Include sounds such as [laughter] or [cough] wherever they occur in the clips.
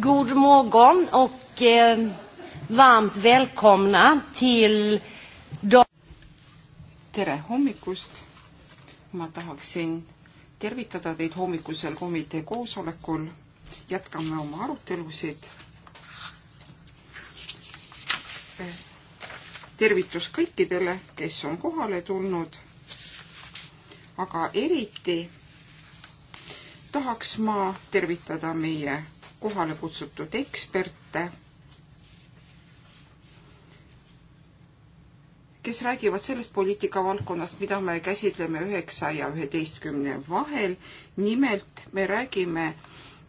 God morgon och eh, varmt välkomna till tere hommikust! ma tahaksin tervitada teid hommikusel komitee koosolekul. jätkame oma arutelusid. tervitus kõikidele, kes on kohale tulnud. aga eriti tahaks ma tervitada meie kohale kutsutud eksperte, kes räägivad sellest poliitikavaldkonnast, mida me käsitleme üheksa ja üheteistkümne vahel. nimelt me räägime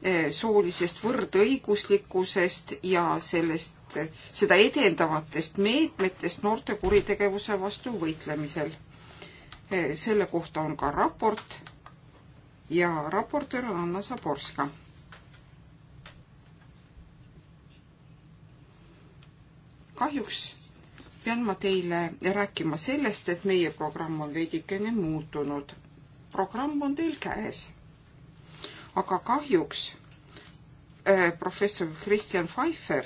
eh, soolisest võrdõiguslikkusest ja sellest, seda edendavatest meetmetest noorte kuritegevuse vastu võitlemisel. Eh, selle kohta on ka raport ja raportöör on Anna Zaborska kahjuks pean ma teile rääkima sellest, et meie programm on veidikene muutunud. programm on teil käes. aga kahjuks äh, professor Christian Pfeiffer,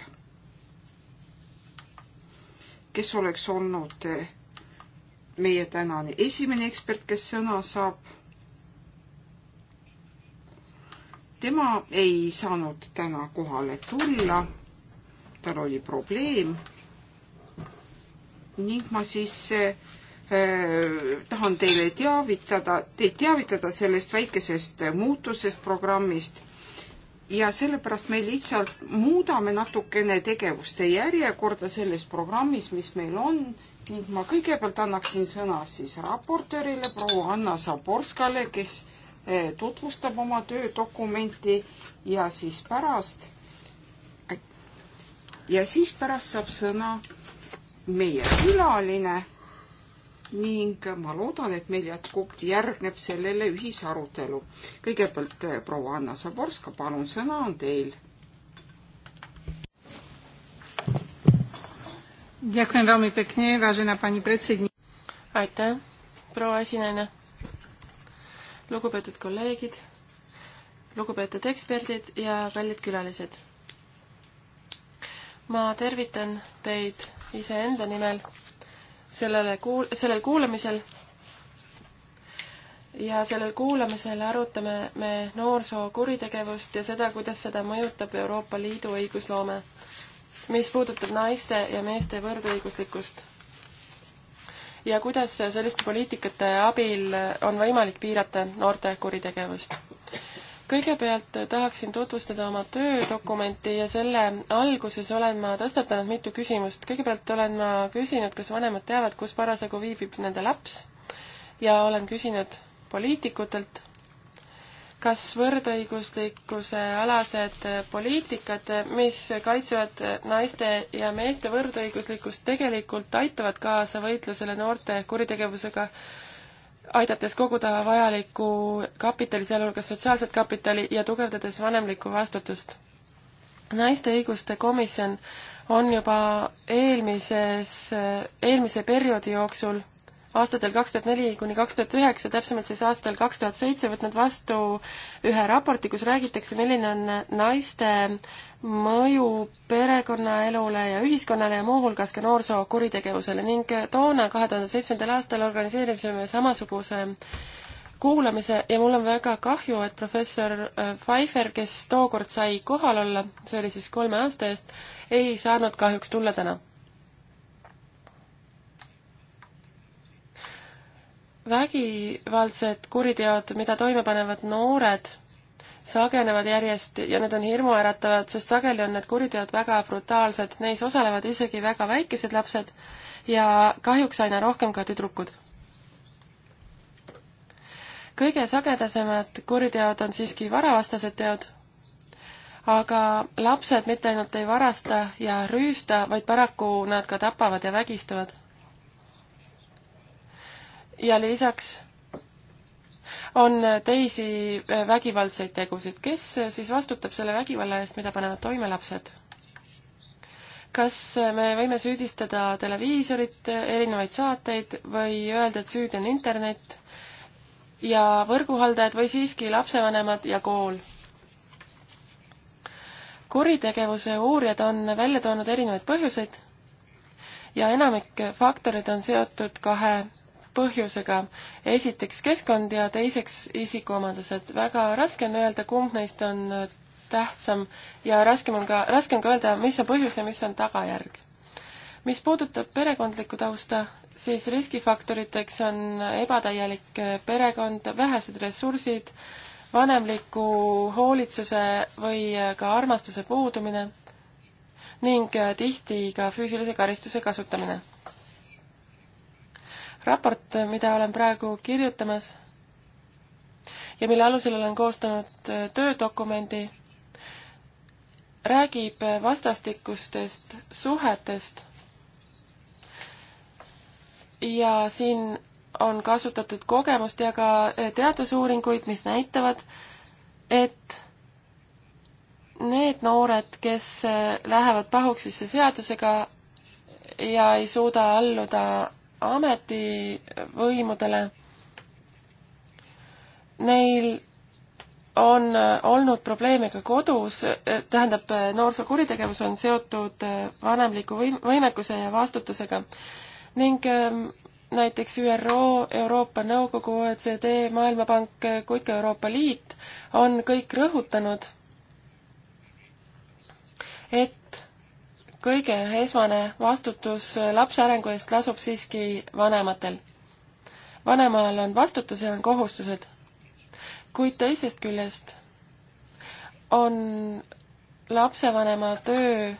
kes oleks olnud äh, meie tänane esimene ekspert, kes sõna saab, tema ei saanud täna kohale tulla. tal oli probleem ning ma siis äh, tahan teile teavitada, teid teavitada sellest väikesest muutusest programmist ja sellepärast me lihtsalt muudame natukene tegevuste järjekorda selles programmis, mis meil on ning ma kõigepealt annaksin sõna siis raportöörile proua Anna Saborskale, kes eh, tutvustab oma töödokumenti ja siis pärast ja siis pärast saab sõna meie külaline ning ma loodan, et meil jätkub, järgneb sellele ühisarutelu. kõigepealt eh, proua Anna Zaborska, palun, sõna on teil. aitäh, proua esinaine. lugupeetud kolleegid, lugupeetud eksperdid ja kallid külalised. ma tervitan teid iseenda nimel sellele kuul-, sellel kuulamisel. ja sellel kuulamisel arutame me noorsookuritegevust ja seda, kuidas seda mõjutab Euroopa Liidu õigusloome, mis puudutab naiste ja meeste võrdõiguslikkust. ja kuidas selliste poliitikate abil on võimalik piirata noorte kuritegevust kõigepealt tahaksin tutvustada oma töödokumenti ja selle alguses olen ma tõstatanud mitu küsimust. kõigepealt olen ma küsinud, kas vanemad teavad, kus parasjagu viibib nende laps ja olen küsinud poliitikutelt, kas võrdõiguslikkuse alased poliitikad, mis kaitsevad naiste ja meeste võrdõiguslikkust, tegelikult aitavad kaasa võitlusele noorte kuritegevusega aidates koguda vajalikku kapitali, sealhulgas sotsiaalset kapitali ja tugevdades vanemlikku vastutust. naiste õiguste komisjon on juba eelmises, eelmise perioodi jooksul aastatel kaks tuhat neli kuni kaks tuhat üheksa, täpsemalt siis aastal kaks tuhat seitse, võtnud vastu ühe raporti, kus räägitakse, milline on naiste mõju perekonnaelule ja ühiskonnale ja muuhulgas ka noorsookuritegevusele ning toona, kahe tuhande seitsmendal aastal organiseerisime samasuguse kuulamise ja mul on väga kahju, et professor äh, Pfeiffer, kes tookord sai kohal olla, see oli siis kolme aasta eest, ei saanud kahjuks tulla täna. vägivaldsed kuriteod, mida toime panevad noored sagenevad järjest ja need on hirmuäratavad, sest sageli on need kuriteod väga brutaalsed, neis osalevad isegi väga väikesed lapsed ja kahjuks aina rohkem ka tüdrukud. kõige sagedasemad kuriteod on siiski varavastased teod, aga lapsed mitte ainult ei varasta ja rüüsta, vaid paraku nad ka tapavad ja vägistavad. ja lisaks on teisi äh, vägivaldseid tegusid. kes äh, siis vastutab selle vägivalla eest, mida panevad toime lapsed? kas äh, me võime süüdistada televiisorit, erinevaid saateid või öelda, et süüdi on internet ja võrguhaldajad või siiski lapsevanemad ja kool? kuritegevuse uurijad on välja toonud erinevaid põhjuseid ja enamik faktoreid on seotud kahe põhjusega. esiteks keskkond ja teiseks isikuomadused. väga raske on öelda, kumb neist on tähtsam ja raskem on ka, raske on ka öelda, mis on põhjus ja mis on tagajärg. mis puudutab perekondlikku tausta, siis riskifaktoriteks on ebatäielik perekond, vähesed ressursid, vanemliku hoolitsuse või ka armastuse puudumine ning tihti ka füüsilise karistuse kasutamine raport, mida olen praegu kirjutamas ja mille alusel olen koostanud töödokumendi, räägib vastastikustest suhetest ja siin on kasutatud kogemust ja ka teadusuuringuid, mis näitavad, et need noored, kes lähevad pahuksisse seadusega ja ei suuda alluda ametivõimudele. Neil on olnud probleeme ka kodus, tähendab, noorsookuritegevus on seotud vanemliku võim-, võimekuse ja vastutusega ning ähm, näiteks ÜRO, Euroopa Nõukogu, OECD, Maailmapank kui ka Euroopa Liit on kõik rõhutanud, et kõige esmane vastutus lapse arengu eest lasub siiski vanematel. vanemal on vastutus ja on kohustused. kuid teisest küljest on lapsevanema töö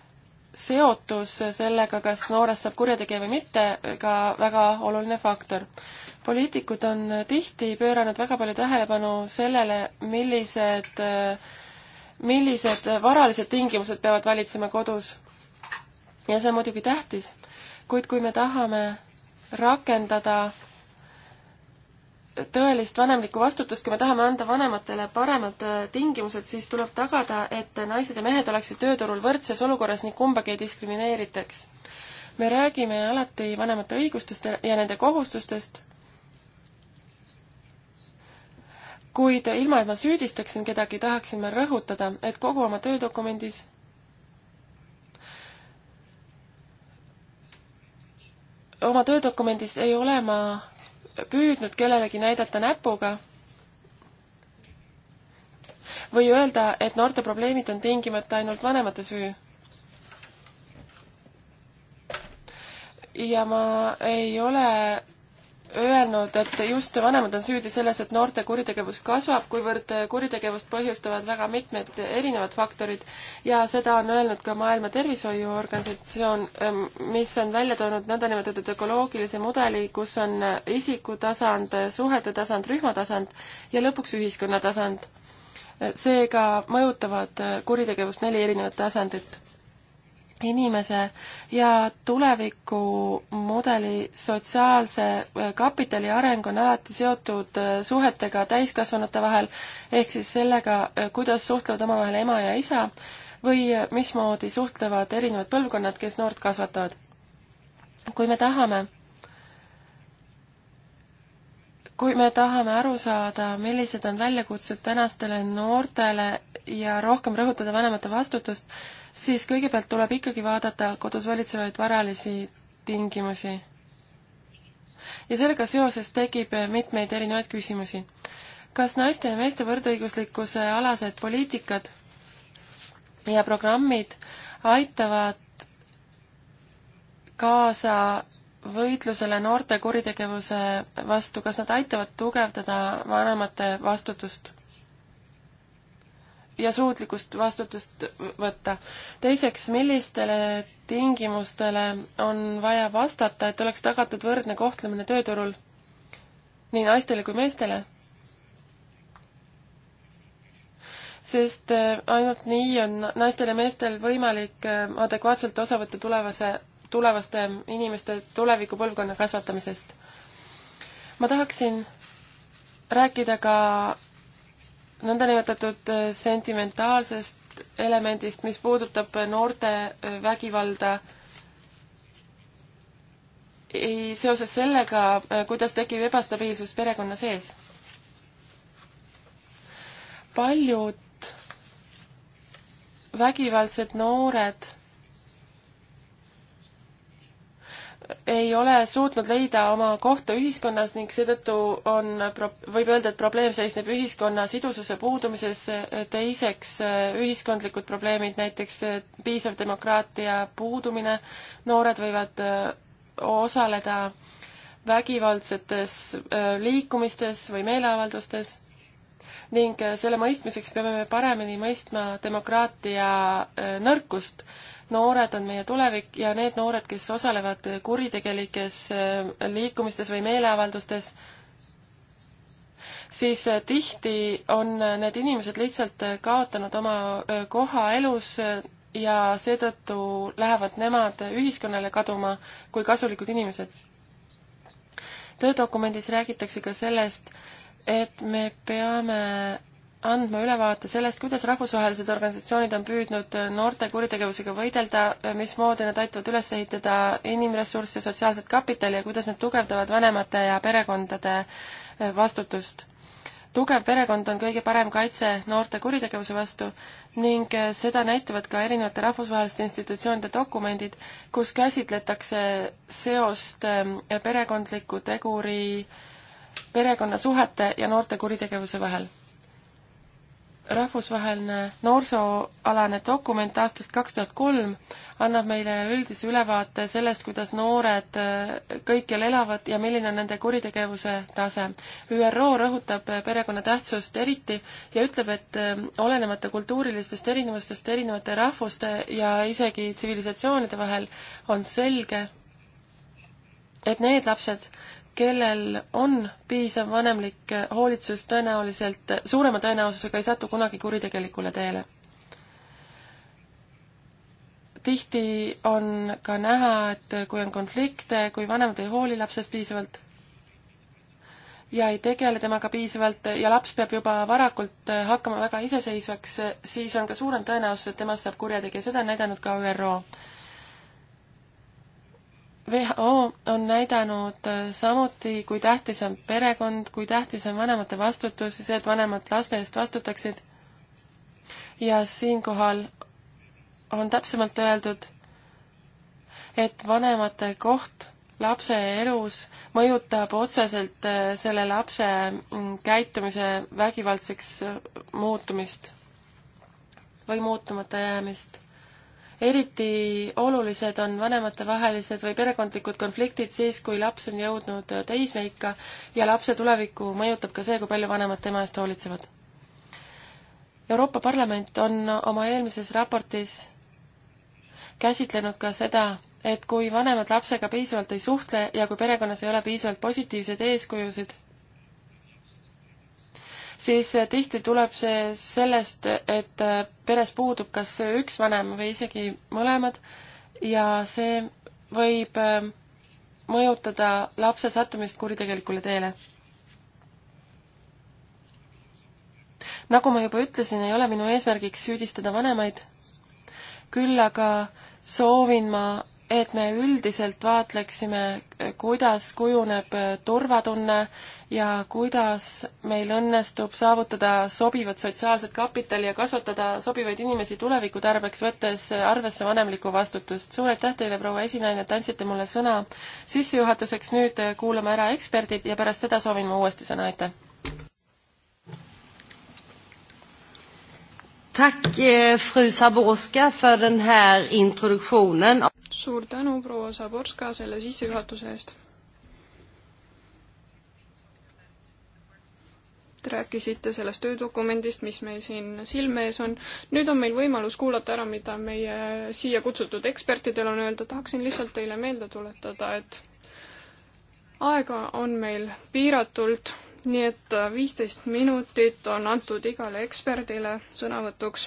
seotus sellega, kas noorest saab kurjategija või mitte, ka väga oluline faktor. poliitikud on tihti pööranud väga palju tähelepanu sellele, millised, millised varalised tingimused peavad valitsema kodus ja see on muidugi tähtis, kuid kui me tahame rakendada tõelist vanemlikku vastutust, kui me tahame anda vanematele paremad äh, tingimused, siis tuleb tagada, et naised ja mehed oleksid tööturul võrdses olukorras ning kumbagi ei diskrimineeritaks. me räägime alati vanemate õigustest ja nende kohustustest, kuid ilma, et ma süüdistaksin kedagi, tahaksin ma rõhutada, et kogu oma töödokumendis oma töödokumendis ei ole ma püüdnud kellelegi näidata näpuga või öelda, et noorte probleemid on tingimata ainult vanemate süü. ja ma ei ole öelnud, et just vanemad on süüdi selles, et noorte kuritegevus kasvab, kuivõrd kuritegevust põhjustavad väga mitmed erinevad faktorid ja seda on öelnud ka Maailma Tervishoiuorganisatsioon, ähm, mis on välja toonud nõndanimetatud ökoloogilise mudeli, kus on isikutasand, suhete tasand, rühmatasand ja lõpuks ühiskonna tasand. seega mõjutavad kuritegevust neli erinevat tasandit inimese ja tulevikumudeli sotsiaalse äh, kapitali areng on alati seotud äh, suhetega täiskasvanute vahel, ehk siis sellega, äh, kuidas suhtlevad omavahel ema ja isa või mismoodi suhtlevad erinevad põlvkonnad, kes noort kasvatavad. kui me tahame, kui me tahame aru saada, millised on väljakutsed tänastele noortele ja rohkem rõhutada vanemate vastutust, siis kõigepealt tuleb ikkagi vaadata kodus valitsevaid varalisi tingimusi. ja sellega seoses tekib mitmeid erinevaid küsimusi. kas naiste ja meeste võrdõiguslikkuse alased poliitikad ja programmid aitavad kaasa võitlusele noorte kuritegevuse vastu, kas nad aitavad tugevdada vanemate vastutust? ja suutlikkust vastutust võtta. teiseks, millistele tingimustele on vaja vastata, et oleks tagatud võrdne kohtlemine tööturul nii naistele kui meestele? sest äh, ainult nii on naistel ja meestel võimalik äh, adekvaatselt osa võtta tulevase, tulevaste inimeste tulevikupõlvkonna kasvatamisest. ma tahaksin rääkida ka nõndanimetatud äh, sentimentaalsest elemendist, mis puudutab äh, noorte äh, vägivalda seoses sellega, kuidas tekib ebastabiilsus perekonna sees. paljud vägivaldsed noored ei ole suutnud leida oma kohta ühiskonnas ning seetõttu on, võib öelda, et probleem seisneb ühiskonna sidususe puudumises, teiseks ühiskondlikud probleemid, näiteks piisav demokraatia puudumine, noored võivad äh, osaleda vägivaldsetes äh, liikumistes või meeleavaldustes ning äh, selle mõistmiseks peame me paremini mõistma demokraatia nõrkust noored on meie tulevik ja need noored, kes osalevad kuritegelikes äh, liikumistes või meeleavaldustes, siis äh, tihti on äh, need inimesed lihtsalt kaotanud oma koha elus ja seetõttu lähevad nemad ühiskonnale kaduma kui kasulikud inimesed. töödokumendis räägitakse ka sellest, et me peame andma ülevaate sellest, kuidas rahvusvahelised organisatsioonid on püüdnud noorte kuritegevusega võidelda, mismoodi nad aitavad üles ehitada inimressursse, sotsiaalset kapitali ja kuidas nad tugevdavad vanemate ja perekondade eh, vastutust. tugev perekond on kõige parem kaitse noorte kuritegevuse vastu ning eh, seda näitavad ka erinevate rahvusvaheliste institutsioonide dokumendid, kus käsitletakse seost eh, perekondliku teguri perekonnasuhete ja noorte kuritegevuse vahel rahvusvaheline noorsooalane dokument aastast kaks tuhat kolm annab meile üldise ülevaate sellest, kuidas noored äh, kõikjal elavad ja milline on nende kuritegevuse tase. ÜRO rõhutab äh, perekonna tähtsust eriti ja ütleb, et äh, olenemata kultuurilistest erinevustest erinevate rahvuste ja isegi tsivilisatsioonide vahel on selge, et need lapsed, kellel on piisav vanemlik hoolitsus, tõenäoliselt suurema tõenäosusega ei satu kunagi kuritegelikule teele. tihti on ka näha, et kui on konflikte, kui vanemad ei hooli lapsest piisavalt ja ei tegele temaga piisavalt ja laps peab juba varakult hakkama väga iseseisvaks, siis on ka suurem tõenäosus, et temast saab kurjategija, seda on näidanud ka ÜRO WHO on näidanud äh, samuti, kui tähtis on perekond, kui tähtis on vanemate vastutus ja see, et vanemad laste eest vastutaksid. ja siinkohal on täpsemalt öeldud, et vanemate koht lapse elus mõjutab otseselt äh, selle lapse mm, käitumise vägivaldseks äh, muutumist või muutumata jäämist eriti olulised on vanematevahelised või perekondlikud konfliktid siis, kui laps on jõudnud teismeikka ja lapse tulevikku mõjutab ka see, kui palju vanemad tema eest hoolitsevad. Euroopa Parlament on oma eelmises raportis käsitlenud ka seda, et kui vanemad lapsega piisavalt ei suhtle ja kui perekonnas ei ole piisavalt positiivseid eeskujusid, siis äh, tihti tuleb see sellest, et äh, peres puudub kas üks vanem või isegi mõlemad ja see võib ähm, mõjutada lapse sattumist kuritegelikule teele. nagu ma juba ütlesin, ei ole minu eesmärgiks süüdistada vanemaid, küll aga soovin ma et me üldiselt vaatleksime, kuidas kujuneb äh, turvatunne ja kuidas meil õnnestub saavutada sobivat sotsiaalset kapitali ja kasvatada sobivaid inimesi tuleviku tarbeks, võttes äh, arvesse vanemlikku vastutust. suur aitäh teile, proua esinaine, et andsite mulle sõna sissejuhatuseks, nüüd äh, kuulame ära eksperdid ja pärast seda soovin ma uuesti sõna, aitäh! Tack eh, fru Saborska för den här introduktionen. Suur tänu proua Saborska selle sissejuhatuse eest. Te rääkisite sellest töödokumendist, mis meil siin silme ees on. nüüd on meil võimalus kuulata ära, mida meie siia kutsutud ekspertidel on öelda. tahaksin lihtsalt teile meelde tuletada, et aega on meil piiratult nii et äh, viisteist minutit on antud igale eksperdile sõnavõtuks.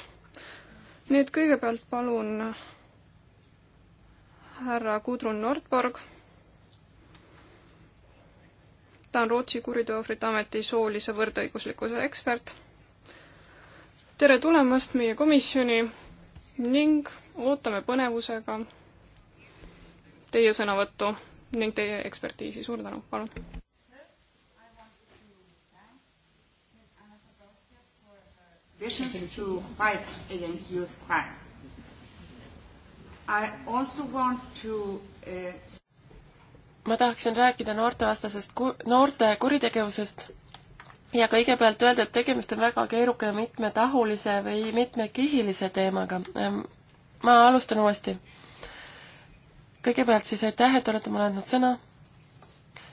nii et kõigepealt palun härra Gudrun Nordborg. ta on Rootsi kuriteoohvrite ameti soolise võrdõiguslikkuse ekspert. tere tulemast meie komisjoni ning ootame põnevusega teie sõnavõttu ning teie ekspertiisi. suur tänu, palun! visions to fight against youth crime. I also want to uh, ma tahaksin rääkida noortevastasest, noorte kuritegevusest ja kõigepealt öelda, et tegemist on väga keeruka ja mitmetahulise või mitmekihilise teemaga. Ähm, ma alustan uuesti. kõigepealt siis aitäh, et olete mulle andnud sõna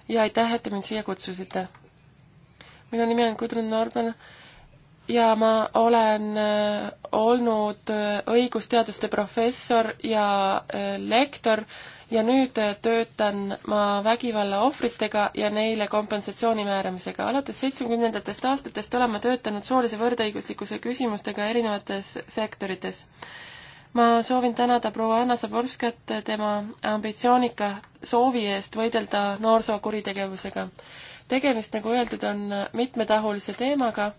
ja aitäh, et te mind siia kutsusite. minu nimi on Gudrun Norben ja ma olen äh, olnud äh, õigusteaduste professor ja äh, lektor ja nüüd töötan ma vägivalla ohvritega ja neile kompensatsiooni määramisega. alates seitsmekümnendatest aastatest olen ma töötanud soolise võrdõiguslikkuse küsimustega erinevates sektorites. ma soovin tänada proua Anna Zaborskat tema ambitsioonika soovi eest võidelda noorsookuritegevusega. tegemist, nagu öeldud, on mitmetahulise teemaga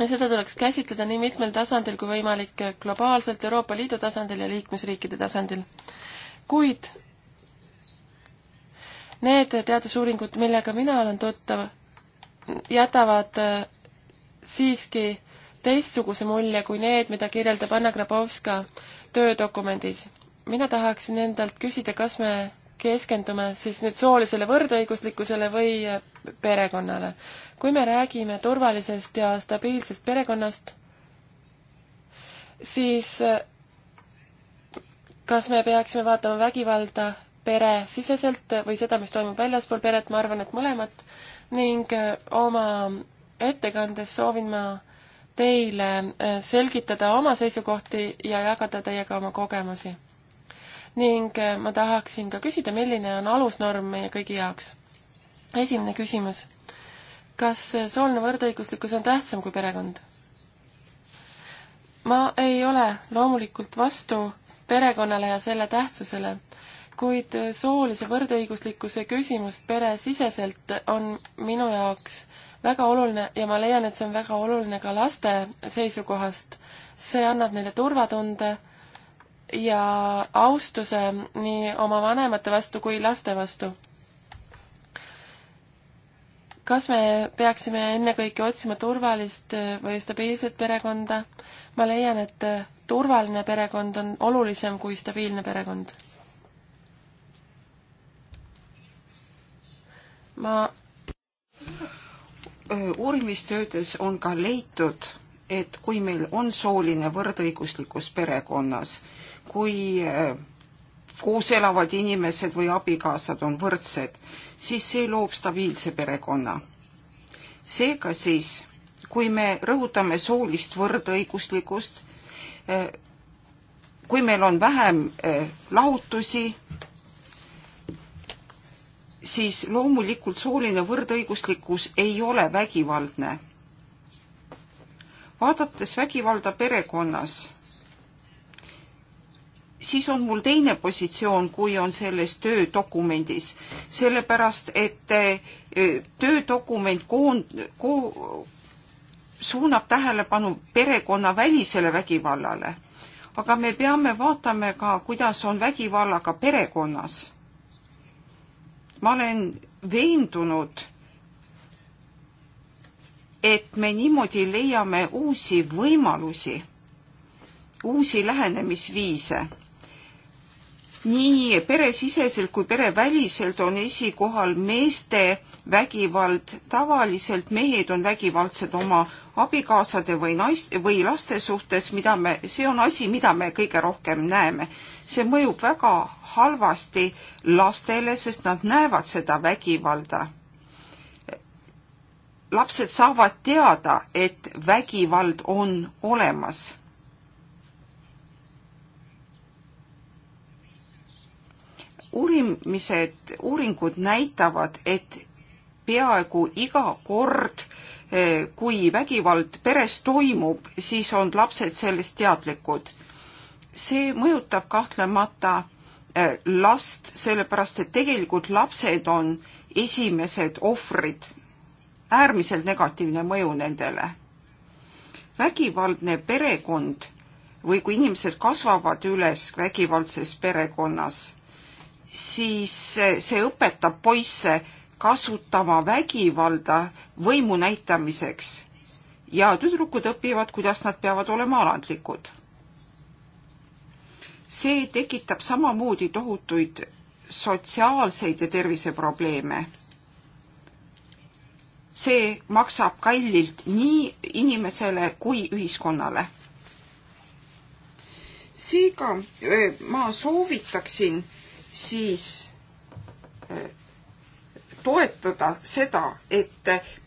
ja seda tuleks käsitleda nii mitmel tasandil kui võimalik globaalselt, Euroopa Liidu tasandil ja liikmesriikide tasandil. kuid need teadusuuringud, millega mina olen tuttav, jätavad äh, siiski teistsuguse mulje kui need, mida kirjeldab Anna Grabowska töödokumendis. mina tahaksin endalt küsida, kas me keskendume siis nüüd soolisele võrdõiguslikkusele või perekonnale. kui me räägime turvalisest ja stabiilsest perekonnast, siis kas me peaksime vaatama vägivalda peresiseselt või seda, mis toimub väljaspool peret, ma arvan, et mõlemat, ning oma ettekandes soovin ma teile eh, selgitada oma seisukohti ja jagada teiega oma kogemusi ning äh, ma tahaksin ka küsida, milline on alusnorm meie kõigi jaoks. esimene küsimus. kas äh, sooline võrdõiguslikkus on tähtsam kui perekond? ma ei ole loomulikult vastu perekonnale ja selle tähtsusele, kuid äh, soolise võrdõiguslikkuse küsimust peresiseselt on minu jaoks väga oluline ja ma leian, et see on väga oluline ka laste seisukohast. see annab neile turvatunde ja austuse nii oma vanemate vastu kui laste vastu. kas me peaksime ennekõike otsima turvalist või stabiilset perekonda? ma leian, et turvaline perekond on olulisem kui stabiilne perekond. ma uurimistöödes on ka leitud, et kui meil on sooline võrdõiguslikkus perekonnas, kui äh, koos elavad inimesed või abikaasad on võrdsed, siis see loob stabiilse perekonna. seega siis, kui me rõhutame soolist võrdõiguslikkust, äh, kui meil on vähem äh, lahutusi, siis loomulikult sooline võrdõiguslikkus ei ole vägivaldne. vaadates vägivalda perekonnas siis on mul teine positsioon, kui on selles töödokumendis, sellepärast et eh, töödokument koond- ko,, suunab tähelepanu perekonnavälisele vägivallale. aga me peame vaatama ka, kuidas on vägivallaga perekonnas. ma olen veendunud, et me niimoodi leiame uusi võimalusi, uusi lähenemisviise nii peresiseselt kui pereväliselt on esikohal meeste vägivald. tavaliselt mehed on vägivaldsed oma abikaasade või naist- või laste suhtes, mida me, see on asi, mida me kõige rohkem näeme. see mõjub väga halvasti lastele, sest nad näevad seda vägivalda. lapsed saavad teada, et vägivald on olemas uurimised, uuringud näitavad, et peaaegu iga kord, eh, kui vägivald peres toimub, siis on lapsed sellest teadlikud. see mõjutab kahtlemata eh, last, sellepärast et tegelikult lapsed on esimesed ohvrid. äärmiselt negatiivne mõju nendele. vägivaldne perekond või kui inimesed kasvavad üles vägivaldses perekonnas, siis see õpetab poisse kasutama vägivalda võimu näitamiseks ja tüdrukud õpivad, kuidas nad peavad olema alandlikud. see tekitab samamoodi tohutuid sotsiaalseid ja terviseprobleeme. see maksab kallilt nii inimesele kui ühiskonnale. seega ma soovitaksin siis äh, toetada seda, et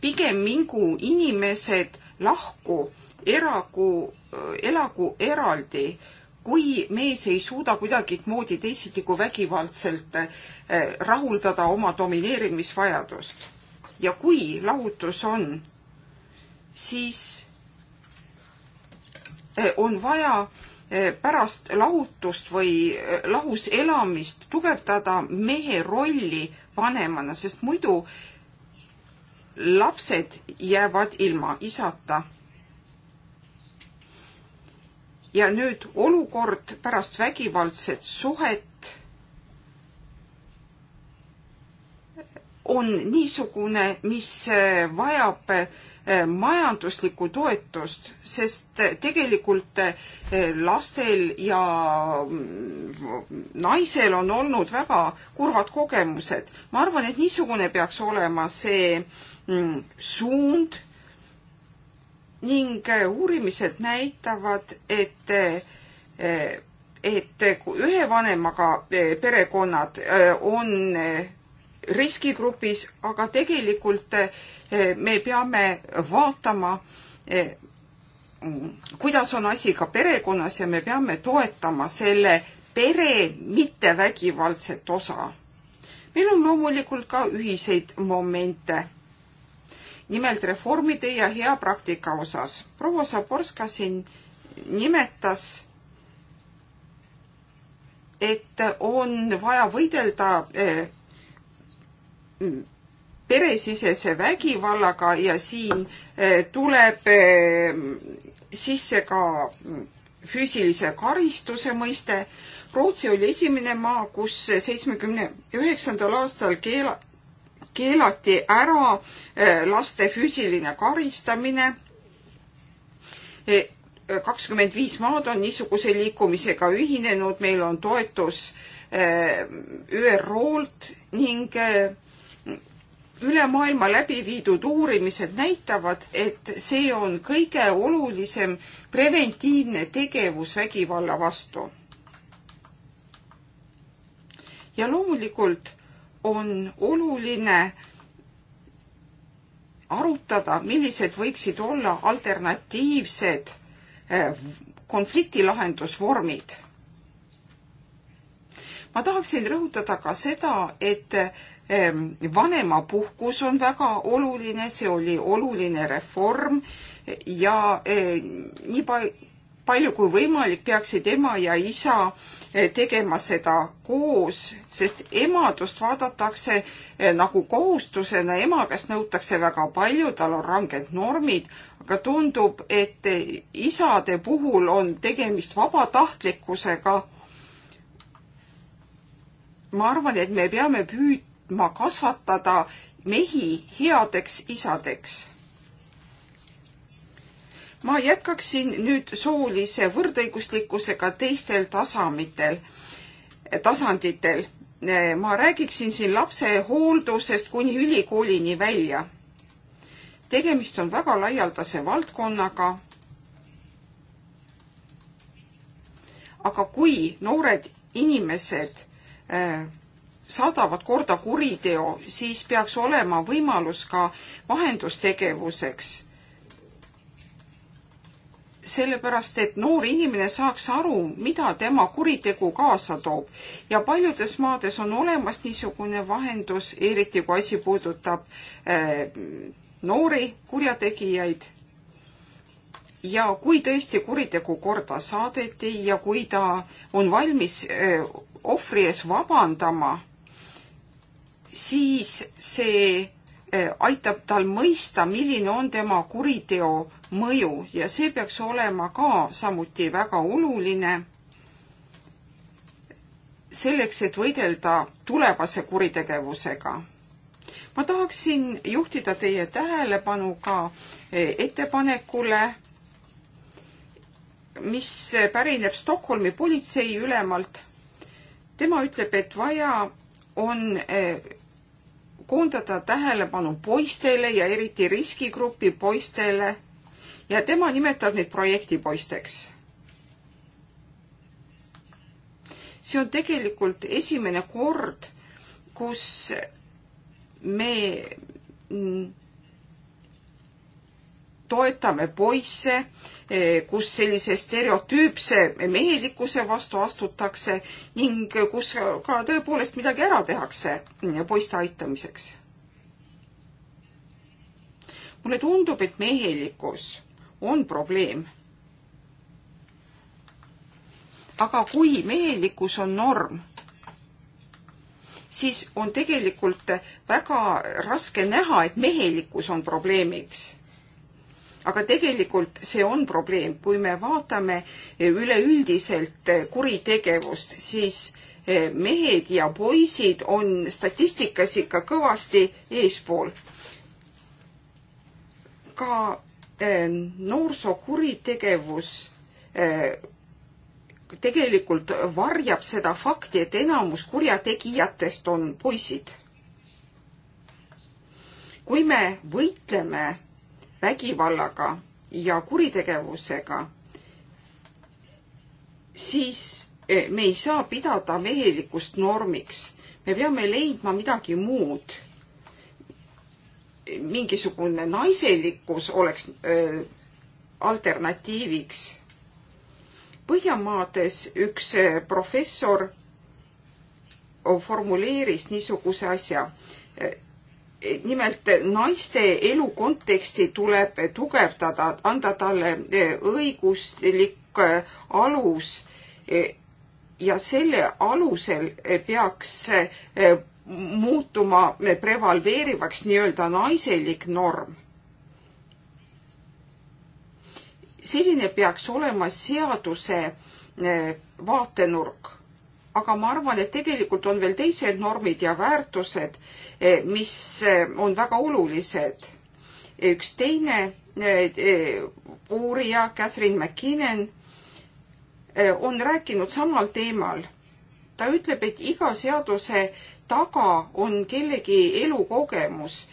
pigem mingu inimesed lahku, eragu, äh, elagu eraldi, kui mees ei suuda kuidagimoodi teisiti kui vägivaldselt äh, rahuldada oma domineerimisvajadust. ja kui lahutus on, siis on vaja pärast lahutust või eh, lahus elamist tugevdada mehe rolli vanemana, sest muidu lapsed jäävad ilma isata. ja nüüd olukord pärast vägivaldset suhet on niisugune, mis eh, vajab eh, Eh, majanduslikku toetust, sest tegelikult eh, lastel ja mm, naisel on olnud väga kurvad kogemused. ma arvan, et niisugune peaks olema see mm, suund ning eh, uurimised näitavad, et et ühe vanemaga perekonnad on riskigrupis, aga tegelikult eh, me peame vaatama, eh, kuidas on asi ka perekonnas ja me peame toetama selle pere mittevägivaldset osa. meil on loomulikult ka ühiseid momente. nimelt reformide ja hea praktika osas. proua Zaborska siin nimetas, et on vaja võidelda eh, peresisese vägivallaga ja siin eh, tuleb eh, sisse ka mm, füüsilise karistuse mõiste. Rootsi oli esimene maa, kus seitsmekümne üheksandal aastal keela, keelati ära eh, laste füüsiline karistamine. kakskümmend viis maad on niisuguse liikumisega ühinenud, meil on toetus ÜRO-lt ning üle maailma läbi viidud uurimised näitavad, et see on kõige olulisem preventiivne tegevus vägivalla vastu. ja loomulikult on oluline arutada, millised võiksid olla alternatiivsed eh, konflikti lahendusvormid. ma tahaksin rõhutada ka seda, et Ehm, vanemapuhkus on väga oluline, see oli oluline reform ja ehm, nii palju, palju kui võimalik peaksid ema ja isa eh, tegema seda koos, sest emadust vaadatakse eh, nagu kohustusena, ema käest nõutakse väga palju, tal on ranged normid, aga tundub, et eh, isade puhul on tegemist vabatahtlikkusega. ma arvan, et me peame püüd-, suutma kasvatada mehi headeks isadeks. ma jätkaksin nüüd soolise võrdõiguslikkusega teistel tasamitel, tasanditel. ma räägiksin siin lapse hooldusest kuni ülikoolini välja. tegemist on väga laialdase valdkonnaga. aga kui noored inimesed äh, sadavat korda kuriteo, siis peaks olema võimalus ka vahendustegevuseks. sellepärast, et noor inimene saaks aru, mida tema kuritegu kaasa toob ja paljudes maades on olemas niisugune vahendus, eriti kui asi puudutab äh, noori kurjategijaid ja kui tõesti kuritegu korda saadeti ja kui ta on valmis eh, ohvri ees vabandama, siis see eh, aitab tal mõista, milline on tema kuriteo mõju ja see peaks olema ka samuti väga oluline selleks, et võidelda tulevase kuritegevusega. ma tahaksin juhtida teie tähelepanu ka eh, ettepanekule, mis pärineb Stockholmi politseiülemalt. tema ütleb, et vaja on eh, koondada tähelepanu poistele ja eriti riskigrupi poistele ja tema nimetab neid projektipoisteks. see on tegelikult esimene kord, kus me toetame poisse, eh, kus sellise stereotüüpse mehelikkuse vastu astutakse ning kus ka tõepoolest midagi ära tehakse poiste aitamiseks. mulle tundub, et mehelikkus on probleem. aga kui mehelikkus on norm, siis on tegelikult väga raske näha, et mehelikkus on probleemiks aga tegelikult see on probleem, kui me vaatame eh, üleüldiselt eh, kuritegevust, siis eh, mehed ja poisid on statistikas ikka kõvasti eespool. ka noorsookuritegevus tegelikult varjab seda fakti, et enamus kurjategijatest on poisid. kui me võitleme vägivallaga ja kuritegevusega, siis eh, me ei saa pidada mehelikust normiks. me peame leidma midagi muud. mingisugune naiselikkus oleks öö, eh, alternatiiviks. Põhjamaades üks eh, professor formuleeris niisuguse asja nimelt naiste elu konteksti tuleb tugevdada, anda talle eh, õiguslik eh, alus eh, ja selle alusel peaks muutuma prevaleerivaks nii-öelda naiselik norm. selline peaks olema seaduse vaatenurk aga ma arvan, et tegelikult on veel teised normid ja väärtused, eh, mis eh, on väga olulised. üks teine eh, uurija, Catherine McKinnon, on rääkinud samal teemal. ta ütleb, et iga seaduse taga on kellegi elukogemus.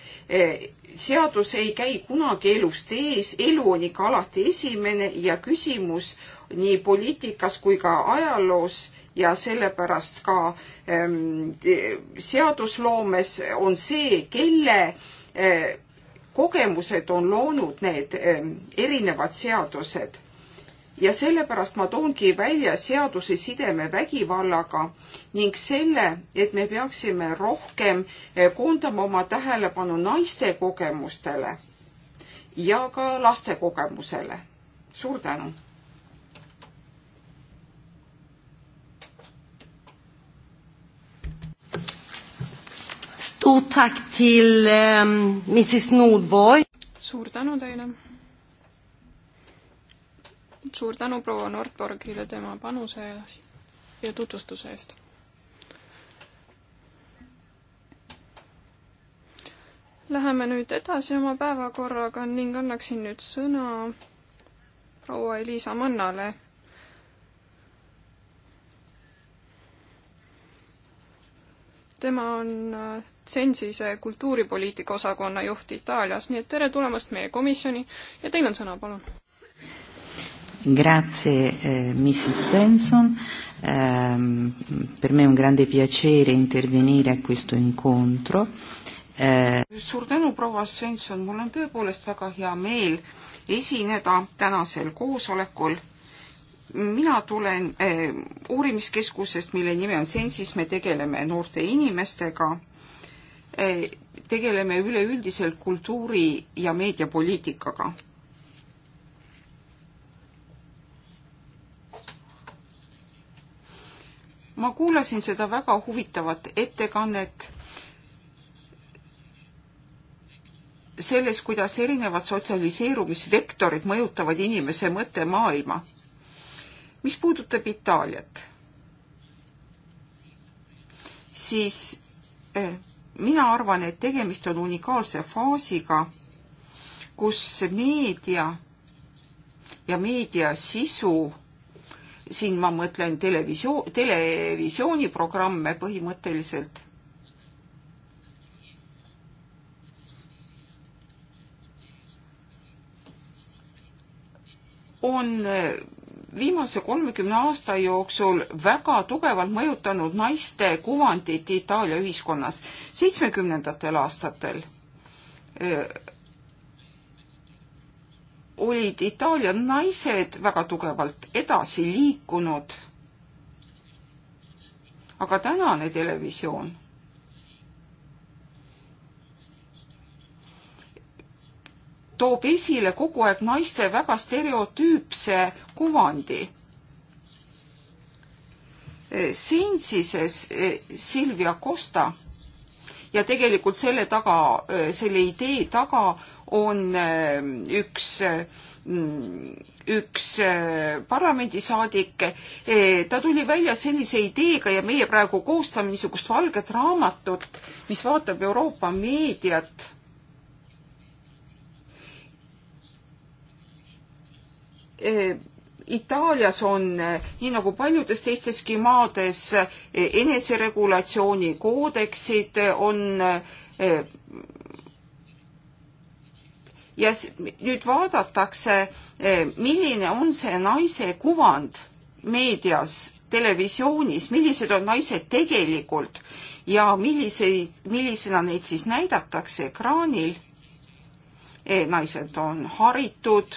seadus ei käi kunagi elust ees, elu on ikka alati esimene ja küsimus nii poliitikas kui ka ajaloos ja sellepärast ka ähm, seadusloomes on see, kelle äh, kogemused on loonud need ähm, erinevad seadused. ja sellepärast ma toongi välja seaduse sideme vägivallaga ning selle, et me peaksime rohkem äh, koondama oma tähelepanu naiste kogemustele ja ka laste kogemusele. suur tänu! stort tack till eh, Mrs Nordborg. suur tänu teile. suur tänu proua Nordborgile tema panuse ja, ja tutvustuse eest. Läheme nüüd edasi oma päevakorraga ning annaksin nüüd sõna proua Elisa Mannale tema on Censise äh, kultuuripoliitika osakonna juht Itaalias, nii et tere tulemast meie komisjoni ja teil on sõna, palun. Grazie eh, Mrs Benson, eh, per me on grande piacere intervenire a questo incontro eh.... suur tänu, proua Svensson, mul on tõepoolest väga hea meel esineda tänasel koosolekul mina tulen eh, uurimiskeskusest, mille nimi on Sensis, me tegeleme noorte inimestega, eh, tegeleme üleüldiselt kultuuri- ja meediapoliitikaga. ma kuulasin seda väga huvitavat ettekannet selles, kuidas erinevad sotsialiseerumisvektorid mõjutavad inimese mõttemaailma mis puudutab Itaaliat, siis eh, mina arvan, et tegemist on unikaalse faasiga, kus meedia ja meedia sisu, siin ma mõtlen televisioon, televisiooniprogramme põhimõtteliselt on eh, viimase kolmekümne aasta jooksul väga tugevalt mõjutanud naiste kuvandit Itaalia ühiskonnas. seitsmekümnendatel aastatel öö, eh, olid Itaalia naised väga tugevalt edasi liikunud. aga tänane televisioon toob esile kogu aeg naiste väga stereotüüpse kuvandi. Sensises e, Silvia Costa ja tegelikult selle taga, e, selle idee taga on e, üks mm, üks parlamendisaadik, ta tuli välja sellise ideega ja meie praegu koostame niisugust valget raamatut, mis vaatab Euroopa meediat Eh, Itaalias on, eh, nii nagu paljudes teisteski maades, eh, eneseregulatsiooni koodeksid on ja nüüd vaadatakse, milline on see naise kuvand meedias, televisioonis, millised on naised tegelikult ja milliseid, millisena neid siis näidatakse ekraanil. naised on haritud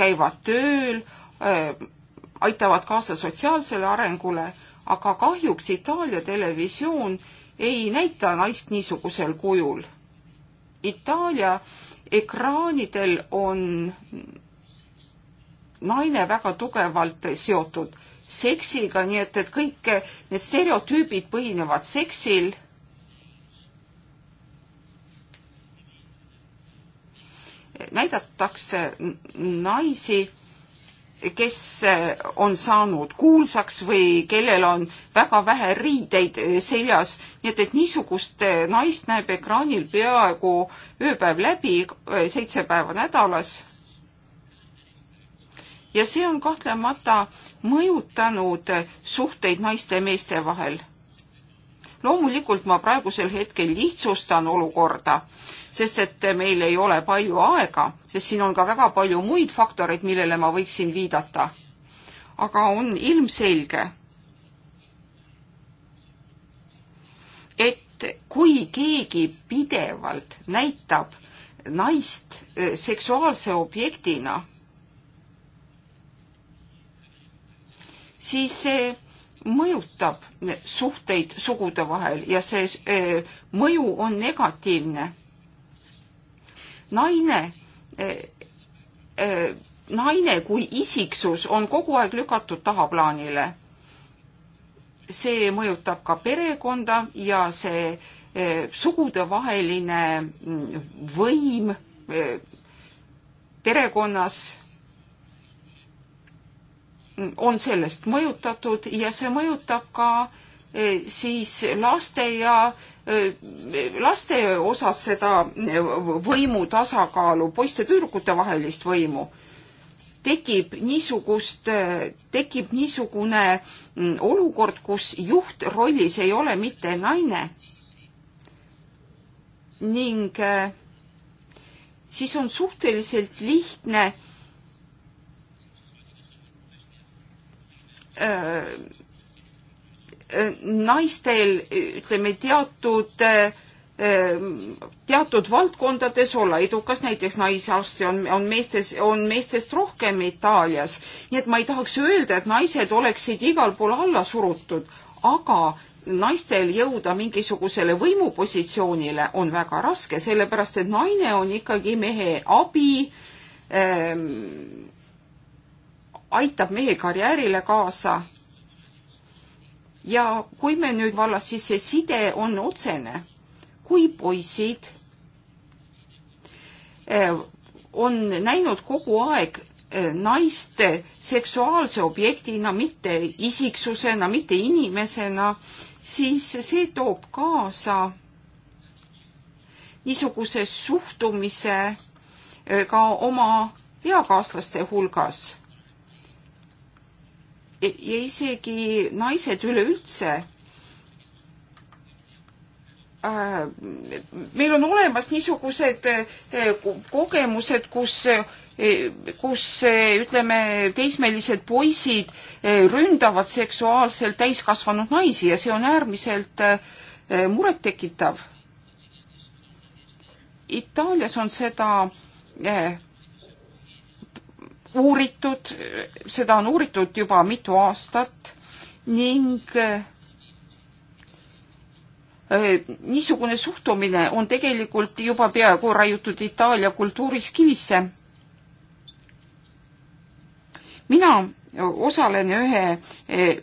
käivad tööl, äh, aitavad kaasa sotsiaalsele arengule, aga kahjuks Itaalia televisioon ei näita naist niisugusel kujul. Itaalia ekraanidel on naine väga tugevalt seotud seksiga, nii et, et kõik need stereotüübid põhinevad seksil näidatakse naisi, kes on saanud kuulsaks või kellel on väga vähe riideid seljas, nii et, et niisugust naist näeb ekraanil peaaegu ööpäev läbi, seitse päeva nädalas ja see on kahtlemata mõjutanud suhteid naiste ja meeste vahel. loomulikult ma praegusel hetkel lihtsustan olukorda, sest et meil ei ole palju aega, sest siin on ka väga palju muid faktoreid, millele ma võiksin viidata. aga on ilmselge, et kui keegi pidevalt näitab naist eh, seksuaalse objektina, siis see mõjutab suhteid sugude vahel ja see eh, mõju on negatiivne naine e, e, naine kui isiksus on kogu aeg lükatud tahaplaanile. see mõjutab ka perekonda ja see e, sugudevaheline võim perekonnas on sellest mõjutatud ja see mõjutab ka siis laste ja laste osas seda võimu tasakaalu, poiste tüdrukute vahelist võimu, tekib niisugust, tekib niisugune olukord, kus juhtrollis ei ole mitte naine ning siis on suhteliselt lihtne öö, naistel, ütleme, teatud ehm, teatud valdkondades olla edukas, näiteks naisarste on, on meestes, on meestest rohkem Itaalias. nii et ma ei tahaks öelda, et naised oleksid igal pool alla surutud, aga naistel jõuda mingisugusele võimupositsioonile on väga raske, sellepärast et naine on ikkagi mehe abi ähm,, aitab mehe karjäärile kaasa ja kui me nüüd vallas, siis see side on otsene. kui poisid eh, on näinud kogu aeg eh, naist seksuaalse objektina, mitte isiksusena, mitte inimesena, siis see toob kaasa niisuguse suhtumise eh, ka oma eakaaslaste hulgas ja isegi naised üleüldse. Äh, meil on olemas niisugused äh, kogemused, kus, äh, kus ütleme, teismelised poisid ründavad seksuaalselt täiskasvanud naisi ja see on äärmiselt murettekitav. Itaalias on seda uuritud, seda on uuritud juba mitu aastat ning äh, niisugune suhtumine on tegelikult juba peaaegu raiutud Itaalia kultuuris kivisse. mina osalen ühe äh,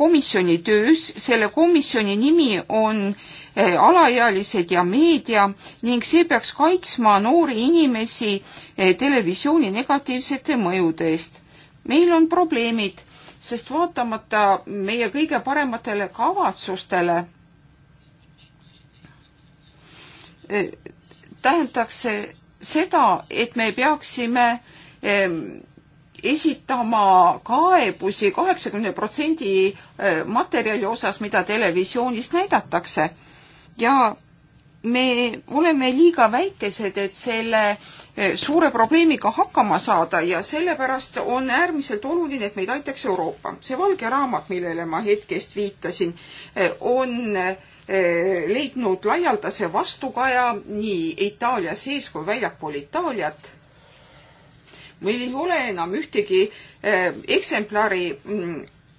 komisjoni töös, selle komisjoni nimi on eh, alaealised ja meedia ning see peaks kaitsma noori inimesi eh, televisiooni negatiivsete mõjude eest. meil on probleemid, sest vaatamata meie kõige parematele kavatsustele eh, tähendaks see seda, et me peaksime esitama kaebusi kaheksakümne protsendi äh, materjali osas, mida televisioonis näidatakse. ja me oleme liiga väikesed, et selle äh, suure probleemiga hakkama saada ja sellepärast on äärmiselt oluline, et meid aitaks Euroopa. see valge raamat, millele ma hetkest viitasin, äh, on leidnud laialdase vastukaja nii Itaalia sees kui väljapool Itaaliat meil ei ole enam ühtegi eh, eksemplari mm,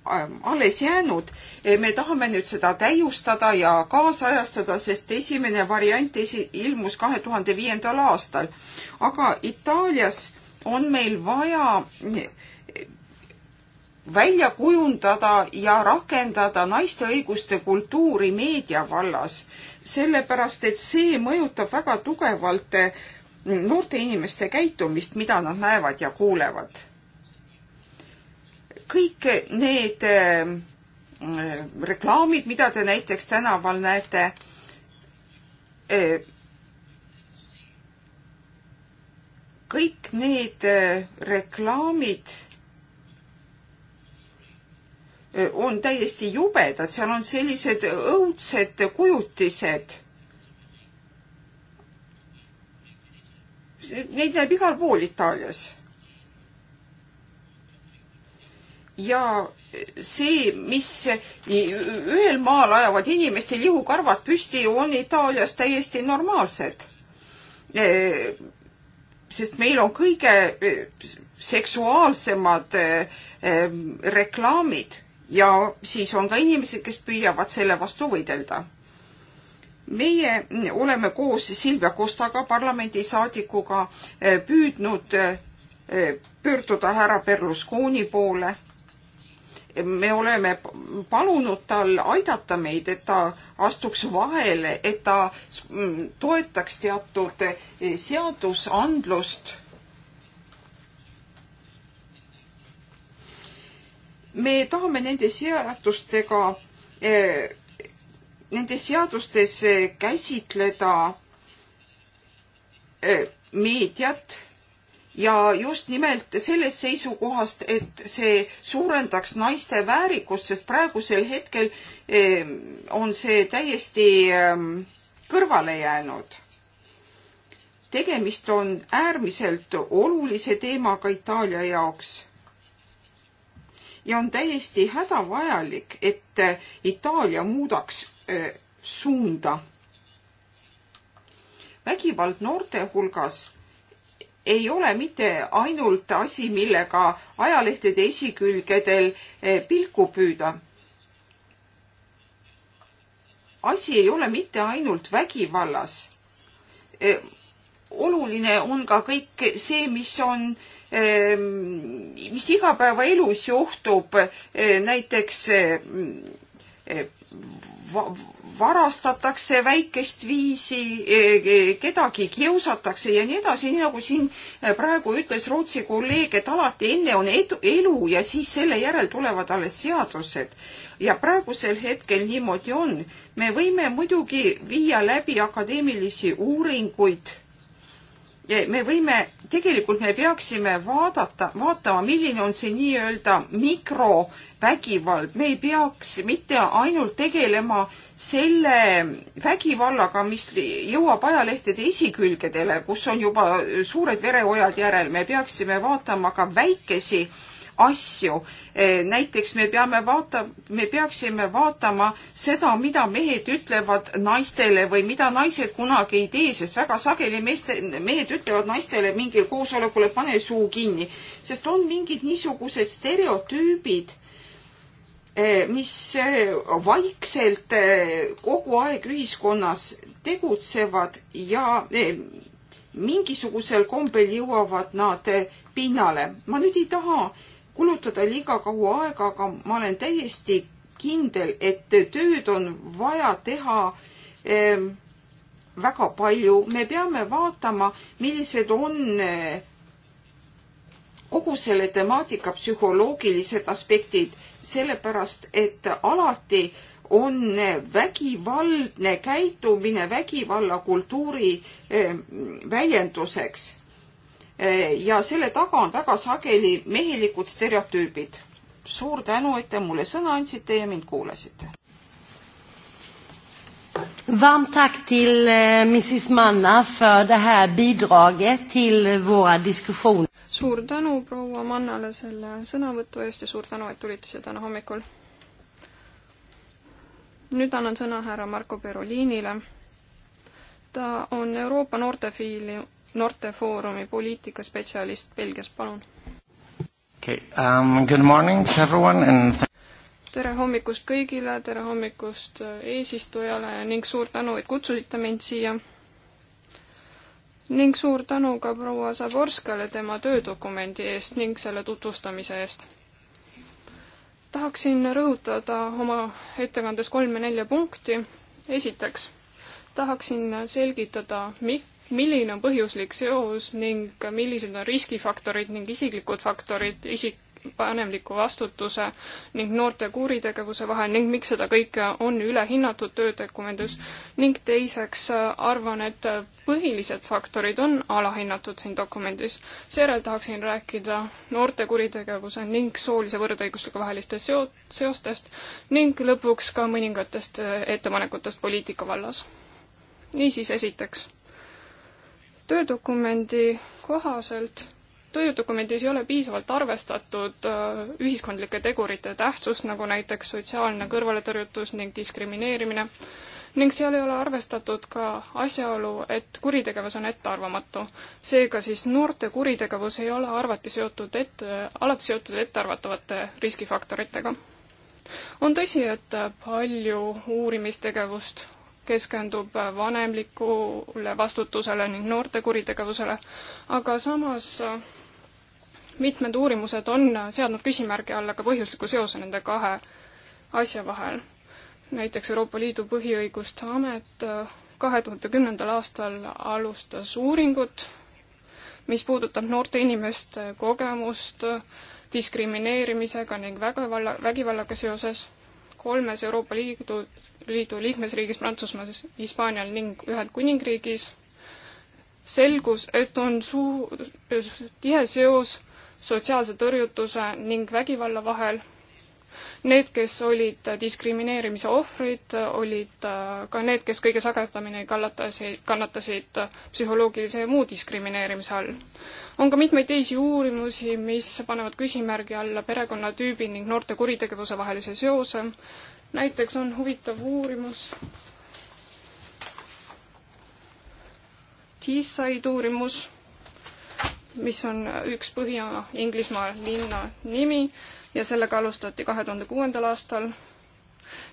äh, alles jäänud. Eh, me tahame nüüd seda täiustada ja kaasajastada, sest esimene variant esi-, ilmus kahe tuhande viiendal aastal. aga Itaalias on meil vaja eh, välja kujundada ja rakendada naiste õiguste kultuuri meedia vallas, sellepärast et see mõjutab väga tugevalt noorte inimeste käitumist, mida nad näevad ja kuulevad. kõik need äh, reklaamid, mida te näiteks tänaval näete, äh, kõik need äh, reklaamid on täiesti jubedad, seal on sellised õudsed kujutised neid näeb igal pool Itaalias. ja see, mis ühel maal ajavad inimestel ihukarvad püsti, on Itaalias täiesti normaalsed. E, sest meil on kõige seksuaalsemad e, e, reklaamid ja siis on ka inimesed, kes püüavad selle vastu võidelda meie oleme koos Silvia Kostaga, parlamendisaadikuga, eh, püüdnud eh, pöörduda härra Berlusconi poole. me oleme palunud tal aidata meid, et ta astuks vahele, et ta mm, toetaks teatud eh, seadusandlust. me tahame nende seadustega nendes seadustes eh, käsitleda eh, meediat ja just nimelt sellest seisukohast, et see suurendaks naiste väärikust, sest praegusel hetkel eh, on see täiesti ehm, kõrvale jäänud. tegemist on äärmiselt olulise teemaga Itaalia jaoks. ja on täiesti hädavajalik, et Itaalia muudaks Äh, suunda. vägivald noorte hulgas ei ole mitte ainult asi, millega ajalehtede esikülgedel äh, pilku püüda. asi ei ole mitte ainult vägivallas. Äh, oluline on ka kõik see, mis on, ähm, mis igapäevaelus juhtub, näiteks va varastatakse väikest viisi, e, e, kedagi kiusatakse ja nii edasi, nii nagu siin e, praegu ütles Rootsi kolleeg, et alati enne on edu, elu ja siis selle järel tulevad alles seadused. ja praegusel hetkel niimoodi on. me võime muidugi viia läbi akadeemilisi uuringuid me võime, tegelikult me peaksime vaadata, vaatama, milline on see nii-öelda mikrovägivald, me ei peaks mitte ainult tegelema selle vägivallaga, mis jõuab ajalehtede esikülgedele, kus on juba suured vereojad järel, me peaksime vaatama ka väikesi äh, asju. Eh, näiteks me peame vaata-, me peaksime vaatama seda, mida mehed ütlevad naistele või mida naised kunagi ei tee, sest väga sageli meeste, mehed ütlevad naistele mingil koosolekul, et pane suu kinni, sest on mingid niisugused stereotüübid eh, mis eh, vaikselt kogu aeg ühiskonnas tegutsevad ja mingisugusel kombel jõuavad nad pinnale. ma nüüd ei taha kulutada liiga kaua aega, aga ma olen täiesti kindel, et tööd on vaja teha ehm, väga palju. me peame vaatama, millised on eh, kogu selle temaatika psühholoogilised aspektid, sellepärast et alati on vägivaldne käitumine vägivallakultuuri ehm, väljenduseks ja selle taga on väga sageli mehelikud stereotüübid. suur tänu, et te mulle sõna andsite ja mind kuulasite. Varmt tack till eh, Mrs Manna för det här bidraget till våra diskussioner. Suur tänu proua Mannale selle sõnavõtu eest ja suur tänu, et tulite siia täna hommikul. nüüd annan sõna härra Marko Perolinile. ta on Euroopa noortefiili noortefoorumi poliitikaspetsialist Belgias, palun. Okay, um, good morning to everyone and tere hommikust kõigile, tere hommikust äh, eesistujale ning suur tänu, et kutsusite mind siia. ning suur tänu ka proua Zaborskale tema töödokumendi eest ning selle tutvustamise eest. tahaksin rõhutada oma ettekandes kolme-nelja punkti. esiteks tahaksin selgitada, mi-, milline on põhjuslik seos ning millised on riskifaktorid ning isiklikud faktorid isik, vanemliku vastutuse ning noorte kuritegevuse vahel ning miks seda kõike on ülehinnatud töödokumendis ning teiseks äh, arvan, et põhilised faktorid on alahinnatud siin dokumendis. seejärel tahaksin rääkida noorte kuritegevuse ning soolise võrdõiguslikku vahelistest seo-, seostest ning lõpuks ka mõningatest äh, ettepanekutest poliitika vallas. niisiis, esiteks töödokumendi kohaselt töödokumendis ei ole piisavalt arvestatud äh, ühiskondlike tegurite tähtsust, nagu näiteks sotsiaalne kõrvaletõrjutus ning diskrimineerimine, ning seal ei ole arvestatud ka asjaolu, et kuritegevus on ettearvamatu. seega siis noorte kuritegevus ei ole arvati seotud ette, alati seotud ettearvatavate riskifaktoritega. on tõsi, et palju uurimistegevust keskendub vanemlikule vastutusele ning noorte kuritegevusele, aga samas äh, mitmed uurimused on seadnud küsimärgi alla ka põhjusliku seose nende kahe asja vahel. näiteks Euroopa Liidu Põhiõiguste Amet äh, kahe tuhande kümnendal aastal alustas uuringut, mis puudutab noorte inimeste kogemust äh, diskrimineerimisega ning vägivalla, vägivallaga seoses kolmes Euroopa Liidu, Liidu liikmesriigis, Prantsusmaal, Hispaanial ning Ühendkuningriigis, selgus, et on suu-, tihe seos sotsiaalse tõrjutuse ning vägivalla vahel Need, kes olid diskrimineerimise ohvrid, olid äh, ka need, kes kõige sagedamini kannatasid, kannatasid psühholoogilise ja muu diskrimineerimise all. on ka mitmeid teisi uurimusi, mis panevad küsimärgi alla perekonnatüübi ning noorte kuritegevuse vahelise seose. näiteks on huvitav uurimus Teesside uurimus, mis on üks Põhja-Inglismaa linna nimi ja sellega alustati kahe tuhande kuuendal aastal.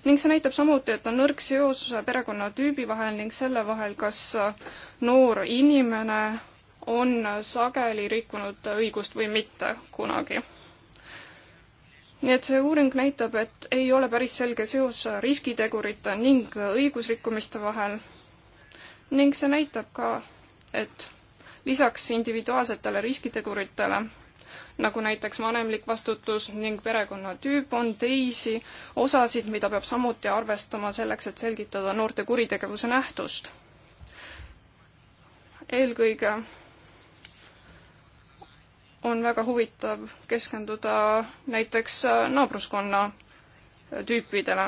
ning see näitab samuti, et on nõrk seos perekonnatüübi vahel ning selle vahel, kas noor inimene on sageli rikkunud õigust või mitte kunagi nii et see uuring näitab, et ei ole päris selge seos riskitegurite ning õigusrikkumiste vahel. ning see näitab ka, et lisaks individuaalsetele riskiteguritele nagu näiteks vanemlik vastutus ning perekonnatüüp, on teisi osasid, mida peab samuti arvestama selleks, et selgitada noorte kuritegevuse nähtust. eelkõige on väga huvitav keskenduda näiteks äh, naabruskonna tüüpidele.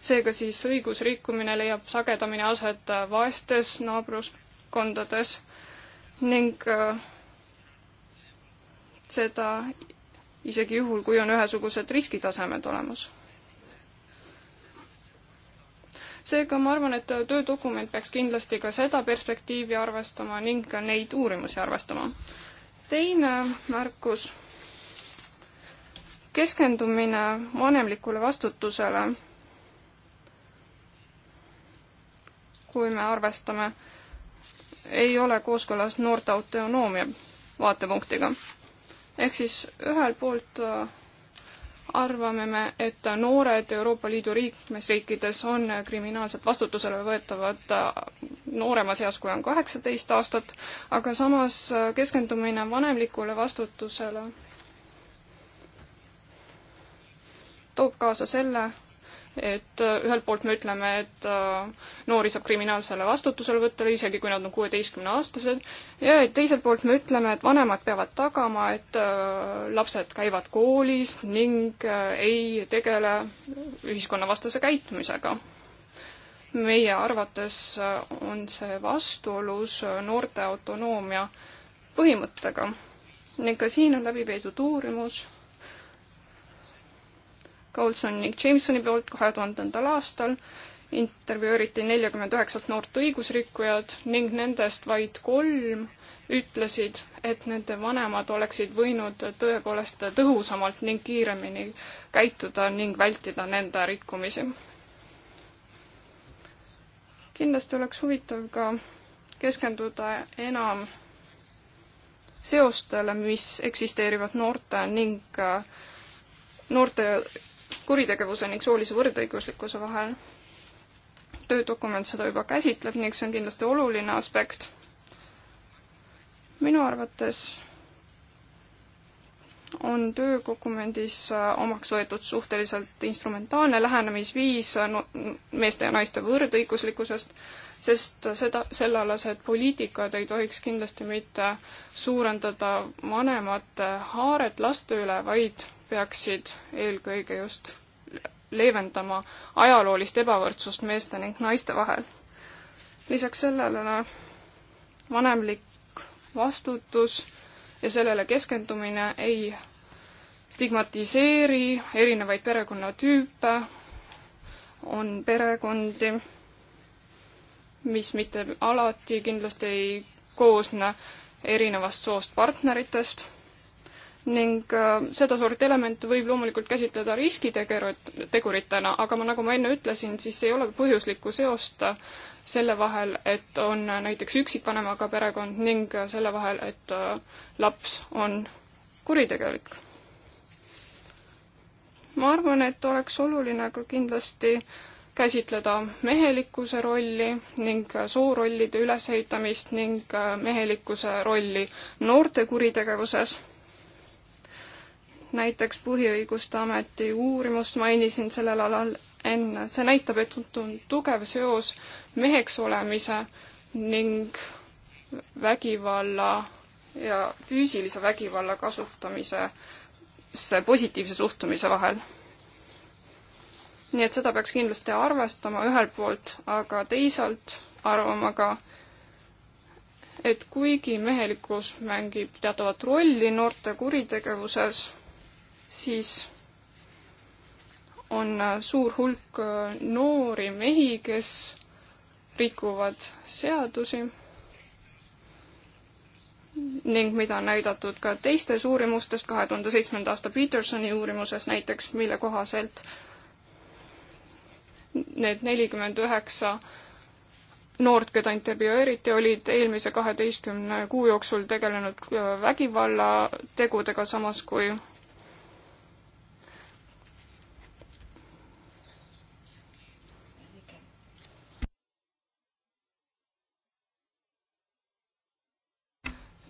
seega siis õigusrikkumine leiab sagedamini aset vaestes naabruskondades ning äh, seda isegi juhul, kui on ühesugused riskitasemed olemas. seega ma arvan, et töödokument peaks kindlasti ka seda perspektiivi arvestama ning ka neid uurimusi arvestama. teine märkus, keskendumine vanemlikule vastutusele, kui me arvestame, ei ole kooskõlas noorte autonoomia vaatepunktiga ehk siis ühelt poolt äh, arvame me, et noored Euroopa Liidu liikmesriikides on kriminaalselt vastutusele võetavad äh, nooremas eas, kui on kaheksateist aastat, aga samas äh, keskendumine vanemlikule vastutusele toob kaasa selle, et äh, ühelt poolt me ütleme, et äh, noori saab kriminaalsele vastutusele võtta, isegi kui nad on kuueteistkümneaastased, ja teiselt poolt me ütleme, et vanemad peavad tagama, et äh, lapsed käivad koolis ning ei tegele ühiskonnavastase käitumisega. meie arvates on see vastuolus noorte autonoomia põhimõttega ning ka siin on läbi peidud uurimus Goldson ning Jamesoni poolt kahe tuhandendal aastal. intervjueeriti neljakümmend üheksat noort õigusrikkujat ning nendest vaid kolm ütlesid, et nende vanemad oleksid võinud tõepoolest tõhusamalt ning kiiremini käituda ning vältida nende rikkumisi. kindlasti oleks huvitav ka keskenduda enam seostele, mis eksisteerivad noorte ning noorte kuritegevuse ning soolise võrdõiguslikkuse vahel. töödokument seda juba käsitleb ning see on kindlasti oluline aspekt. minu arvates on töödokumendis äh, omaks võetud suhteliselt instrumentaalne lähenemisviis äh, meeste ja naiste võrdõiguslikkusest, sest seda, sellealased poliitikad ei tohiks kindlasti mitte suurendada vanemate haaret laste üle, vaid peaksid eelkõige just leevendama ajaloolist ebavõrdsust meeste ning naiste vahel. lisaks sellele vanemlik vastutus ja sellele keskendumine ei stigmatiseeri erinevaid perekonnatüüpe, on perekondi, mis mitte alati kindlasti ei koosne erinevast soost partneritest ning äh, sedasorti elemente võib loomulikult käsitleda riskiteguritena, aga ma, nagu ma enne ütlesin, siis ei ole põhjuslikku seost selle vahel, et on näiteks üksikvanemaga perekond ning selle vahel, et äh, laps on kuritegelik. ma arvan, et oleks oluline ka kindlasti käsitleda mehelikkuse rolli ning äh, soorollide ülesehitamist ning mehelikkuse rolli noorte kuritegevuses näiteks Põhiõiguste Ameti uurimust mainisin sellel alal enne. see näitab, et on tugev seos meheks olemise ning vägivalla ja füüsilise vägivalla kasutamise positiivse suhtumise vahel. nii et seda peaks kindlasti arvestama ühelt poolt, aga teisalt arvama ka, et kuigi mehelikkus mängib teatavat rolli noorte kuritegevuses, siis on äh, suur hulk äh, noori mehi, kes rikuvad seadusi ning mida on näidatud ka teistes uurimustest, kahe tuhande seitsmenda aasta Petersoni uurimuses näiteks, mille kohaselt need nelikümmend üheksa noort, keda intervjueeriti, olid eelmise kaheteistkümne kuu jooksul tegelenud äh, vägivallategudega, samas kui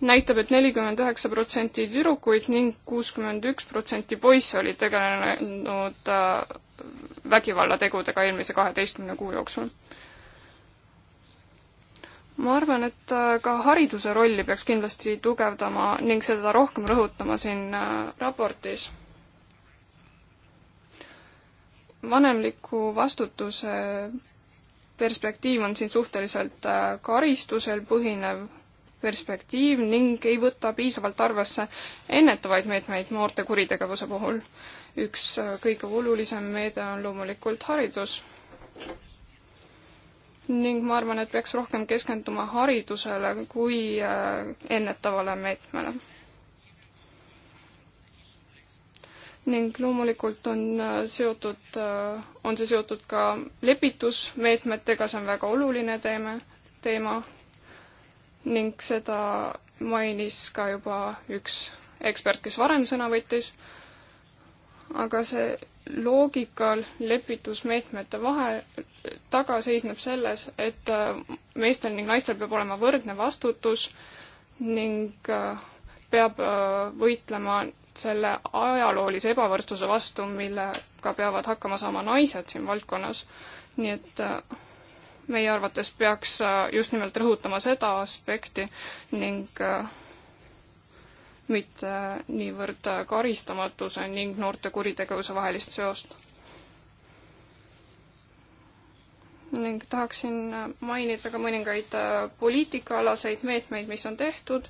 näitab et, et nelikümmend üheksa protsenti tüdrukuid ning kuuskümmend üks protsenti poisse oli tegelenud äh, vägivallategudega eelmise kaheteistkümne kuu jooksul. ma arvan, et äh, ka hariduse rolli peaks kindlasti tugevdama ning seda rohkem rõhutama siin äh, raportis. vanemliku vastutuse perspektiiv on siin suhteliselt karistusel põhinev perspektiiv ning ei võta piisavalt arvesse ennetavaid meetmeid noorte kuritegevuse puhul. üks äh, kõige olulisem meede on loomulikult haridus. ning ma arvan, et peaks rohkem keskenduma haridusele kui äh, ennetavale meetmele. ning loomulikult on äh, seotud, on see seotud ka lepitusmeetmetega, see on väga oluline teeme, teema, teema ning seda mainis ka juba üks ekspert, kes varem sõna võttis, aga see loogika lepitusmeetmete vahe taga seisneb selles, et äh, meestel ning naistel peab olema võrdne vastutus ning äh, peab äh, võitlema selle ajaloolise ebavõrdsuse vastu, millega peavad hakkama saama naised siin valdkonnas. nii et äh, meie arvates peaks äh, just nimelt rõhutama seda aspekti ning äh, mitte äh, niivõrd karistamatuse ning noorte kuritegevuse vahelist seost. ning tahaksin mainida ka mõningaid poliitikaalaseid meetmeid, mis on tehtud.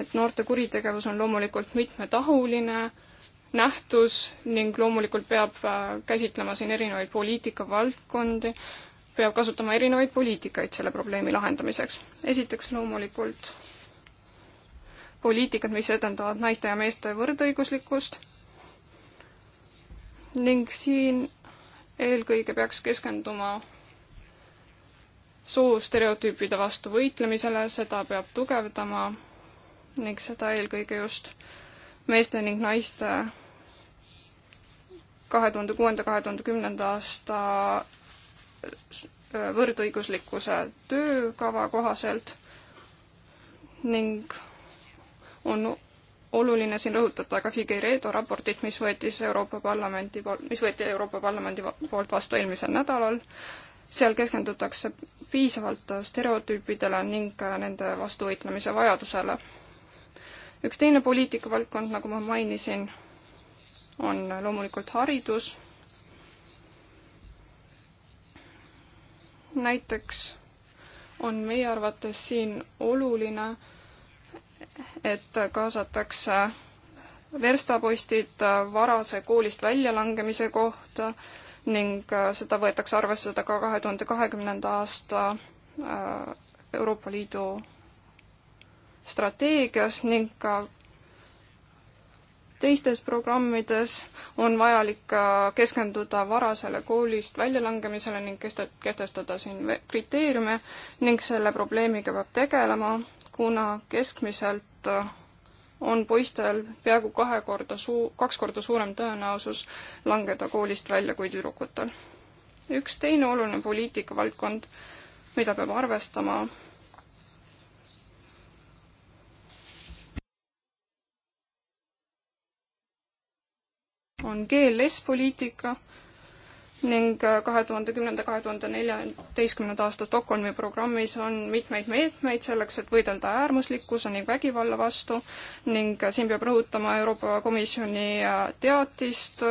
et noorte kuritegevus on loomulikult mitmetahuline nähtus ning loomulikult peab äh, käsitlema siin erinevaid poliitikavaldkondi, peab kasutama erinevaid poliitikaid selle probleemi lahendamiseks. esiteks loomulikult poliitikad, mis edendavad naiste ja meeste võrdõiguslikkust ning siin eelkõige peaks keskenduma soostereotüüpide vastu võitlemisele, seda peab tugevdama ning seda eelkõige just meeste ning naiste kahe tuhande kuuenda, kahe tuhande kümnenda aasta äh, võrdõiguslikkuse töökava kohaselt ning on oluline siin rõhutada ka Figueiredo raportit, mis võetis Euroopa Parlamendi poolt, mis võeti Euroopa Parlamendi poolt vastu eelmisel nädalal. seal keskendutakse piisavalt stereotüüpidele ning nende vastu võitlemise vajadusele. üks teine poliitikavaldkond, nagu ma mainisin, on loomulikult haridus. näiteks on meie arvates siin oluline, et kaasatakse verstapostid varase koolist väljalangemise kohta ning seda võetakse arvesse ka kahe tuhande kahekümnenda aasta äh, Euroopa Liidu strateegias ning ka teistes programmides on vajalik ka keskenduda varasele koolist väljalangemisele ning kehtestada siin kriteeriume ning selle probleemiga peab tegelema, kuna keskmiselt äh, on poistel peaaegu kahe korda suu-, kaks korda suurem tõenäosus langeda koolist välja kui tüdrukutel. üks teine oluline poliitikavaldkond, mida peab arvestama, on GLS-poliitika ning äh, kahe tuhande kümnenda, kahe tuhande neljateistkümnenda aasta Stockholmi programmis on mitmeid meetmeid selleks, et võidelda äärmuslikkuse ning vägivalla vastu ning äh, siin peab rõhutama Euroopa Komisjoni äh, teatist,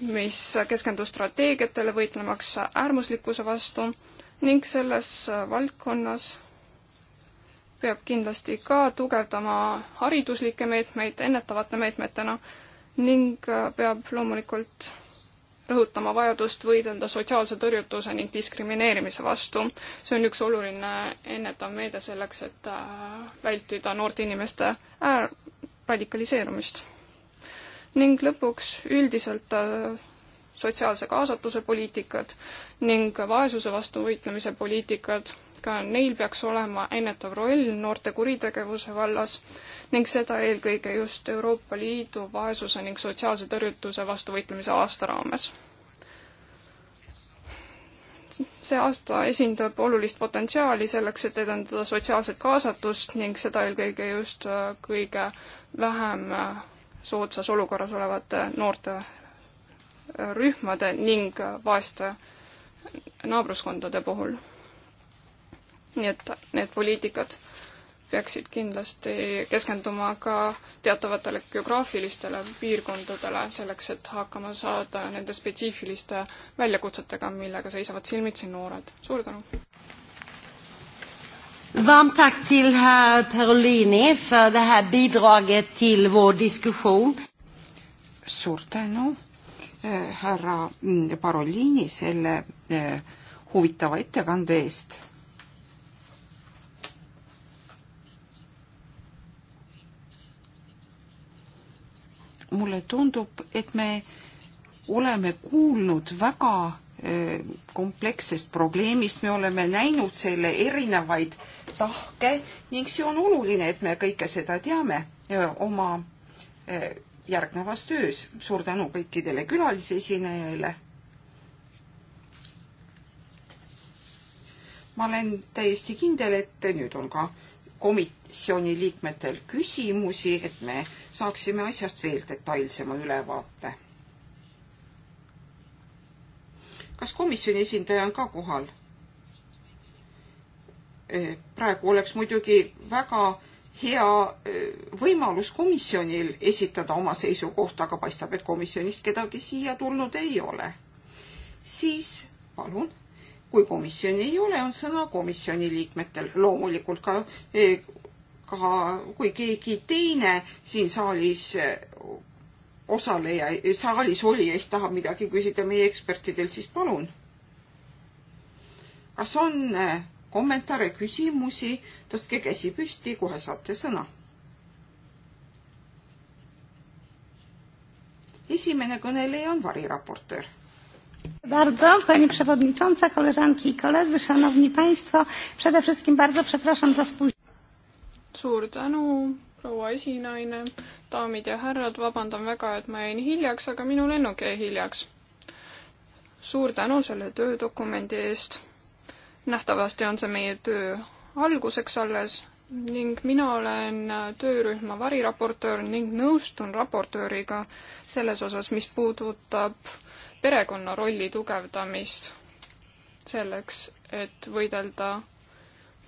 mis keskendus strateegiatele võitlemaks äärmuslikkuse vastu ning selles valdkonnas peab kindlasti ka tugevdama hariduslikke meetmeid ennetavate meetmetena ning äh, peab loomulikult rõhutama vajadust võidelda sotsiaalse tõrjutuse ning diskrimineerimise vastu. see on üks oluline ennetav meede selleks, et äh, vältida noorte inimeste äär-, radikaliseerumist. ning lõpuks üldiselt äh, sotsiaalse kaasatuse poliitikad ning vaesuse vastu võitlemise poliitikad ka neil peaks olema ennetav roll noorte kuritegevuse vallas ning seda eelkõige just Euroopa Liidu vaesuse ning sotsiaalse tõrjutuse vastu võitlemise aasta raames. see aasta esindab olulist potentsiaali selleks, et edendada sotsiaalset kaasatust ning seda eelkõige just äh, kõige vähem äh, soodsas olukorras olevate noorte äh, rühmade ning vaeste naabruskondade puhul nii et need poliitikad peaksid kindlasti keskenduma ka teatavatele geograafilistele piirkondadele, selleks et hakkama saada nende spetsiifiliste väljakutsetega, millega seisavad silmitsi noored. suur tänu! Varmt tack till herr Perolini för det här bidraget till vår diskussion. Suur tänu eh, härra mm, Parolini selle eh, huvitava ettekande eest mulle tundub, et me oleme kuulnud väga eh, komplekssest probleemist, me oleme näinud selle erinevaid tahke ning see on oluline, et me kõike seda teame eh, oma eh, järgnevas töös. suur tänu kõikidele külalisesinejaile. ma olen täiesti kindel, et nüüd on ka komisjoni liikmetel küsimusi, et me saaksime asjast veel detailsema ülevaate. kas komisjoni esindaja on ka kohal? E, praegu oleks muidugi väga hea e, võimalus komisjonil esitada oma seisukohta, aga paistab, et komisjonist kedagi siia tulnud ei ole. siis palun kui komisjoni ei ole, on sõna komisjoni liikmetel, loomulikult ka eh, ka kui keegi teine siin saalis eh, osaleja, eh, saalis olijaist tahab midagi küsida meie ekspertidelt, siis palun. kas on kommentaare, küsimusi, tõstke käsi püsti, kohe saate sõna. esimene kõneleja on variraportöör. Bardzo, Pani Przewodnicząca, koleżanki i koledzy, Szanowni Państwo, przede wszystkim bardzo przepraszam za spóźnienie. Suur tänu, proua esinaine, daamid ja härrad, vabandan väga, et ma jäin hiljaks, aga minu lennuk jäi hiljaks. suur tänu selle töödokumendi eest. nähtavasti on see meie töö alguseks alles ning mina olen töörühma variraportöör ning nõustun raportööriga selles osas, mis puudutab perekonna rolli tugevdamist selleks, et võidelda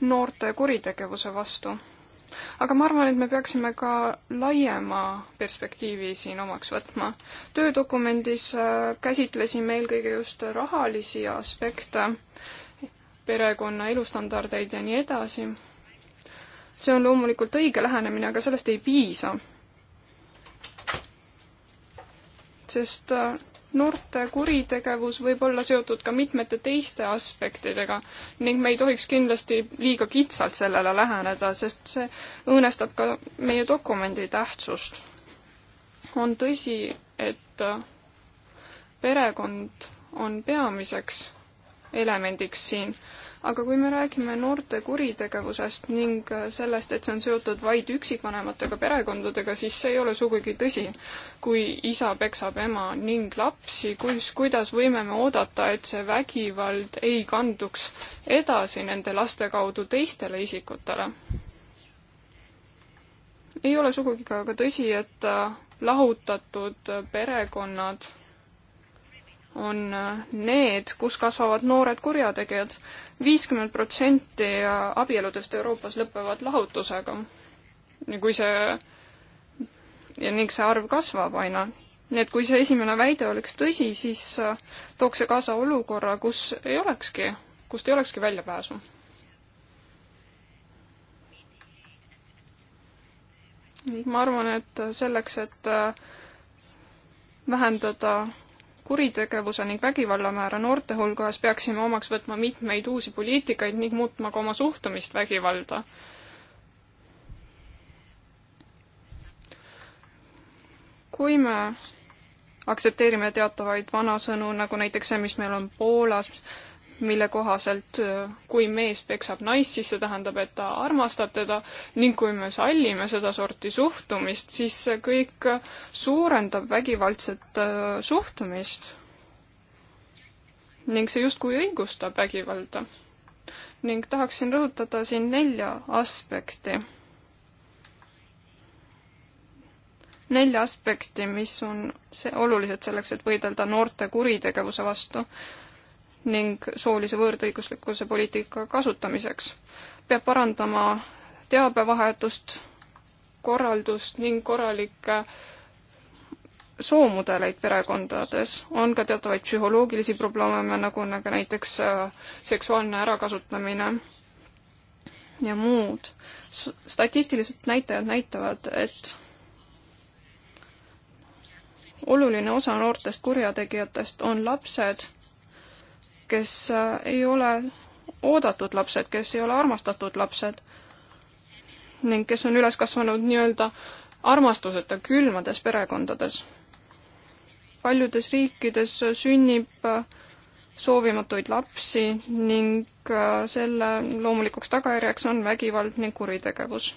noorte kuritegevuse vastu. aga ma arvan, et me peaksime ka laiema perspektiivi siin omaks võtma. töödokumendis äh, käsitlesime eelkõige just rahalisi aspekte, perekonna elustandardeid ja nii edasi. see on loomulikult õige lähenemine, aga sellest ei piisa. sest äh, noorte kuritegevus võib olla seotud ka mitmete teiste aspektidega ning me ei tohiks kindlasti liiga kitsalt sellele läheneda, sest see õõnestab ka meie dokumendi tähtsust. on tõsi, et äh, perekond on peamiseks elemendiks siin aga kui me räägime noorte kuritegevusest ning äh, sellest, et see on seotud vaid üksikvanematega perekondadega, siis see ei ole sugugi tõsi. kui isa peksab ema ning lapsi, kus, kuidas võime me oodata, et see vägivald ei kanduks edasi nende laste kaudu teistele isikutele? ei ole sugugi ka, ka tõsi, et äh, lahutatud perekonnad on äh, need, kus kasvavad noored kurjategijad. viiskümmend protsenti abieludest Euroopas lõpevad lahutusega. ja kui see, ja ning see arv kasvab aina. nii et kui see esimene väide oleks tõsi, siis äh, tooks see kaasa olukorra, kus ei olekski, kust ei olekski väljapääsu. ma arvan, et äh, selleks, et vähendada kuritegevuse ning vägivalla määra noorte hulgas, peaksime omaks võtma mitmeid uusi poliitikaid ning muutma ka oma suhtumist vägivalda. kui me aktsepteerime teatavaid vanasõnu, nagu näiteks see, mis meil on Poolas, mille kohaselt äh, kui mees peksab naist, siis see tähendab, et ta armastab teda ning kui me sallime sedasorti suhtumist, siis see kõik suurendab vägivaldset äh, suhtumist. ning see justkui õigustab vägivalda. ning tahaksin rõhutada siin nelja aspekti. nelja aspekti, mis on see, olulised selleks, et võidelda noorte kuritegevuse vastu ning soolise võõrdõiguslikkuse poliitika kasutamiseks. peab parandama teabevahetust, korraldust ning korralikke soomudeleid perekondades, on ka teatavaid psühholoogilisi probleeme, nagu on aga näiteks äh, seksuaalne ärakasutamine ja muud. statistilised näitajad näitavad, et oluline osa noortest kurjategijatest on lapsed kes äh, ei ole oodatud lapsed, kes ei ole armastatud lapsed ning kes on üles kasvanud nii-öelda armastuseta külmades perekondades. paljudes riikides sünnib äh, soovimatuid lapsi ning äh, selle loomulikuks tagajärjeks on vägivald ning kuritegevus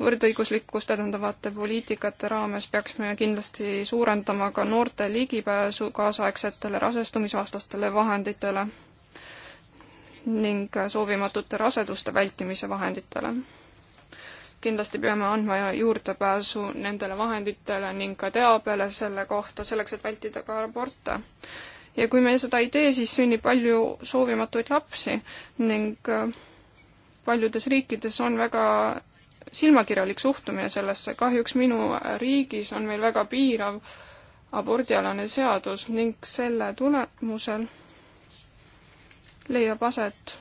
võrdõiguslikkust edendavate poliitikate raames peaksime kindlasti suurendama ka noorte ligipääsu kaasaegsetele rasestumisvastastele vahenditele ning soovimatute raseduste vältimise vahenditele. kindlasti peame andma juurdepääsu nendele vahenditele ning ka teabele selle kohta, selleks et vältida ka aborte. ja kui me seda ei tee, siis sünnib palju soovimatuid lapsi ning paljudes riikides on väga silmakirjalik suhtumine sellesse, kahjuks minu riigis on meil väga piirav abordialane seadus ning selle tulemusel leiab aset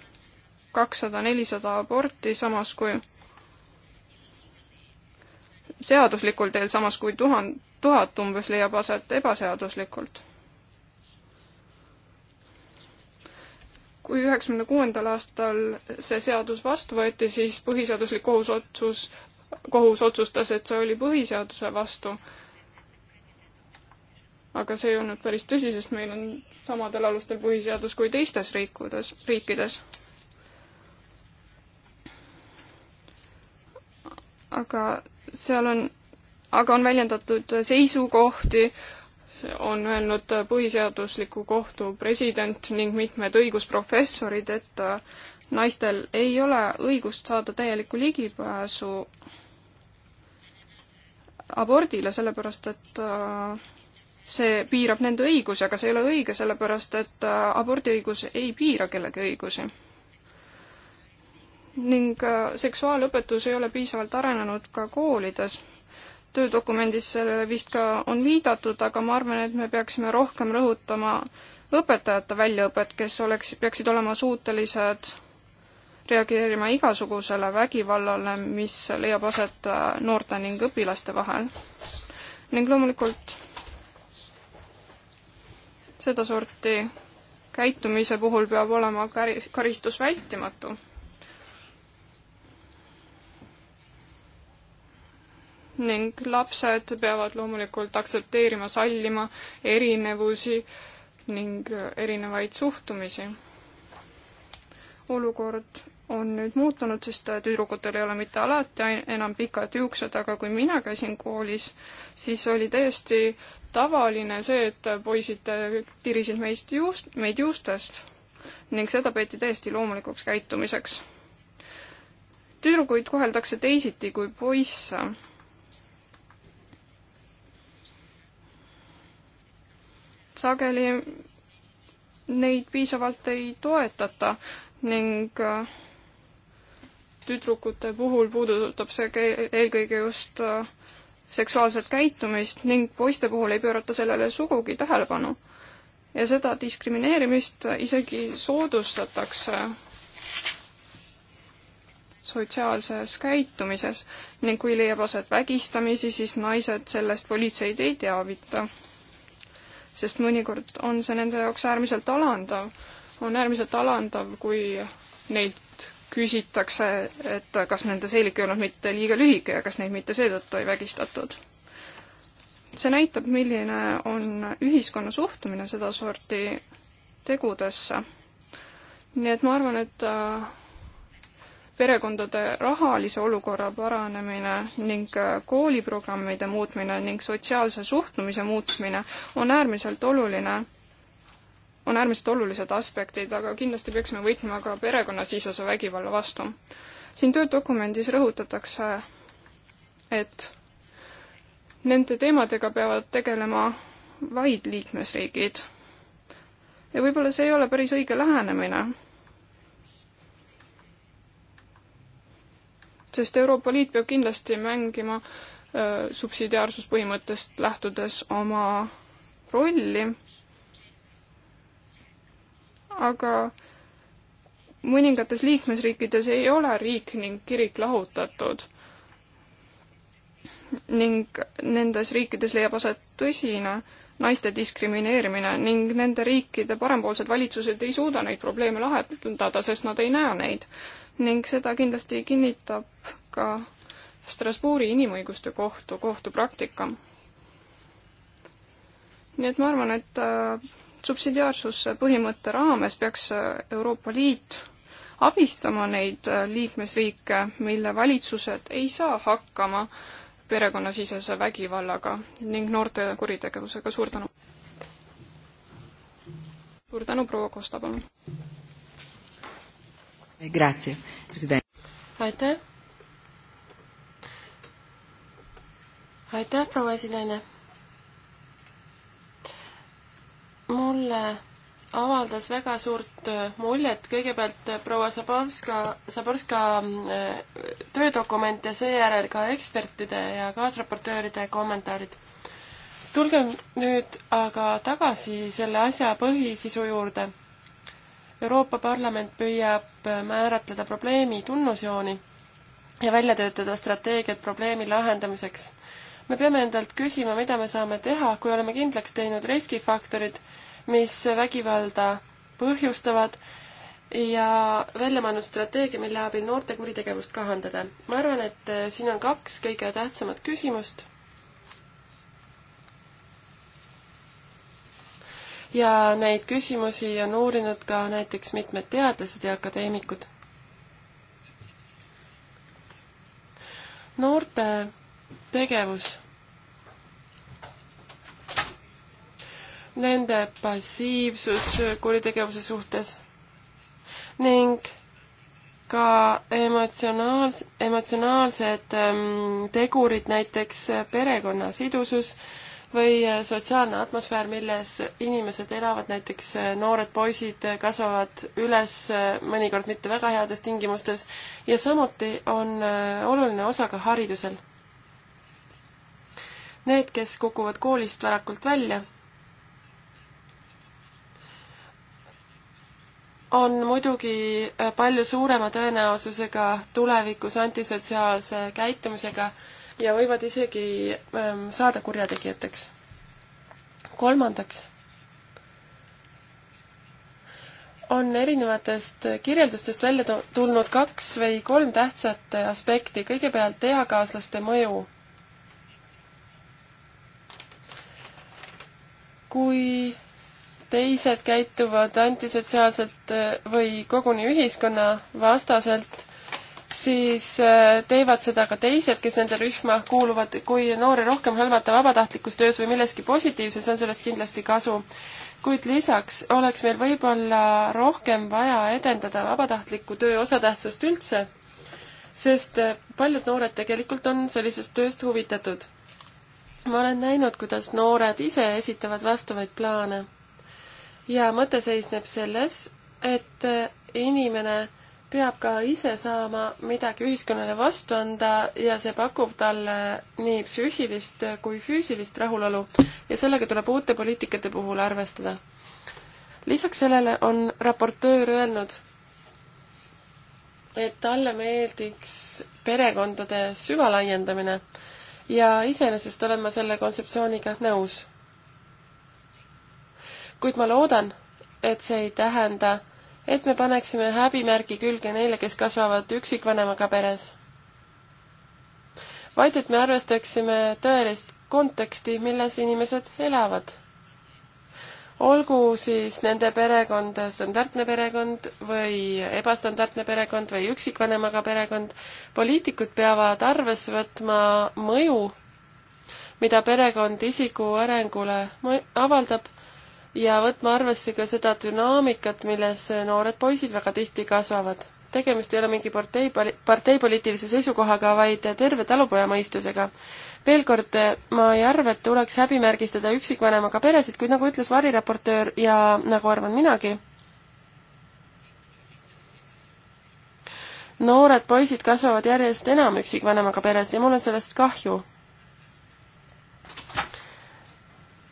kakssada, nelisada aborti, samas kui seaduslikul teel, samas kui tuhan-, tuhat umbes leiab aset ebaseaduslikult. kui üheksakümne kuuendal aastal see seadus vastu võeti, siis põhiseaduslik kohus otsus, kohus otsustas, et see oli põhiseaduse vastu. aga see ei olnud päris tõsi, sest meil on samadel alustel põhiseadus kui teistes riikudes, riikides. aga seal on, aga on väljendatud seisukohti, on öelnud põhiseadusliku kohtu president ning mitmed õigusprofessorid, et äh, naistel ei ole õigust saada täielikku ligipääsu abordile, sellepärast et äh, see piirab nende õigusi, aga see ei ole õige, sellepärast et äh, abordiõigus ei piira kellegi õigusi. ning seksuaalõpetus ei ole piisavalt arenenud ka koolides töödokumendis sellele vist ka on viidatud, aga ma arvan, et me peaksime rohkem rõhutama õpetajate väljaõpet, kes oleks, peaksid olema suutelised reageerima igasugusele vägivallale, mis leiab aset äh, noorte ning õpilaste vahel. ning loomulikult sedasorti käitumise puhul peab olema karistus vältimatu ning lapsed peavad loomulikult aktsepteerima, sallima erinevusi ning äh, erinevaid suhtumisi. olukord on nüüd muutunud, sest äh, tüdrukutel ei ole mitte alati enam pikad juuksed, aga kui mina käisin koolis, siis oli täiesti tavaline see, et äh, poisid tirisid meist juust, meid juustest ning seda peeti täiesti loomulikuks käitumiseks. tüdrukuid koheldakse teisiti kui poisse sageli neid piisavalt ei toetata ning äh, tüdrukute puhul puudutab see eelkõige just äh, seksuaalset käitumist ning poiste puhul ei pöörata sellele sugugi tähelepanu. ja seda diskrimineerimist isegi soodustatakse sotsiaalses käitumises ning kui leiab aset vägistamisi, siis naised sellest politseid ei teavita sest mõnikord on see nende jaoks äärmiselt alandav. on äärmiselt alandav, kui neilt küsitakse, et kas nende seelik ei olnud mitte liiga lühike ja kas neid mitte seetõttu ei vägistatud. see näitab, milline on ühiskonna suhtumine sedasorti tegudesse. nii et ma arvan, et äh, perekondade rahalise olukorra paranemine ning äh, kooliprogrammide muutmine ning sotsiaalse suhtumise muutmine on äärmiselt oluline, on äärmiselt olulised aspektid, aga kindlasti peaksime võitlema ka perekonnasisese vägivalla vastu. siin töödokumendis rõhutatakse, et nende teemadega peavad tegelema vaid liikmesriigid. ja võib-olla see ei ole päris õige lähenemine sest Euroopa Liit peab kindlasti mängima subsidiaarsuspõhimõttest lähtudes oma rolli, aga mõningates liikmesriikides ei ole riik ning kirik lahutatud. ning nendes riikides leiab aset tõsine naiste diskrimineerimine ning nende riikide parempoolsed valitsused ei suuda neid probleeme lahendada, sest nad ei näe neid. ning seda kindlasti kinnitab ka Strasbourgi inimõiguste kohtu kohtupraktika. nii et ma arvan, et äh, subsidiaarsuse põhimõtte raames peaks äh, Euroopa Liit abistama neid äh, liikmesriike, mille valitsused ei saa hakkama äh, perekonnasisese vägivallaga ning noorte kuritegevusega, suur tänu! suur tänu, proua Kosta, palun! aitäh! aitäh, proua esinaine! mulle avaldas väga suurt äh, muljet, kõigepealt äh, proua Zaborska, Zaborska äh, töödokument ja seejärel ka ekspertide ja kaasraportööride kommentaarid. tulgem nüüd aga tagasi selle asja põhisisu juurde. Euroopa Parlament püüab määratleda probleemi tunnusjooni ja välja töötada strateegiat probleemi lahendamiseks. me peame endalt küsima, mida me saame teha, kui oleme kindlaks teinud riskifaktorid, mis vägivalda põhjustavad ja välja mõelnud strateegia, mille abil noorte kuritegevust kahandada. ma arvan, et äh, siin on kaks kõige tähtsamat küsimust. ja neid küsimusi on uurinud ka näiteks mitmed teadlased ja akadeemikud. noorte tegevus nende passiivsus kuritegevuse suhtes ning ka emotsionaals-, emotsionaalsed ähm, tegurid, näiteks perekonna sidusus või äh, sotsiaalne atmosfäär, milles inimesed elavad, näiteks äh, noored poisid kasvavad üles äh, mõnikord mitte väga heades tingimustes ja samuti on oluline osa ka haridusel. Need, kes kukuvad koolist varakult välja on muidugi äh, palju suurema tõenäosusega tulevikus antisotsiaalse käitumisega ja võivad isegi ähm, saada kurjategijateks. kolmandaks on erinevatest kirjeldustest välja tulnud kaks või kolm tähtsat aspekti. kõigepealt eakaaslaste mõju. kui teised käituvad antisotsiaalselt äh, või koguni ühiskonna vastaselt, siis äh, teevad seda ka teised, kes nende rühma kuuluvad. kui noori rohkem hõlmata vabatahtlikus töös või milleski positiivses, on sellest kindlasti kasu. kuid lisaks oleks meil võib-olla rohkem vaja edendada vabatahtliku töö osatähtsust üldse, sest äh, paljud noored tegelikult on sellisest tööst huvitatud. ma olen näinud, kuidas noored ise esitavad vastavaid plaane ja mõte seisneb selles, et inimene peab ka ise saama midagi ühiskonnale vastu anda ja see pakub talle nii psüühilist kui füüsilist rahulolu ja sellega tuleb uute poliitikate puhul arvestada. lisaks sellele on raportöör öelnud, et talle meeldiks perekondade süvalaiendamine ja iseenesest olen ma selle kontseptsiooniga nõus kuid ma loodan, et see ei tähenda, et me paneksime häbimärgi külge neile, kes kasvavad üksikvanemaga peres. vaid et me arvestaksime tõelist konteksti, milles inimesed elavad. olgu siis nende perekond standardne perekond või ebastandardne perekond või üksikvanemaga perekond, poliitikud peavad arvesse võtma mõju, mida perekond isiku arengule avaldab ja võtma arvesse ka seda dünaamikat, milles noored poisid väga tihti kasvavad. tegemist ei ole mingi partei, parteipoliitilise seisukohaga, vaid terve talupojamõistusega. veel kord, ma ei arva, et tuleks häbimärgistada üksikvanemaga peresid, kuid nagu ütles variraportöör ja nagu arvan minagi, noored poisid kasvavad järjest enam üksikvanemaga peres ja mul on sellest kahju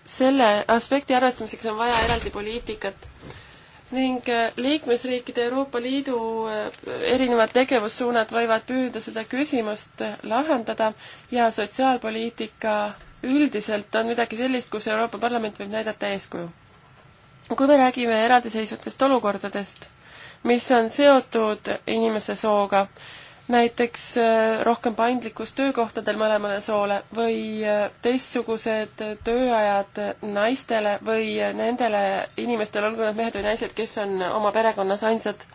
selle aspekti arvestamiseks on vaja eraldi poliitikat ning äh, liikmesriikide Euroopa Liidu äh, erinevad tegevussuunad võivad püüda seda küsimust äh, lahendada ja sotsiaalpoliitika üldiselt on midagi sellist, kus Euroopa Parlament võib näidata eeskuju. kui me räägime eraldiseisvatest olukordadest, mis on seotud inimese sooga, näiteks äh, rohkem paindlikkust töökohtadel mõlemale soole või äh, teistsugused tööajad naistele või äh, nendele inimestele, olgu nad mehed või naised, kes on oma perekonnas ainsad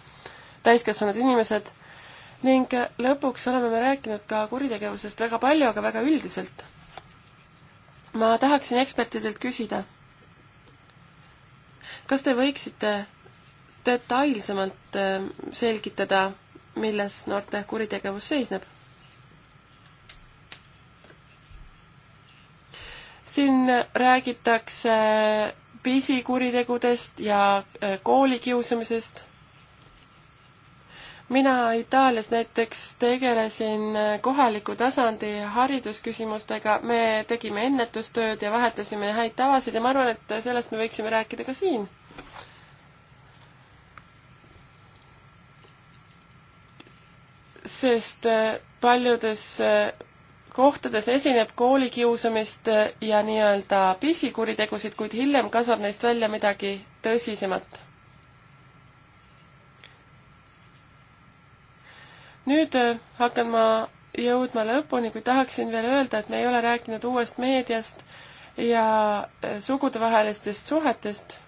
täiskasvanud inimesed. ning lõpuks oleme me rääkinud ka kuritegevusest väga palju, aga väga üldiselt. ma tahaksin ekspertidelt küsida, kas te võiksite detailsemalt selgitada milles noorte kuritegevus seisneb. siin räägitakse pisikuritegudest ja äh, koolikiusamisest mina Itaalias näiteks tegelesin äh, kohaliku tasandi haridusküsimustega, me tegime ennetustööd ja vahetasime häid tavasid ja ma arvan, et sellest me võiksime rääkida ka siin. sest äh, paljudes äh, kohtades esineb koolikiusamist äh, ja nii-öelda pisikuritegusid, kuid hiljem kasvab neist välja midagi tõsisemat. nüüd hakkan ma jõudma lõpuni, kui tahaksin veel öelda, et me ei ole rääkinud uuest meediast ja sugudevahelistest suhetest,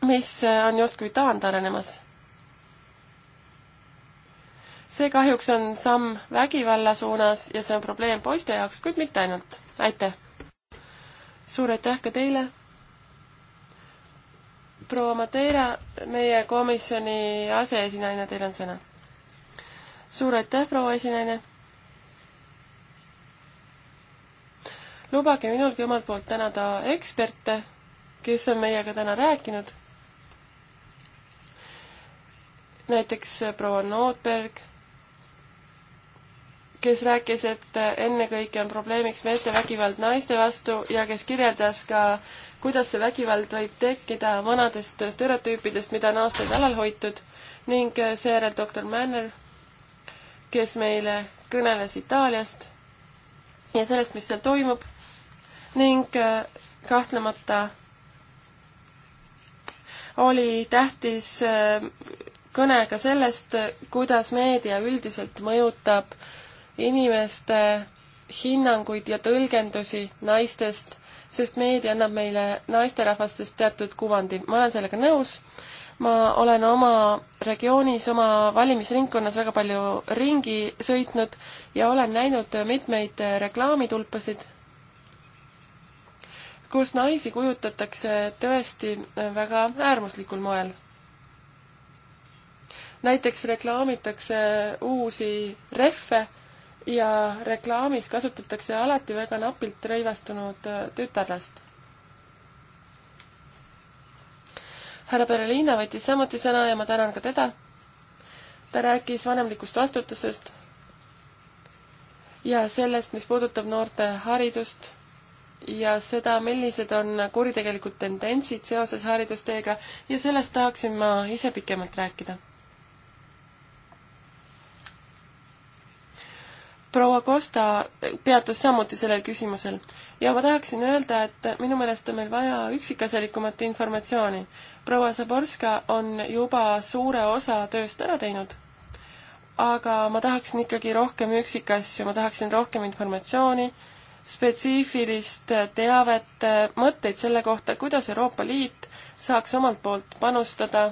mis on justkui taandarenemas see kahjuks on samm vägivalla suunas ja see on probleem poiste jaoks, kuid mitte ainult. aitäh! suur aitäh ka teile! proua Madeira, meie komisjoni aseesinaine, teil on sõna. suur aitäh, proua esinaine! lubage minulgi omalt poolt tänada eksperte, kes on meiega täna rääkinud näiteks proua Nootberg kes rääkis, et ennekõike on probleemiks meeste vägivald naiste vastu ja kes kirjeldas ka, kuidas see vägivald võib tekkida vanadest stereotüüpidest, mida on aastaid alal hoitud ning seejärel doktor Manner, kes meile kõneles Itaaliast ja sellest, mis seal toimub ning äh, kahtlemata oli tähtis äh, kõne ka sellest, kuidas meedia üldiselt mõjutab äh, inimeste hinnanguid ja tõlgendusi naistest, sest meedia annab meile naisterahvastest teatud kuvandi. ma olen sellega nõus, ma olen oma regioonis, oma valimisringkonnas väga palju ringi sõitnud ja olen näinud mitmeid reklaamitulpasid, kus naisi kujutatakse tõesti väga äärmuslikul moel. näiteks reklaamitakse uusi rehve ja reklaamis kasutatakse alati väga napilt rõivastunud äh, tütarlast. härra Berliina võttis samuti sõna ja ma tänan ka teda. ta rääkis vanemlikust vastutusest ja sellest, mis puudutab noorte haridust ja seda, millised on kuritegelikud tendentsid seoses haridusteega ja sellest tahaksin ma ise pikemalt rääkida proua Costa peatus samuti sellel küsimusel ja ma tahaksin öelda, et minu meelest on meil vaja üksikasjalikumat informatsiooni. proua Zaborska on juba suure osa tööst ära teinud, aga ma tahaksin ikkagi rohkem üksikasju, ma tahaksin rohkem informatsiooni, spetsiifilist teavet, mõtteid selle kohta, kuidas Euroopa Liit saaks omalt poolt panustada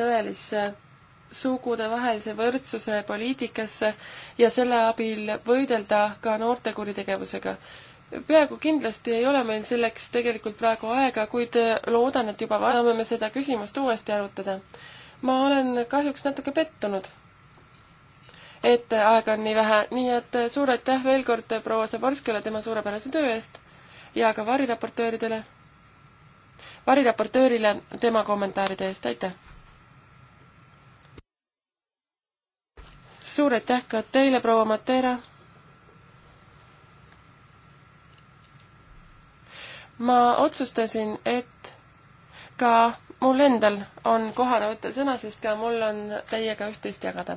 tõelisse sugudevahelise võrdsuse poliitikasse ja selle abil võidelda ka noorte kuritegevusega. peaaegu kindlasti ei ole meil selleks tegelikult praegu aega, kuid loodan, et juba saame me seda küsimust uuesti arutada. ma olen kahjuks natuke pettunud, et aega on nii vähe, nii et suur aitäh veel kord proua Zaborskile tema suurepärase töö eest ja ka variraportööridele, variraportöörile tema kommentaaride eest, aitäh! suur aitäh ka teile, proua Matera. ma otsustasin, et ka mul endal on kohane võtta sõna, sest ka mul on teiega üht-teist jagada.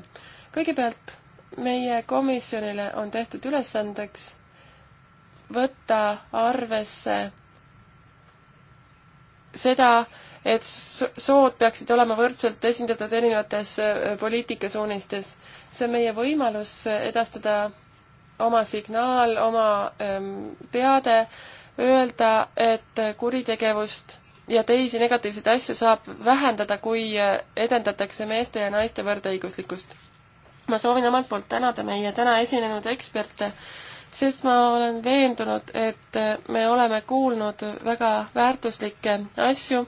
kõigepealt meie komisjonile on tehtud ülesandeks võtta arvesse seda, et sood peaksid olema võrdselt esindatud erinevates äh, poliitikasuunistes. see on meie võimalus edastada oma signaal, oma ähm, teade, öelda, et kuritegevust ja teisi negatiivseid asju saab vähendada, kui äh, edendatakse meeste ja naiste võrdõiguslikkust. ma soovin omalt poolt tänada meie täna esinenud eksperte sest ma olen veendunud, et me oleme kuulnud väga väärtuslikke asju,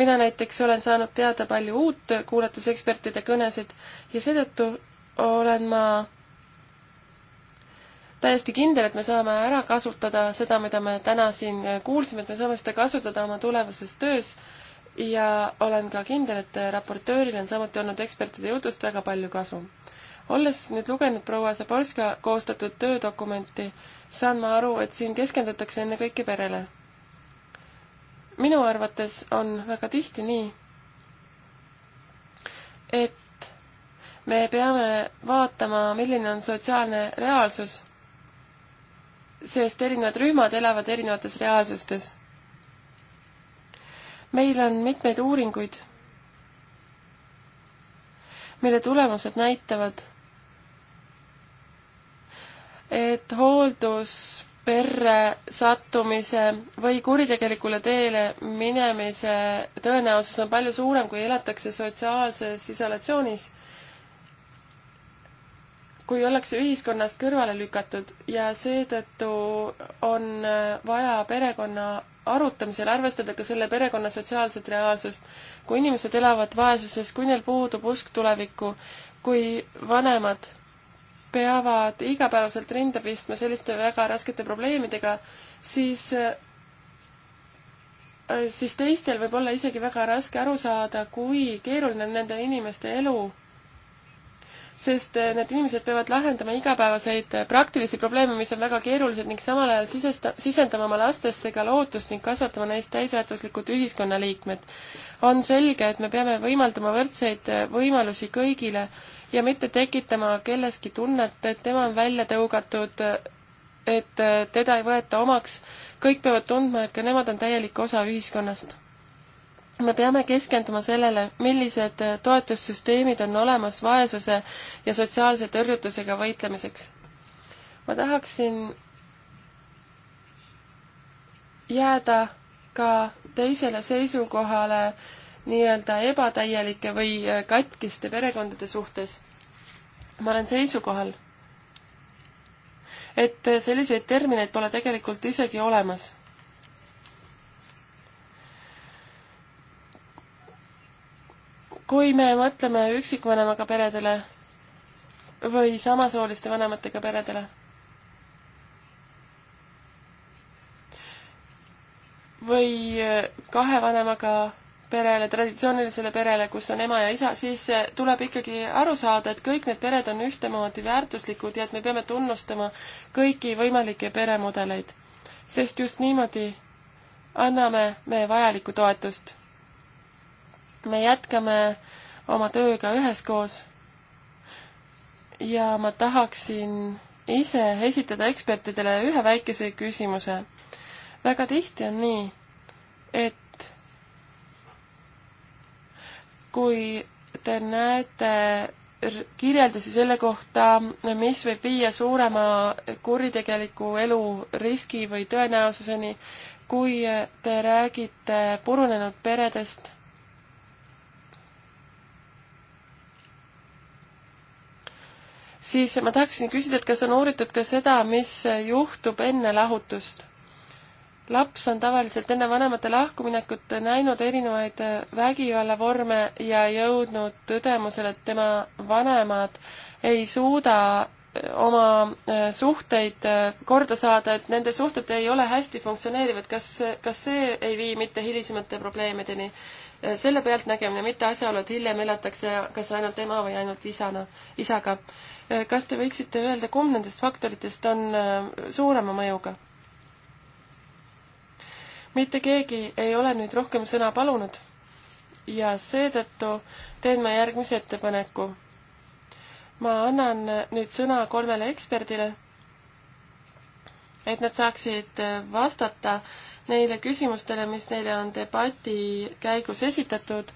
mida näiteks olen saanud teada palju uut, kuulates ekspertide kõnesid, ja seetõttu olen ma täiesti kindel, et me saame ära kasutada seda, mida me täna siin kuulsime, et me saame seda kasutada oma tulevases töös ja olen ka kindel, et raportööril on samuti olnud ekspertide jutust väga palju kasu olles nüüd lugenud proua Zaborska koostatud töödokumenti, saan ma aru, et siin keskendutakse ennekõike perele. minu arvates on väga tihti nii, et me peame vaatama, milline on sotsiaalne reaalsus, sest erinevad rühmad elavad erinevates reaalsustes. meil on mitmeid uuringuid mille tulemused näitavad, et hooldusperre sattumise või kuritegelikule teele minemise tõenäosus on palju suurem, kui elatakse sotsiaalses isolatsioonis, kui ollakse ühiskonnast kõrvale lükatud ja seetõttu on vaja perekonna arutamisel arvestada ka selle perekonna sotsiaalset reaalsust. kui inimesed elavad vaesuses, kui neil puudub usk tulevikku, kui vanemad peavad igapäevaselt rinda pistma selliste väga raskete probleemidega, siis, äh, siis teistel võib olla isegi väga raske aru saada, kui keeruline on nende inimeste elu sest äh, need inimesed peavad lahendama igapäevaseid äh, praktilisi probleeme, mis on väga keerulised ning samal ajal sisesta-, sisendama oma lastesse ka lootust ning kasvatama neist täisväärtuslikud ühiskonnaliikmed. on selge, et me peame võimaldama võrdseid võimalusi kõigile ja mitte tekitama kelleski tunnet, et tema on välja tõugatud, et teda ei võeta omaks. kõik peavad tundma, et ka nemad on täielik osa ühiskonnast. me peame keskenduma sellele, millised toetussüsteemid on olemas vaesuse ja sotsiaalse tõrjutusega võitlemiseks. ma tahaksin jääda ka teisele seisukohale äh, nii-öelda ebatäielike või äh, katkiste perekondade suhtes. ma olen seisukohal, et äh, selliseid termineid pole tegelikult isegi olemas. kui me mõtleme üksikvanemaga peredele või samasooliste vanematega peredele või äh, kahe vanemaga perele, traditsioonilisele perele, kus on ema ja isa, siis eh, tuleb ikkagi aru saada, et kõik need pered on ühtemoodi väärtuslikud ja et me peame tunnustama kõiki võimalikke peremudeleid. sest just niimoodi anname me vajalikku toetust. me jätkame oma tööga üheskoos ja ma tahaksin ise esitada ekspertidele ühe väikese küsimuse. väga tihti on nii, et kui te näete kirjeldusi selle kohta, mis võib viia suurema kuritegeliku elu riski või tõenäosuseni, kui te räägite purunenud peredest, siis ma tahaksin küsida, et kas on uuritud ka seda, mis juhtub enne lahutust laps on tavaliselt enne vanemate lahkuminekut näinud erinevaid vägivallavorme ja jõudnud tõdemusele, et tema vanemad ei suuda eh, oma eh, suhteid eh, korda saada, et nende suhted ei ole hästi funktsioneerivad, kas, kas see ei vii mitte hilisemate probleemideni? selle pealtnägemine, mitte asjaolu, et hiljem elatakse kas ainult ema või ainult isana, isaga. kas te võiksite öelda, kumb nendest faktoritest on suurema mõjuga? mitte keegi ei ole nüüd rohkem sõna palunud ja seetõttu teen ma järgmise ettepaneku. ma annan nüüd sõna kolmele eksperdile, et nad saaksid vastata neile küsimustele, mis neile on debati käigus esitatud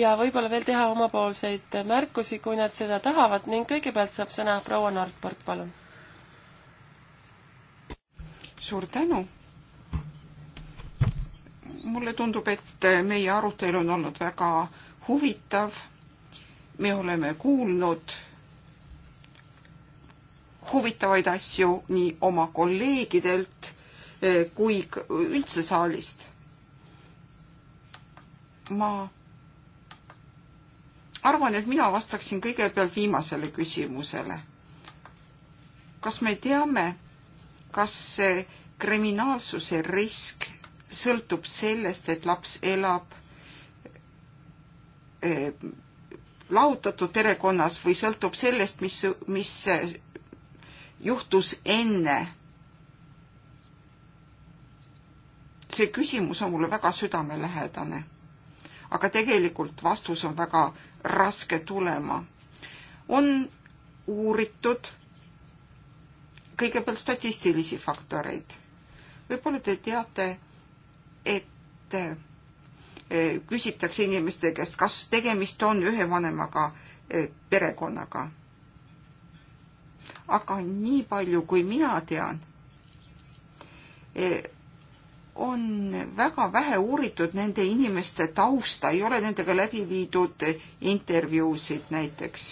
ja võib-olla veel teha omapoolseid märkusi, kui nad seda tahavad ning kõigepealt saab sõna proua Nordberg, palun. suur tänu mulle tundub, et meie arutelu on olnud väga huvitav. me oleme kuulnud huvitavaid asju nii oma kolleegidelt eh, kui üldse saalist. ma arvan, et mina vastaksin kõigepealt viimasele küsimusele. kas me teame, kas kriminaalsuse risk sõltub sellest, et laps elab eh, lahutatud perekonnas või sõltub sellest, mis, mis eh, juhtus enne. see küsimus on mulle väga südamelähedane. aga tegelikult vastus on väga raske tulema. on uuritud kõigepealt statistilisi faktoreid. võib-olla te teate, et e, küsitakse inimeste käest, kas tegemist on ühe vanemaga e, perekonnaga. aga nii palju, kui mina tean, e, on väga vähe uuritud nende inimeste tausta, ei ole nendega läbi viidud intervjuusid näiteks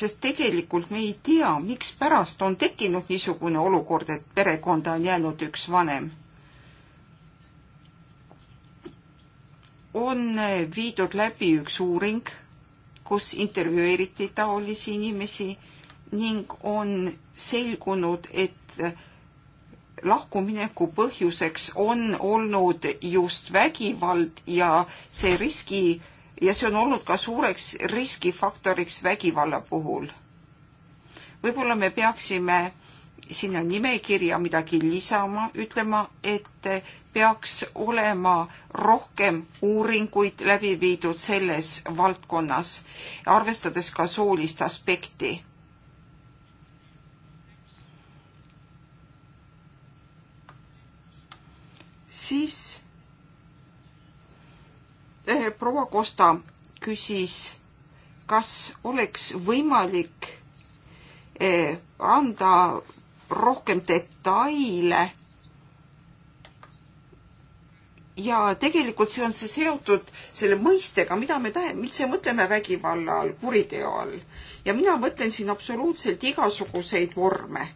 sest tegelikult me ei tea, mikspärast on tekkinud niisugune olukord, et perekonda on jäänud üks vanem. on viidud läbi üks uuring, kus intervjueeriti taolisi inimesi ning on selgunud, et lahkumineku põhjuseks on olnud just vägivald ja see riski ja see on olnud ka suureks riskifaktoriks vägivalla puhul. võib-olla me peaksime sinna nimekirja midagi lisama, ütlema, et peaks olema rohkem uuringuid läbi viidud selles valdkonnas, arvestades ka soolist aspekti. siis eh, proua Kosta küsis, kas oleks võimalik eh, anda rohkem detaile ja tegelikult see on see seotud selle mõistega, mida me tähe-, üldse mõtleme vägivalla all, kuriteo all. ja mina mõtlen siin absoluutselt igasuguseid vorme.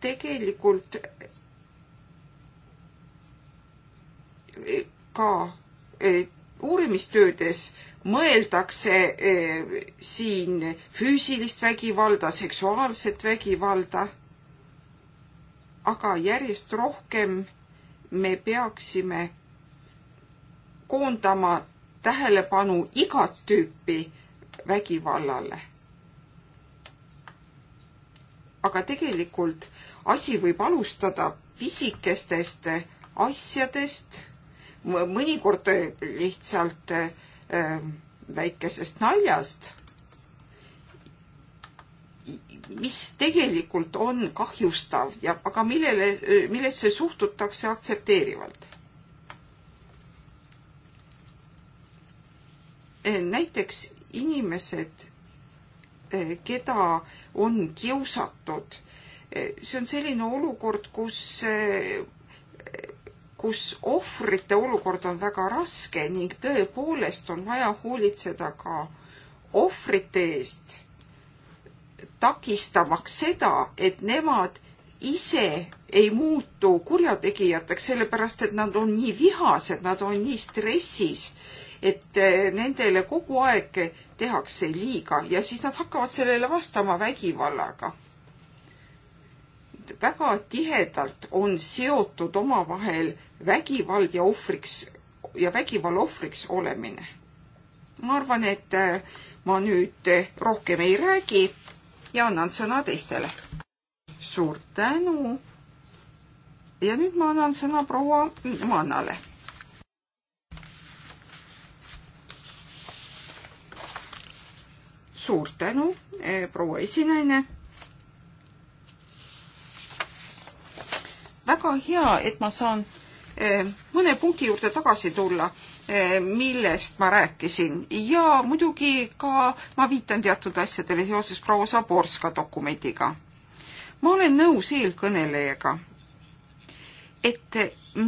tegelikult e, ka e, uurimistöödes mõeldakse e, siin füüsilist vägivalda, seksuaalset vägivalda, aga järjest rohkem me peaksime koondama tähelepanu igat tüüpi vägivallale. aga tegelikult asi võib alustada pisikestest asjadest, mõnikord lihtsalt äh, väikesest naljast mis tegelikult on kahjustav ja, aga millele, millesse suhtutakse aktsepteerivalt. näiteks inimesed, keda on kiusatud, see on selline olukord, kus kus ohvrite olukord on väga raske ning tõepoolest on vaja hoolitseda ka ohvrite eest takistamaks seda, et nemad ise ei muutu kurjategijateks, sellepärast et nad on nii vihased, nad on nii stressis, et eh, nendele kogu aeg tehakse liiga ja siis nad hakkavad sellele vastama vägivallaga. väga tihedalt on seotud omavahel vägivald ja ohvriks ja vägivalla ohvriks olemine. ma arvan, et eh, ma nüüd eh, rohkem ei räägi ja annan sõna teistele. suur tänu. ja nüüd ma annan sõna proua Mannale. suur tänu, e, proua esinaine. väga hea, et ma saan e, mõne punkti juurde tagasi tulla Eh, millest ma rääkisin ja muidugi ka ma viitan teatud asjadele seoses proua Zaborska dokumendiga. ma olen nõus eelkõnelejaga, et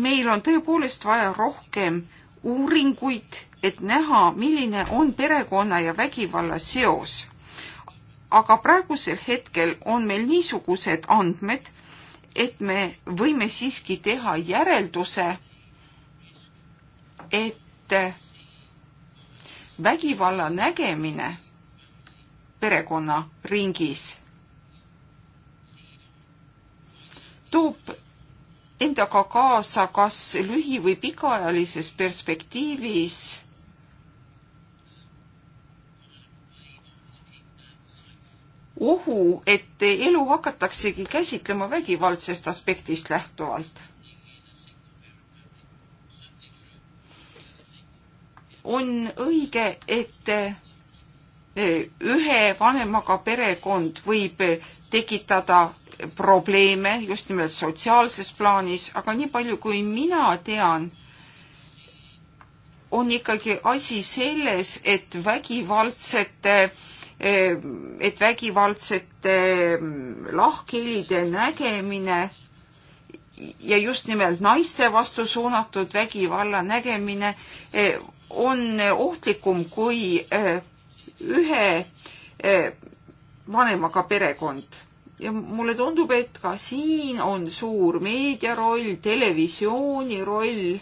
meil on tõepoolest vaja rohkem uuringuid, et näha, milline on perekonna ja vägivalla seos. aga praegusel hetkel on meil niisugused andmed, et me võime siiski teha järelduse, et et vägivalla nägemine perekonna ringis toob endaga kaasa kas lühi- või pikaajalises perspektiivis ohu, et elu hakataksegi käsitlema vägivaldsest aspektist lähtuvalt on õige, et e, ühe vanemaga perekond võib tekitada probleeme just nimelt sotsiaalses plaanis, aga nii palju, kui mina tean, on ikkagi asi selles, et vägivaldsete, e, et vägivaldsete lahkhelide nägemine ja just nimelt naiste vastu suunatud vägivalla nägemine e, on ohtlikum kui äh, ühe äh, vanemaga perekond ja mulle tundub, et ka siin on suur meedia roll, televisiooni roll.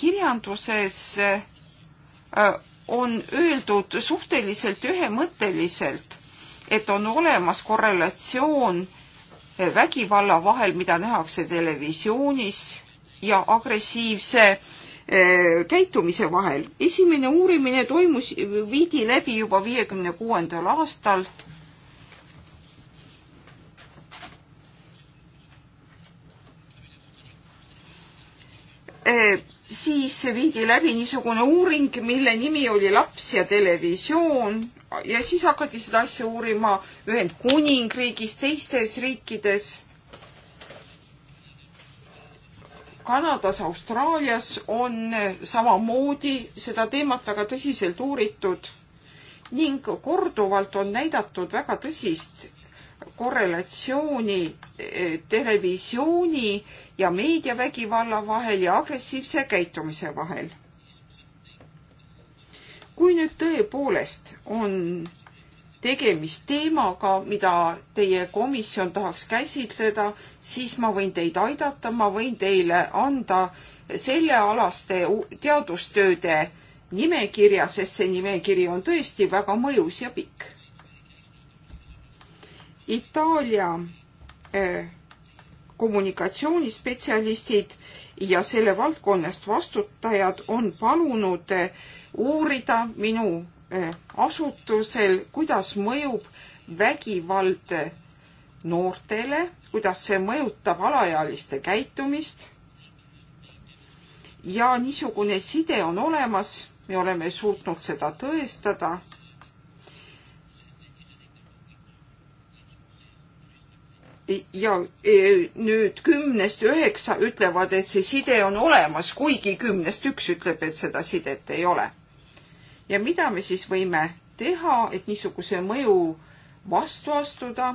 kirjanduses äh, on öeldud suhteliselt ühemõtteliselt, et on olemas korrelatsioon vägivalla vahel, mida nähakse televisioonis ja agressiivse eh, käitumise vahel. esimene uurimine toimus, viidi läbi juba viiekümne kuuendal aastal. Eh, siis viidi läbi niisugune uuring, mille nimi oli Laps ja televisioon ja siis hakati seda asja uurima Ühendkuningriigis, teistes riikides. Kanadas, Austraalias on samamoodi seda teemat väga tõsiselt uuritud ning korduvalt on näidatud väga tõsist korrelatsiooni eh, televisiooni ja meediavägivalla vahel ja agressiivse käitumise vahel kui nüüd tõepoolest on tegemist teemaga, mida teie komisjon tahaks käsitleda, siis ma võin teid aidata, ma võin teile anda sellealaste teadustööde nimekirja, sest see nimekiri on tõesti väga mõjus ja pikk. Itaalia äh, kommunikatsioonispetsialistid ja selle valdkonnast vastutajad on palunud äh, uurida minu eh, asutusel, kuidas mõjub vägivald noortele, kuidas see mõjutab alaealiste käitumist. ja niisugune side on olemas, me oleme suutnud seda tõestada. ja eh, nüüd kümnest üheksa ütlevad, et see side on olemas, kuigi kümnest üks ütleb, et seda sidet ei ole ja mida me siis võime teha, et niisuguse mõju vastu astuda.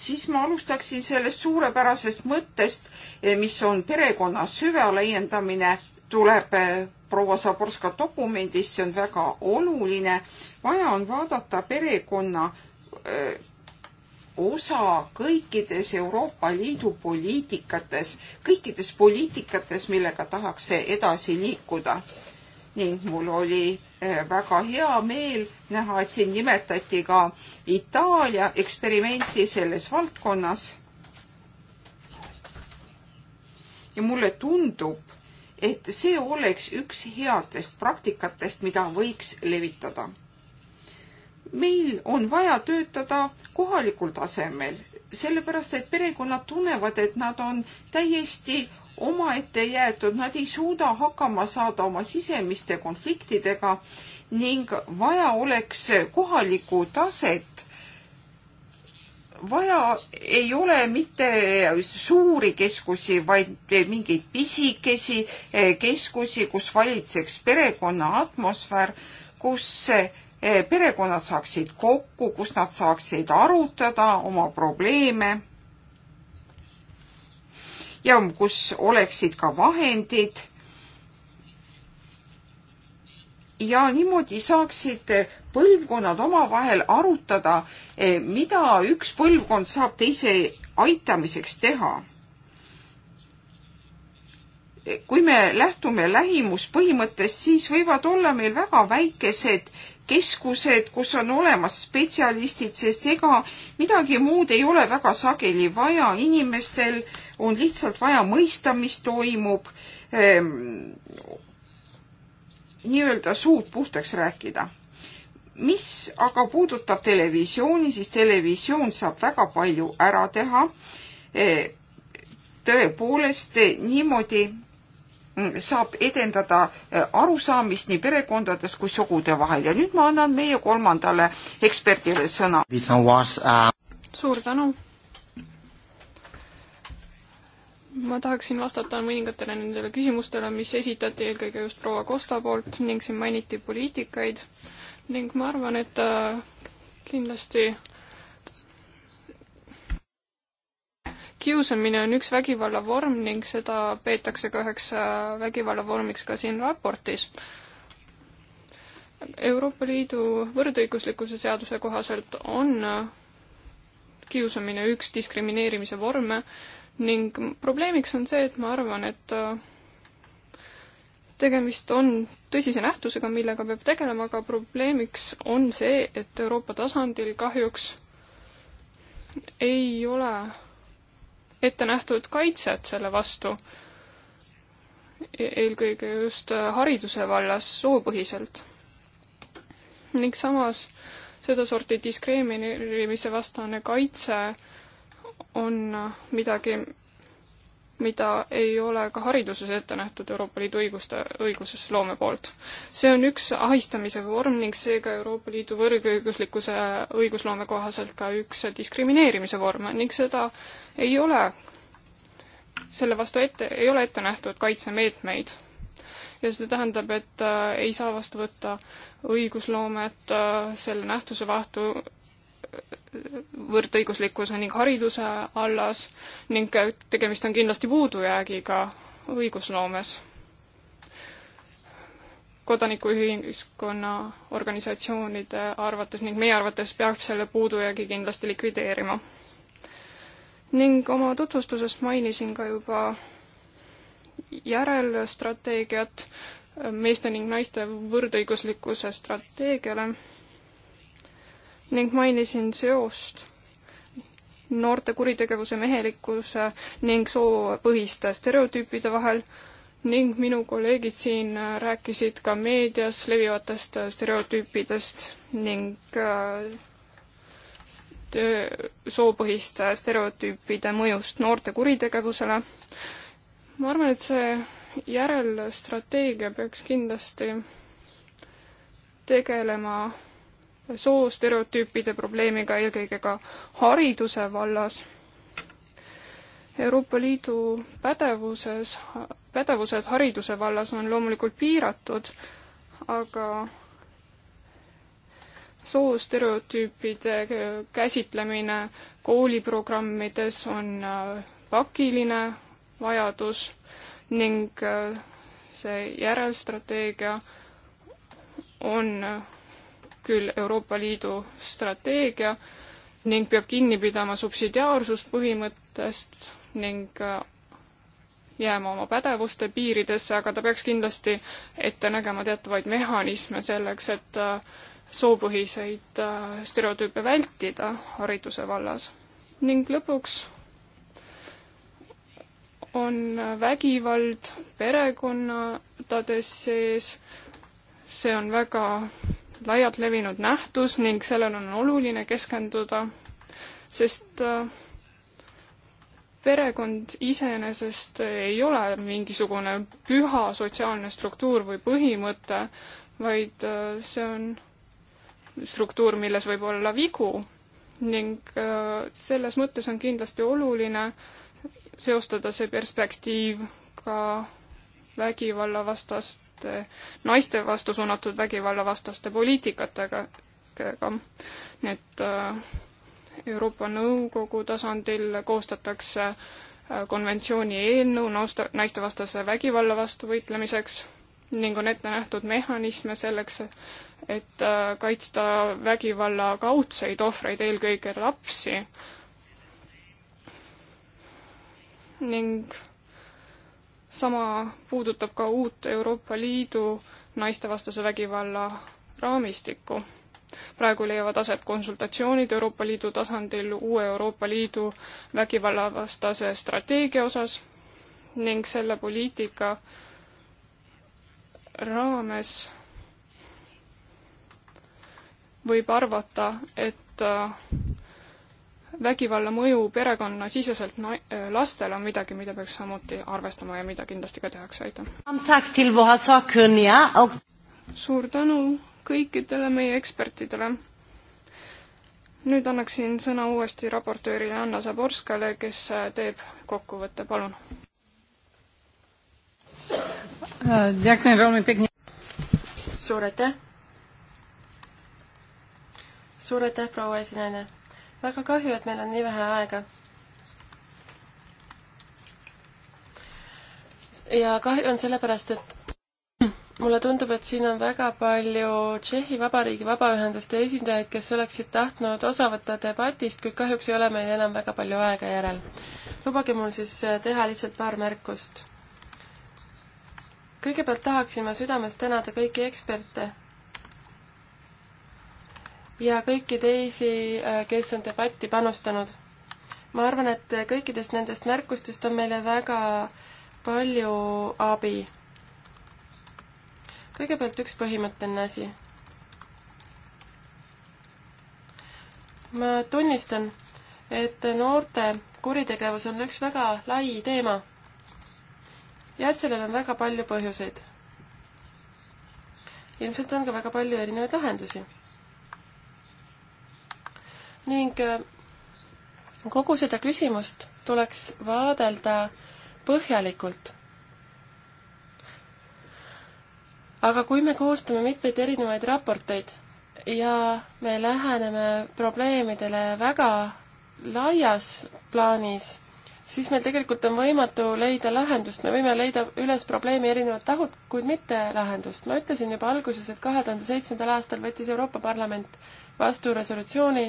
siis ma alustaksin sellest suurepärasest mõttest, eh, mis on perekonna süvelaiendamine, tuleb eh, proua Saborska dokumendist, see on väga oluline. vaja on vaadata perekonna eh, osa kõikides Euroopa Liidu poliitikates, kõikides poliitikates, millega tahakse edasi liikuda. ning mul oli eh, väga hea meel näha, et siin nimetati ka Itaalia eksperimenti selles valdkonnas. ja mulle tundub, et see oleks üks headest praktikatest, mida võiks levitada meil on vaja töötada kohalikul tasemel, sellepärast et perekonnad tunnevad, et nad on täiesti omaette jäetud, nad ei suuda hakkama saada oma sisemiste konfliktidega ning vaja oleks kohalikku taset vaja ei ole mitte suuri keskusi, vaid mingeid pisikesi keskusi, kus valitseks perekonna atmosfäär, kus Eh, perekonnad saaksid kokku, kus nad saaksid arutada oma probleeme ja kus oleksid ka vahendid. ja niimoodi saaksid põlvkonnad omavahel arutada, eh, mida üks põlvkond saab teise aitamiseks teha eh, kui me lähtume lähimuspõhimõttest, siis võivad olla meil väga väikesed keskused, kus on olemas spetsialistid, sest ega midagi muud ei ole väga sageli vaja, inimestel on lihtsalt vaja mõista, mis toimub ehm,, nii-öelda suud puhtaks rääkida mis aga puudutab televisiooni, siis televisioon saab väga palju ära teha. Ehm, tõepoolest niimoodi saab edendada äh, arusaamist nii perekondades kui sugude vahel ja nüüd ma annan meie kolmandale eksperdile sõna. suur tänu. ma tahaksin vastata mõningatele nendele küsimustele, mis esitati eelkõige just proua Kosta poolt ning siin mainiti poliitikaid ning ma arvan, et äh, kindlasti äh, kiusamine on üks vägivalla vorm ning seda peetakse ka üheks äh, vägivalla vormiks ka siin raportis. Euroopa Liidu võrdõiguslikkuse seaduse kohaselt on äh, kiusamine üks diskrimineerimise vorme ning probleemiks on see, et ma arvan, et äh, tegemist on tõsise nähtusega, millega peab tegelema, aga probleemiks on see, et Euroopa tasandil kahjuks ei ole ette nähtud kaitset selle vastu, e-, eelkõige just äh, hariduse vallas soopõhiselt. ning samas sedasorti diskrimineerimise vastane kaitse on äh, midagi, mida ei ole ka hariduses ette nähtud Euroopa Liidu õiguste, õigusloome poolt. see on üks ahistamise vorm ning seega Euroopa Liidu võrgõiguslikkuse õigusloome kohaselt ka üks diskrimineerimise vorm ning seda ei ole, selle vastu ette, ei ole ette nähtud kaitsemeetmeid. ja see tähendab, et äh, ei saa vastu võtta õigusloomet äh, selle nähtuse vahtu võrdõiguslikkuse ning hariduse allas ning tegemist on kindlasti puudujäägiga õigusloomes. kodanikuühiskonna organisatsioonide arvates ning meie arvates peab selle puudujäägi kindlasti likvideerima. ning oma tutvustuses mainisin ka juba järelstrateegiat meeste ning naiste võrdõiguslikkuse strateegiale ning mainisin seost noorte kuritegevuse mehelikkuse ning soopõhiste stereotüüpide vahel ning minu kolleegid siin rääkisid ka meedias levivatest stereotüüpidest ning äh, soopõhiste stereotüüpide mõjust noorte kuritegevusele. ma arvan, et see järelstrateegia peaks kindlasti tegelema soostereotüüpide probleemiga, eelkõige ka hariduse vallas. Euroopa Liidu pädevuses, pädevused hariduse vallas on loomulikult piiratud, aga soostereotüüpide käsitlemine kooliprogrammides on äh, pakiline vajadus ning äh, see järelstrateegia on äh, küll Euroopa Liidu strateegia ning peab kinni pidama subsidiaarsuspõhimõttest ning äh, jääma oma pädevuste piiridesse, aga ta peaks kindlasti ette nägema teatavaid mehhanisme selleks, et äh, soopõhiseid äh, stereotüüpe vältida hariduse vallas. ning lõpuks on vägivald perekondades sees, see on väga laialt levinud nähtus ning sellel on oluline keskenduda, sest äh, perekond iseenesest ei ole mingisugune püha sotsiaalne struktuur või põhimõte, vaid äh, see on struktuur, milles võib olla vigu ning äh, selles mõttes on kindlasti oluline seostada see perspektiiv ka vägivallavastast naiste vastu suunatud vägivallavastaste poliitikatega. nii et äh, Euroopa Nõukogu tasandil koostatakse äh, konventsiooni eelnõu naistevastase vägivalla vastu võitlemiseks ning on ette nähtud mehhanisme selleks, et äh, kaitsta vägivalla kaudseid ohvreid, eelkõige lapsi. ning sama puudutab ka uut Euroopa Liidu naistevastase vägivalla raamistikku. praegu leiavad aset konsultatsioonid Euroopa Liidu tasandil uue Euroopa Liidu vägivallavastase strateegia osas ning selle poliitika raames võib arvata, et äh, vägivalla mõju perekonnasiseselt äh, lastele on midagi, mida peaks samuti arvestama ja mida kindlasti ka tehakse, aitäh! suur tänu kõikidele meie ekspertidele! nüüd annaksin sõna uuesti raportöörile Anna Zaborskale, kes äh, teeb kokkuvõtte, palun! suur aitäh! suur aitäh, proua esinaine! väga kahju, et meil on nii vähe aega. ja kahju on sellepärast, et mulle tundub, et siin on väga palju Tšehhi Vabariigi vabaühenduste esindajaid, kes oleksid tahtnud osa võtta debatist, kuid kahjuks ei ole meil enam väga palju aega järel. lubage mul siis äh, teha lihtsalt paar märkust. kõigepealt tahaksin ma südamest tänada kõiki eksperte ja kõiki teisi, äh, kes on debatti panustanud. ma arvan, et kõikidest nendest märkustest on meile väga palju abi. kõigepealt üks põhimõtteline asi. ma tunnistan, et noorte kuritegevus on üks väga lai teema ja et sellel on väga palju põhjuseid. ilmselt on ka väga palju erinevaid lahendusi ning äh, kogu seda küsimust tuleks vaadelda põhjalikult. aga kui me koostame mitmeid erinevaid raporteid ja me läheneme probleemidele väga laias plaanis, siis meil tegelikult on võimatu leida lahendust, me võime leida üles probleemi erinevad tahud, kuid mitte lahendust. ma ütlesin juba alguses, et kahe tuhande seitsmendal aastal võttis Euroopa Parlament vastu resolutsiooni,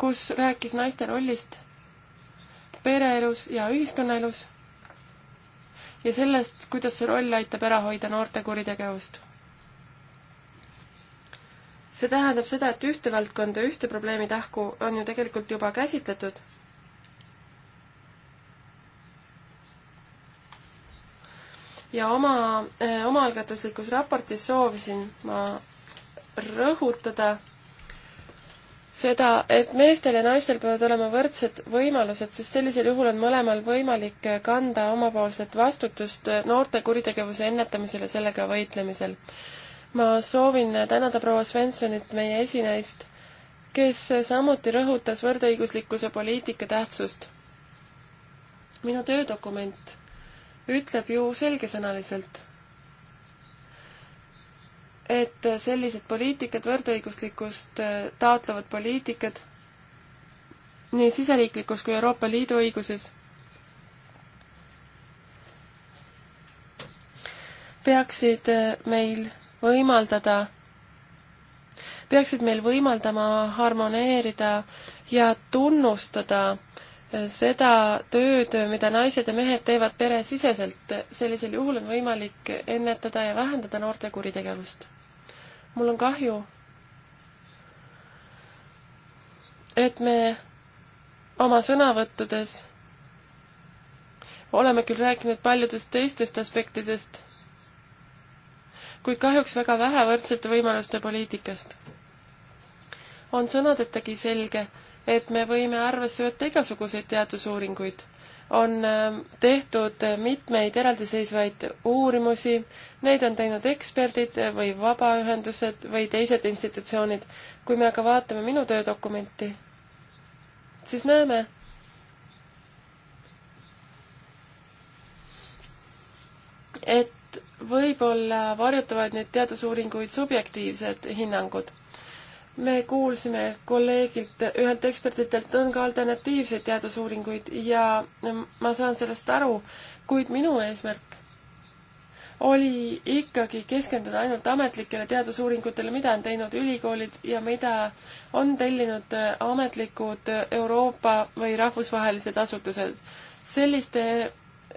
kus rääkis naiste rollist pereelus ja ühiskonnaelus ja sellest, kuidas see roll aitab ära hoida noorte kuritegevust. see tähendab seda, et ühte valdkonda, ühte probleemi tahku on ju tegelikult juba käsitletud. ja oma, eh, omaalgatuslikus raportis soovisin ma rõhutada seda, et meestel ja naistel peavad olema võrdsed võimalused, sest sellisel juhul on mõlemal võimalik kanda omapoolset vastutust noorte kuritegevuse ennetamisel ja sellega võitlemisel. ma soovin tänada proua Svenssonit, meie esinaist, kes samuti rõhutas võrdõiguslikkuse poliitika tähtsust. minu töödokument ütleb ju selgesõnaliselt et sellised poliitikad, võrdõiguslikkust äh, taotlevad poliitikad nii siseriiklikus kui Euroopa Liidu õiguses peaksid äh, meil võimaldada, peaksid meil võimaldama harmoneerida ja tunnustada äh, seda tööd, mida naised ja mehed teevad peresiseselt. sellisel juhul on võimalik ennetada ja vähendada noorte kuritegevust mul on kahju, et me oma sõnavõttudes oleme küll rääkinud paljudest teistest aspektidest, kuid kahjuks väga vähe võrdsete võimaluste poliitikast. on sõnadetagi selge, et me võime arvesse võtta igasuguseid teadusuuringuid on ähm, tehtud äh, mitmeid eraldiseisvaid uurimusi, neid on teinud eksperdid äh, või vabaühendused või teised institutsioonid. kui me aga vaatame minu töödokumenti, siis näeme, et võib-olla varjutavad neid teadusuuringuid subjektiivsed hinnangud me kuulsime kolleegilt, ühelt ekspertidelt, on ka alternatiivseid teadusuuringuid ja ma saan sellest aru, kuid minu eesmärk oli ikkagi keskenduda ainult ametlikele teadusuuringutele, mida on teinud ülikoolid ja mida on tellinud ametlikud Euroopa või rahvusvahelised asutused. selliste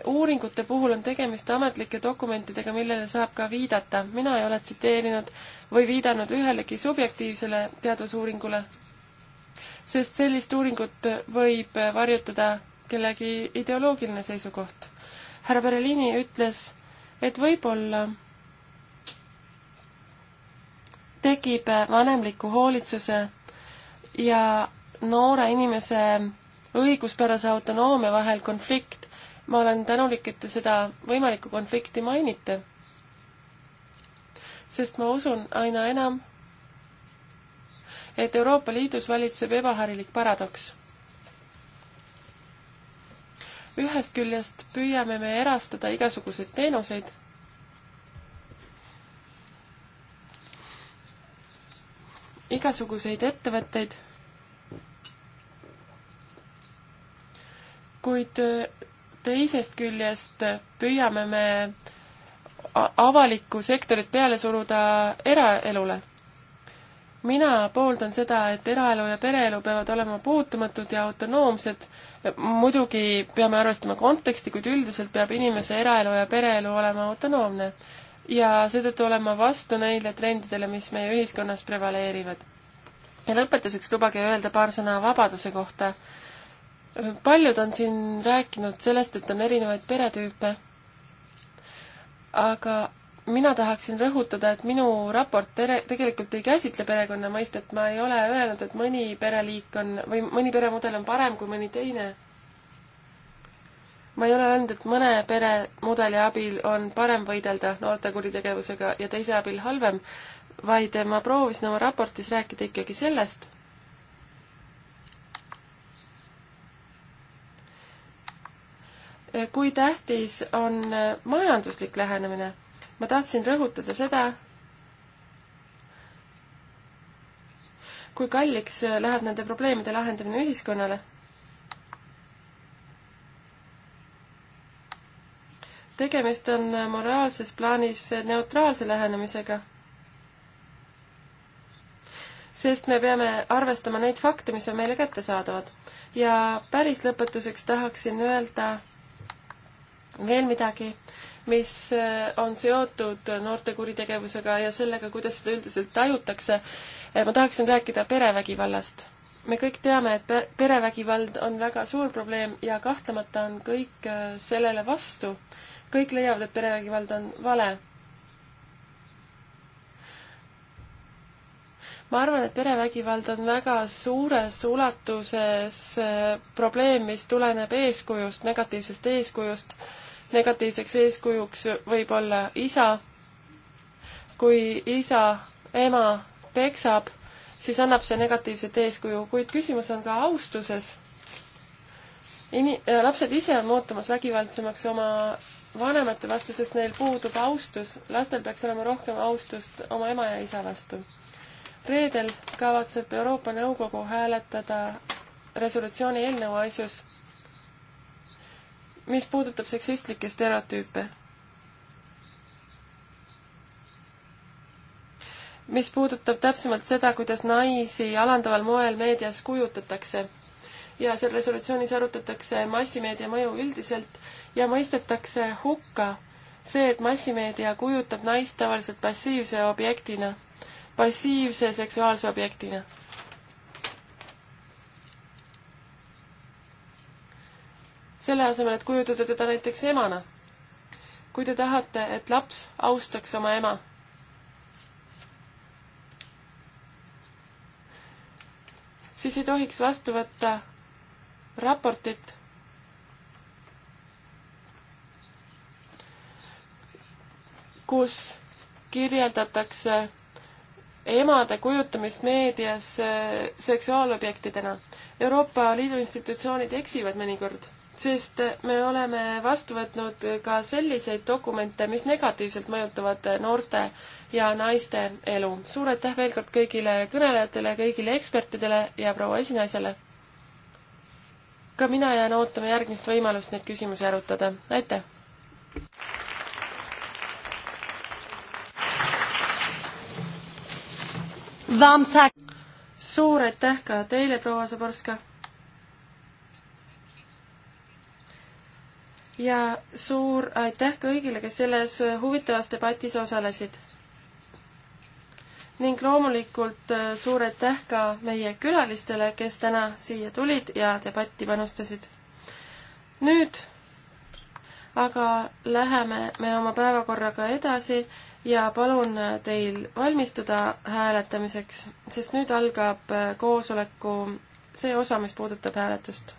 uuringute puhul on tegemist ametlike dokumentidega, millele saab ka viidata. mina ei ole tsiteerinud või viidanud ühelegi subjektiivsele teadusuuringule, sest sellist uuringut võib varjutada kellegi ideoloogiline seisukoht. härra Berliini ütles, et võib-olla tekib vanemliku hoolitsuse ja noore inimese õiguspärase autonoomia vahel konflikt ma olen tänulik, et te seda võimalikku konflikti mainite. sest ma usun aina enam, et Euroopa Liidus valitseb ebaharilik paradoks. ühest küljest püüame me erastada igasuguseid teenuseid igasuguseid ettevõtteid, kuid teisest küljest püüame me avalikku sektorit peale suruda eraelule. mina pooldan seda, et eraelu ja pereelu peavad olema puutumatud ja autonoomsed. muidugi peame arvestama konteksti, kuid üldiselt peab inimese eraelu ja pereelu olema autonoomne. ja seetõttu olen ma vastu neile trendidele, mis meie ühiskonnas prevaleerivad. ja lõpetuseks lubage öelda paar sõna vabaduse kohta paljud on siin rääkinud sellest, et on erinevaid peretüüpe, aga mina tahaksin rõhutada, et minu raport tere, tegelikult ei käsitle perekonna mõistet, ma ei ole öelnud, et mõni pereliik on või mõni peremudel on parem kui mõni teine. ma ei ole öelnud, et mõne peremudeli abil on parem võidelda noorte kuritegevusega ja teise abil halvem, vaid ma proovisin oma raportis rääkida ikkagi sellest kui tähtis on majanduslik lähenemine. ma tahtsin rõhutada seda, kui kalliks läheb nende probleemide lahendamine ühiskonnale. tegemist on moraalses plaanis neutraalse lähenemisega sest me peame arvestama neid fakte, mis on meile kättesaadavad. ja päris lõpetuseks tahaksin öelda, veel midagi, mis äh, on seotud noorte kuritegevusega ja sellega, kuidas seda üldiselt tajutakse. Äh, ma tahaksin rääkida perevägivallast. me kõik teame, et perevägivald on väga suur probleem ja kahtlemata on kõik äh, sellele vastu. kõik leiavad, et perevägivald on vale. ma arvan, et perevägivald on väga suures ulatuses probleem, mis tuleneb eeskujust, negatiivsest eeskujust negatiivseks eeskujuks võib olla isa. kui isa, ema peksab, siis annab see negatiivset eeskuju, kuid küsimus on ka austuses. Ini-, äh, lapsed ise on muutumas vägivaldsemaks oma vanemate vastu, sest neil puudub austus. lastel peaks olema rohkem austust oma ema ja isa vastu. reedel kavatseb Euroopa Nõukogu hääletada resolutsiooni eelnõu asjus mis puudutab seksistlikke stereotüüpe, mis puudutab täpsemalt seda, kuidas naisi alandaval moel meedias kujutatakse ja seal resolutsioonis arutatakse massimeedia mõju üldiselt ja mõistetakse hukka see, et massimeedia kujutab naist tavaliselt passiivse objektina, passiivse seksuaalse objektina selle asemel, et kujutada teda näiteks emana. kui te tahate, et laps austaks oma ema, siis ei tohiks vastu võtta raportit, kus kirjeldatakse emade kujutamist meedias seksuaalobjektidena. Euroopa Liidu institutsioonid eksivad mõnikord sest me oleme vastu võtnud ka selliseid dokumente, mis negatiivselt mõjutavad noorte ja naiste elu. suur aitäh veel kord kõigile kõnelejatele, kõigile ekspertidele ja proua esinaisele. ka mina jään ootama järgmist võimalust neid küsimusi arutada. aitäh! suur aitäh ka teile, proua Zaborska! ja suur aitäh kõigile, kes selles huvitavas debatis osalesid. ning loomulikult äh, suur aitäh ka meie külalistele, kes täna siia tulid ja debatti panustasid. nüüd aga läheme me oma päevakorraga edasi ja palun äh, teil valmistuda hääletamiseks, sest nüüd algab äh, koosoleku see osa, mis puudutab hääletust.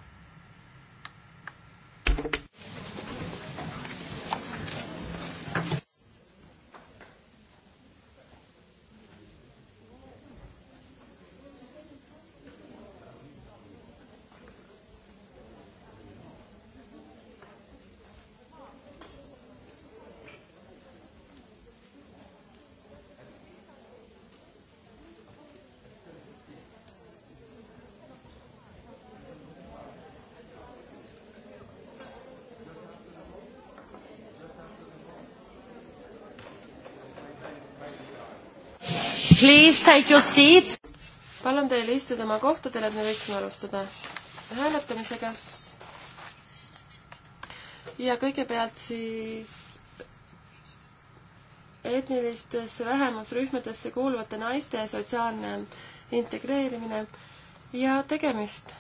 Please take your seats. palun teil istuda oma kohtadele, et me võiksime alustada hääletamisega. ja kõigepealt siis etnilistesse vähemusrühmadesse kuuluvate naiste sotsiaalne integreerimine ja tegemist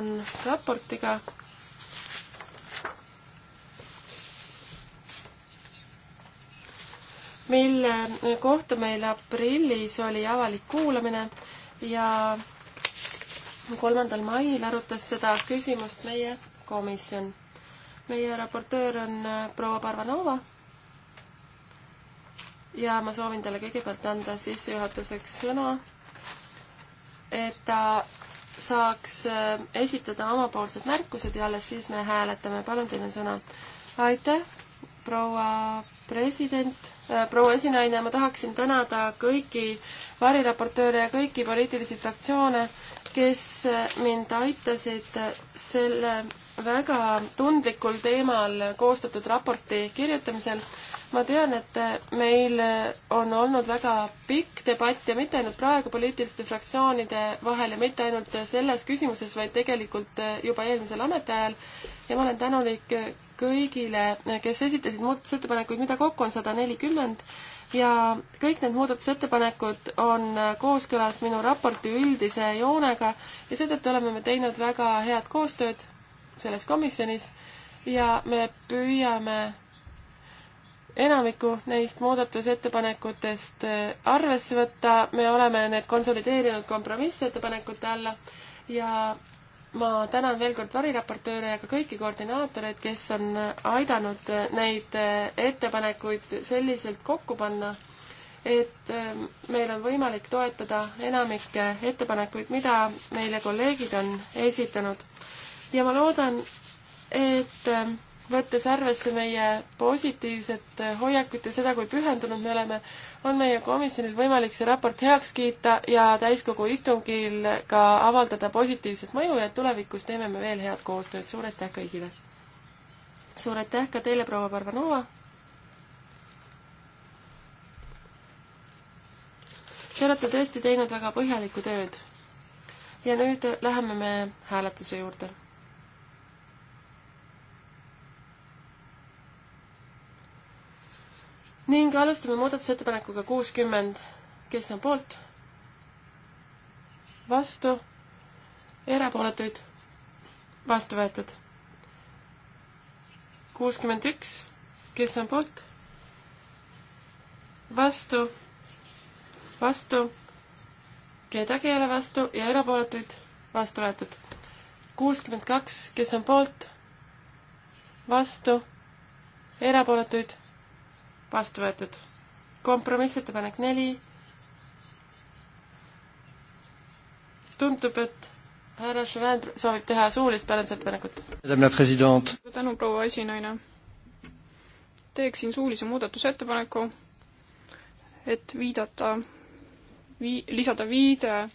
on raportiga mille kohta meil aprillis oli avalik kuulamine ja kolmandal mail arutas seda küsimust meie komisjon. meie raportöör on äh, proua Parvanova ja ma soovin talle kõigepealt anda sissejuhatuseks sõna, et ta saaks äh, esitada omapoolsed märkused ja alles siis me hääletame. palun, teil on sõna. aitäh, proua president Äh, proua esinaine, ma tahaksin tänada kõiki variraportööre ja kõiki poliitilisi fraktsioone, kes äh, mind aitasid äh, selle väga tundlikul teemal koostatud raporti kirjutamisel ma tean, et meil on olnud väga pikk debatt ja mitte ainult praegu poliitiliste fraktsioonide vahel ja mitte ainult selles küsimuses, vaid tegelikult juba eelmisel ametiajal ja ma olen tänulik kõigile, kes esitasid muudatusettepanekuid, mida kokku on sada nelikümmend ja kõik need muudatusettepanekud on kooskõlas minu raporti üldise joonega ja seetõttu oleme me teinud väga head koostööd selles komisjonis ja me püüame enamikku neist muudatusettepanekutest äh, arvesse võtta, me oleme need konsolideerinud kompromissettepanekute alla ja ma tänan veel kord variraportööre ja ka kõiki koordinaatoreid, kes on aidanud neid äh, ettepanekuid selliselt kokku panna, et äh, meil on võimalik toetada enamikke ettepanekuid, mida meile kolleegid on esitanud. ja ma loodan, et võttes arvesse meie positiivset hoiakut ja seda, kui pühendunud me oleme, on meie komisjonil võimalik see raport heaks kiita ja täiskogu istungil ka avaldada positiivset mõju ja tulevikus teeme me veel head koostööd. suur aitäh kõigile! suur aitäh ka teile, proua Barbanova! Te olete tõesti teinud väga põhjalikku tööd. ja nüüd läheme me hääletuse juurde ning alustame muudatusettepanekuga kuuskümmend, kes on poolt, vastu, erapooletuid, vastu võetud. kuuskümmend üks, kes on poolt, vastu, vastu, kedagi ei ole vastu ja erapooletuid, vastu võetud. kuuskümmend kaks, kes on poolt, vastu, erapooletuid vastu võetud. kompromissettepanek neli. tundub, et härra Chauvin soovib teha suulist parandusettepanekut. tänu, proua esinaine. teeksin suulise muudatusettepaneku, et viidata, vii-, lisada viide äh,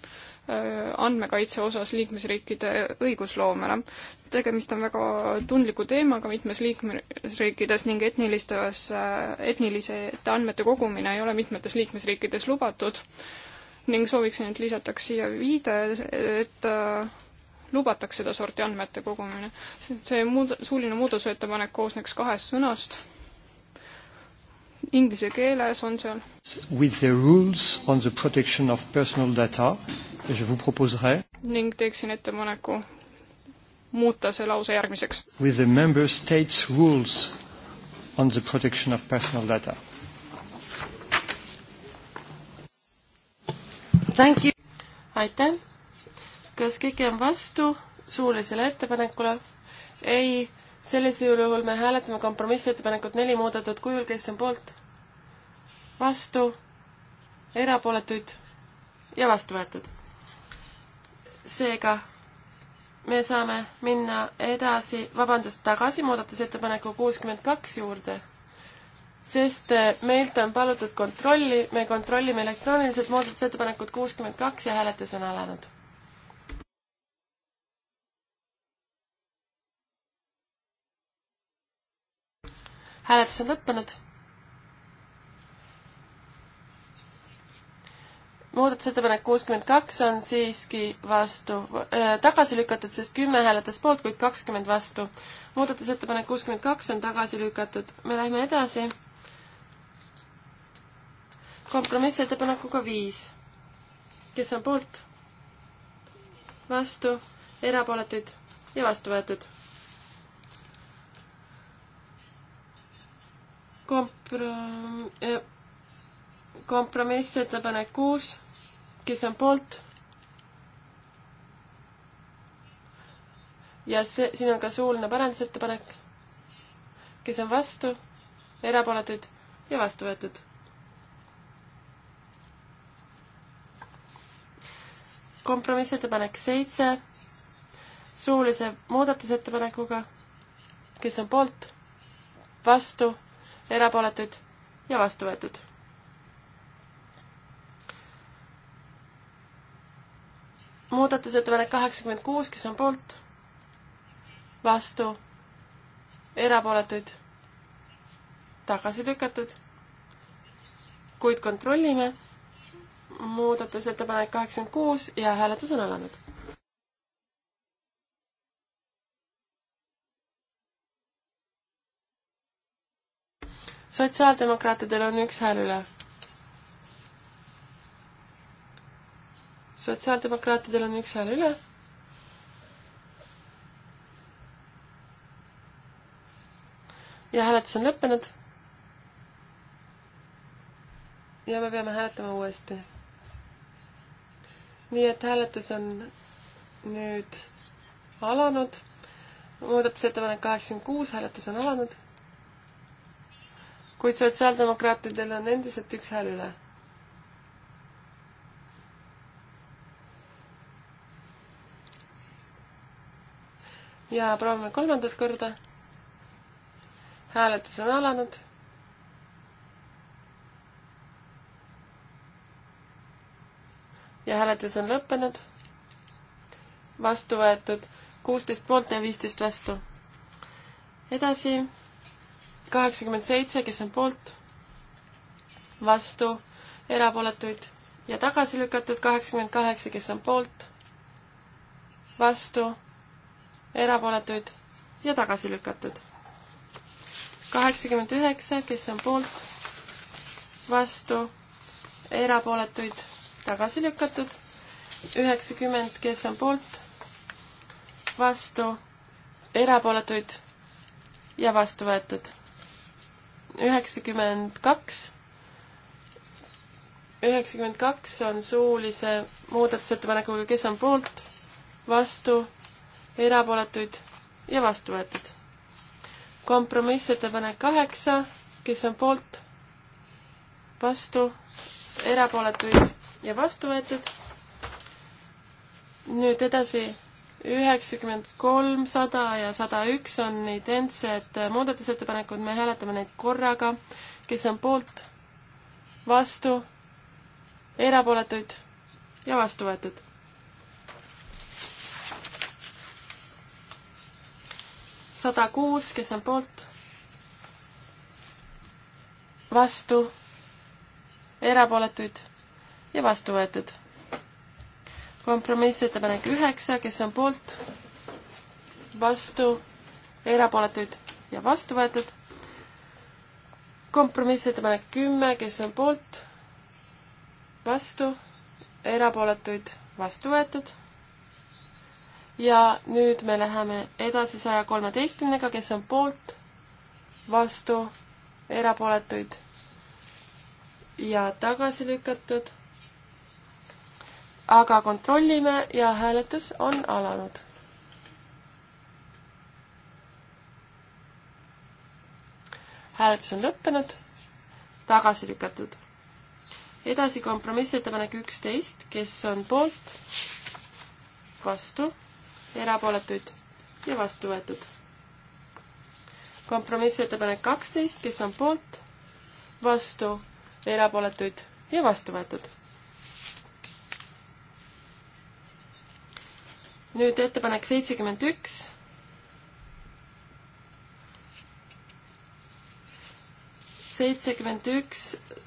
Äh, andmekaitse osas liikmesriikide õigusloomele. tegemist on väga tundliku teemaga mitmes liikmesriikides ning etnilistes, äh, etniliste andmete kogumine ei ole mitmetes liikmesriikides lubatud ning sooviksin, et lisataks siia viide, et äh, lubatakse sedasorti andmete kogumine. see muud-, suuline muudatusettepanek koosneks kahest sõnast inglise keeles on seal. With the rules on the protection of personal data, je vous proposerai. ning teeksin ettepaneku muuta see lause järgmiseks. With the member states rules on the protection of personal data. Thank you. aitäh. kas keegi on vastu suulisele ettepanekule? ei sellisel juhul me hääletame kompromissettepanekut neli muudetud kujul, kes on poolt, vastu, erapooletuid ja vastu võetud. seega me saame minna edasi, vabandust, tagasi muudatusettepaneku kuuskümmend kaks juurde, sest meilt on palutud kontrolli, me kontrollime elektrooniliselt muudatusettepanekut kuuskümmend kaks ja hääletus on alanud hääletus on lõppenud. muudatusettepanek kuuskümmend kaks on siiski vastu äh,, tagasi lükatud, sest kümme hääletas poolt, kuid kakskümmend vastu. muudatusettepanek kuuskümmend kaks on tagasi lükatud. me lähme edasi. kompromissettepanekuga viis. kes on poolt? vastu, erapooletuid ja vastu võetud komprom-, eh, kompromissettepanek kuus, kes on poolt? ja see, siin on ka suuline parandusettepanek, kes on vastu, erapooletuid ja vastu võetud. kompromissettepanek seitse, suulise muudatusettepanekuga, kes on poolt, vastu erapooletuid ja vastu võetud. muudatusettepanek kaheksakümmend kuus, kes on poolt, vastu, erapooletuid, tagasi lükatud. kuid kontrollime. muudatusettepanek kaheksakümmend kuus ja hääletus on alanud sotsiaaldemokraatidel on üks hääl üle. sotsiaaldemokraatidel on üks hääl üle. ja hääletus on lõppenud. ja me peame hääletama uuesti. nii et hääletus on nüüd alanud. muudatusettepanek kaheksakümmend kuus, hääletus on alanud kuid sotsiaaldemokraatidel on endiselt üks hääl üle. ja proovime kolmandat korda. hääletus on alanud. ja hääletus on lõppenud. vastu võetud kuusteist poolt ja viisteist vastu. edasi kaheksakümmend seitse, kes on poolt, vastu, erapooletuid ja tagasi lükatud kaheksakümmend kaheksa, kes on poolt, vastu, erapooletuid ja tagasi lükatud. kaheksakümmend üheksa, kes on poolt, vastu, erapooletuid, tagasi lükatud. üheksakümmend, kes on poolt, vastu, erapooletuid ja vastu võetud üheksakümmend kaks, üheksakümmend kaks on suulise muudatusettepanekuga, kes on poolt, vastu, erapooletuid ja vastu võetud. kompromissettepanek kaheksa, kes on poolt, vastu, erapooletuid ja vastu võetud. nüüd edasi üheksakümmend kolm, sada ja sada üks on identsed muudatusettepanekud, me hääletame neid korraga. kes on poolt, vastu, erapooletuid ja vastu võetud. sada kuus, kes on poolt, vastu, erapooletuid ja vastu võetud kompromissettepanek üheksa, kes on poolt, vastu, erapooletuid ja vastu võetud. kompromissettepanek kümme, kes on poolt, vastu, erapooletuid, vastu võetud. ja nüüd me läheme edasi saja kolmeteistkümnega, kes on poolt, vastu, erapooletuid ja tagasi lükatud aga kontrollime ja hääletus on alanud. hääletus on lõppenud, tagasi lükatud. edasi kompromissettepanek üksteist, kes on poolt, vastu, erapooletuid ja vastu võetud. kompromissettepanek kaksteist, kes on poolt, vastu, erapooletuid ja vastu võetud nüüd ettepanek seitsekümmend üks. seitsekümmend üks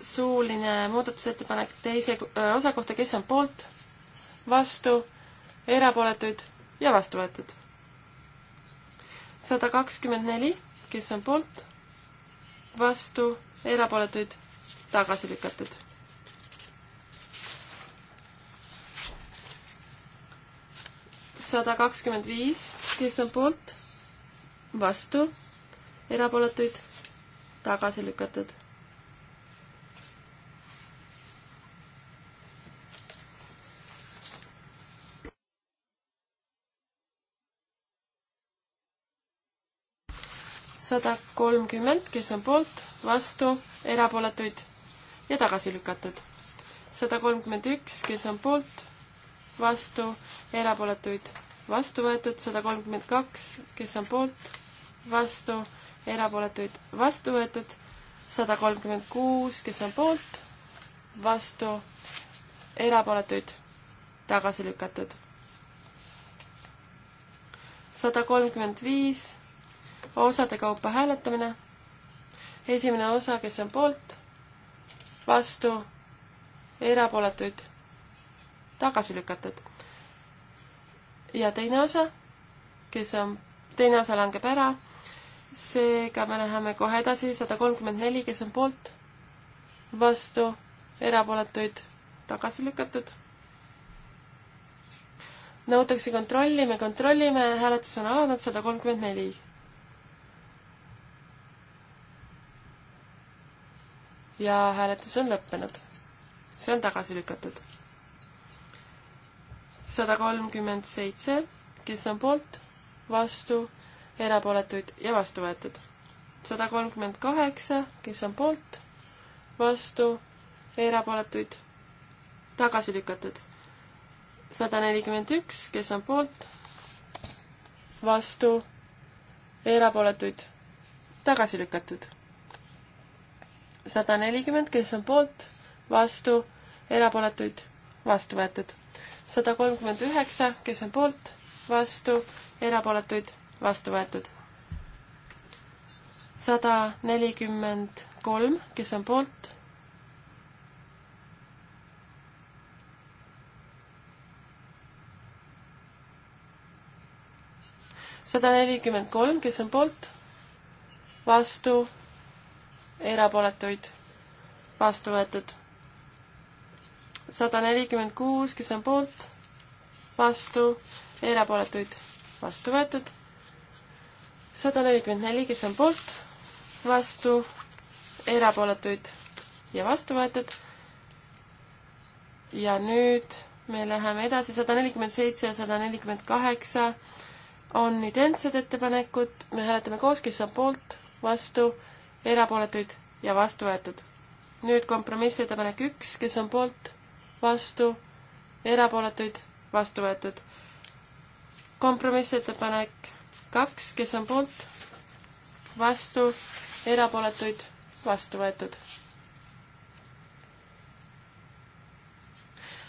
suuline muudatusettepanek teise osa kohta, kes on poolt, vastu, erapooletuid ja vastu võetud. sada kakskümmend neli, kes on poolt, vastu, erapooletuid, tagasi lükatud sada kakskümmend viis, kes on poolt, vastu, erapooletuid, tagasi lükatud. sada kolmkümmend, kes on poolt, vastu, erapooletuid ja tagasi lükatud. sada kolmkümmend üks, kes on poolt vastu, erapooletuid vastu võetud, sada kolmkümmend kaks, kes on poolt, vastu, erapooletuid vastu võetud, sada kolmkümmend kuus, kes on poolt, vastu, erapooletuid tagasi lükatud. sada kolmkümmend viis, osade kaupa hääletamine, esimene osa, kes on poolt, vastu, erapooletuid tagasi lükatud. ja teine osa, kes on, teine osa langeb ära, seega me läheme kohe edasi, sada kolmkümmend neli, kes on poolt, vastu, erapooletuid tagasi lükatud. nõutakse kontrolli, me kontrollime, hääletus on alanud, sada kolmkümmend neli. ja hääletus on lõppenud. see on tagasi lükatud sada kolmkümmend seitse, kes on poolt, vastu, erapooletuid ja vastu võetud. sada kolmkümmend kaheksa, kes on poolt, vastu, erapooletuid, tagasi lükatud. sada nelikümmend üks, kes on poolt, vastu, erapooletuid, tagasi lükatud. sada nelikümmend, kes on poolt, vastu, erapooletuid vastu võetud. sada kolmkümmend üheksa, kes on poolt, vastu, erapooletuid, vastu võetud. sada nelikümmend kolm, kes on poolt, sada nelikümmend kolm, kes on poolt, vastu, erapooletuid, vastu võetud sada nelikümmend kuus, kes on poolt, vastu, erapooletuid vastu võetud. sada nelikümmend neli, kes on poolt, vastu, erapooletuid ja vastu võetud. ja nüüd me läheme edasi, sada nelikümmend seitse ja sada nelikümmend kaheksa on identsed ettepanekud, me hääletame koos, kes on poolt, vastu, erapooletuid ja vastu võetud. nüüd kompromissettepanek üks, kes on poolt, vastu, erapooletuid, vastu võetud. kompromissettepanek kaks, kes on poolt, vastu, erapooletuid, vastu võetud.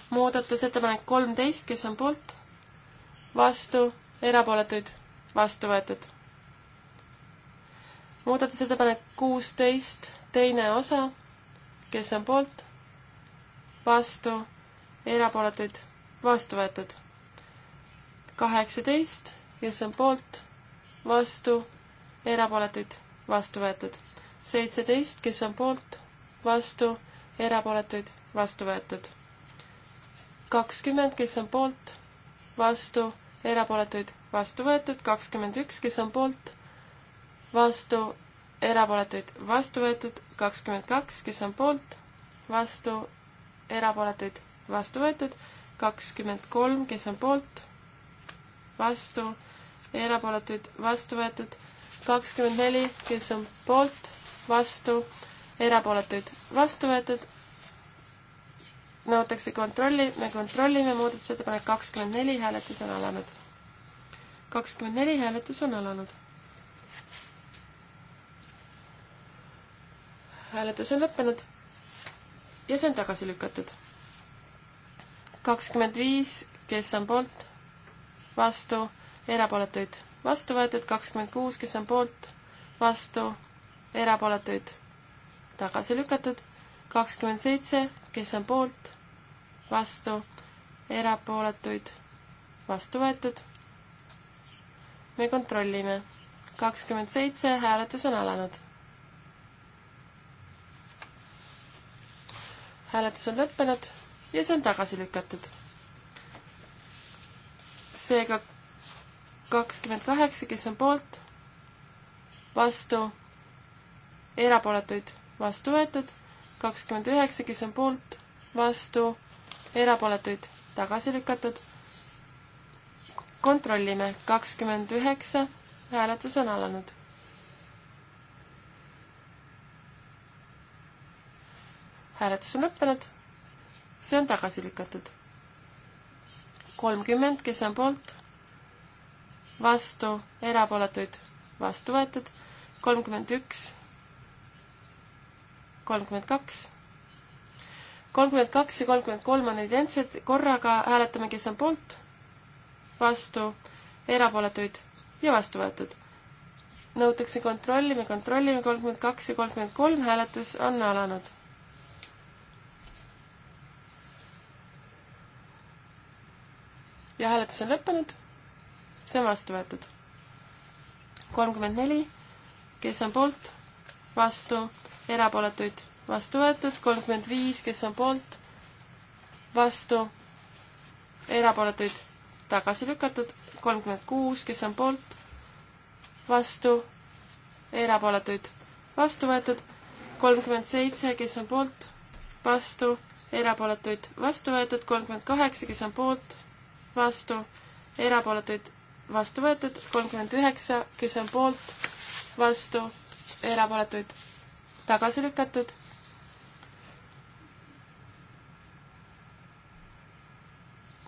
muudatusettepanek kolmteist, kes on poolt, vastu, erapooletuid, vastu võetud. muudatusettepanek kuusteist, teine osa, kes on poolt vastu, erapooletuid vastu võetud. kaheksateist, kes on poolt, vastu, erapooletuid vastu võetud. seitseteist, kes on poolt, vastu, erapooletuid vastu võetud. kakskümmend, kes on poolt, vastu, erapooletuid vastu võetud, kakskümmend üks, kes on poolt, vastu, erapooletuid vastu võetud, kakskümmend kaks, kes on poolt, vastu, erapooletuid vastu võetud, kakskümmend kolm, kes on poolt, vastu, erapooletuid vastu võetud, kakskümmend neli, kes on poolt, vastu, erapooletuid vastu võetud, nõutakse kontrolli, me kontrollime muudatusettepanek kakskümmend neli, hääletus on alanud. kakskümmend neli, hääletus on alanud. hääletus on lõppenud ja see on tagasi lükatud. kakskümmend viis, kes on poolt, vastu, erapooletuid, vastu võetud, kakskümmend kuus, kes on poolt, vastu, erapooletuid, tagasi lükatud, kakskümmend seitse, kes on poolt, vastu, erapooletuid, vastu võetud. me kontrollime. kakskümmend seitse, hääletus on alanud hääletus on lõppenud ja see on tagasi lükatud. seega kakskümmend kaheksa, kes on poolt, vastu, erapooletuid vastu võetud, kakskümmend üheksa, kes on poolt, vastu, erapooletuid tagasi lükatud. kontrollime, kakskümmend üheksa, hääletus on alanud hääletus on lõppenud, see on tagasi lükatud. kolmkümmend, kes on poolt, vastu, erapooletuid, vastu võetud, kolmkümmend üks, kolmkümmend kaks, kolmkümmend kaks ja kolmkümmend kolm on identsed, korraga hääletame, kes on poolt, vastu, erapooletuid ja vastu võetud nõutakse kontrolli, me kontrollime kolmkümmend kaks ja kolmkümmend kolm hääletus on alanud. ja hääletus on lõppenud. see on vastu võetud. kolmkümmend neli, kes on poolt, vastu, erapooletuid, vastu võetud, kolmkümmend viis, kes on poolt, vastu, erapooletuid, tagasi lükatud, kolmkümmend kuus, kes on poolt, vastu, erapooletuid, vastu võetud, kolmkümmend seitse, kes on poolt, vastu, erapooletuid, vastu võetud, kolmkümmend kaheksa, kes on poolt, vastu, erapooletuid vastu võetud, kolmkümmend üheksa, kes on poolt, vastu, erapooletuid tagasi lükatud.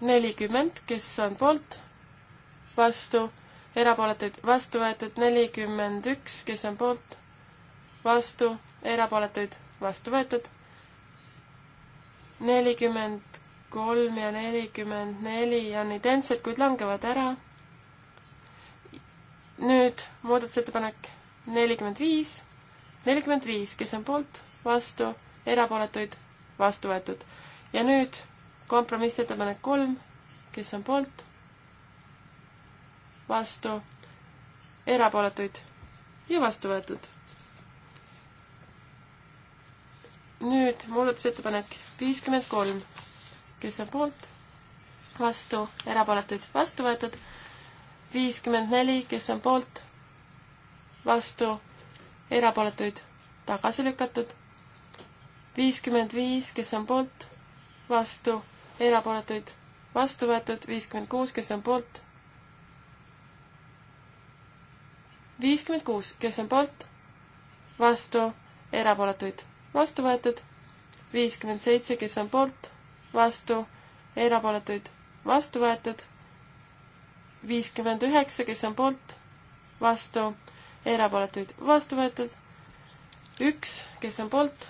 nelikümmend, kes on poolt, vastu, erapooletuid vastu võetud, nelikümmend üks, kes on poolt, vastu, erapooletuid vastu võetud, nelikümmend kolm ja nelikümmend neli on identsed, kuid langevad ära. nüüd muudatusettepanek nelikümmend viis, nelikümmend viis, kes on poolt, vastu, erapooletuid, vastu võetud. ja nüüd kompromissettepanek kolm, kes on poolt, vastu, erapooletuid ja vastu võetud. nüüd muudatusettepanek viiskümmend kolm kes on poolt, vastu, erapooletuid vastu võetud, viiskümmend neli, kes on poolt, vastu, erapooletuid tagasi lükatud, viiskümmend viis, kes on poolt, vastu, erapooletuid vastu võetud, viiskümmend kuus, kes on poolt, viiskümmend kuus, kes on poolt, vastu, erapooletuid vastu võetud, viiskümmend seitse, kes on poolt vastu, erapooletuid vastu võetud. viiskümmend üheksa, kes on poolt, vastu, erapooletuid vastu võetud. üks, kes on poolt,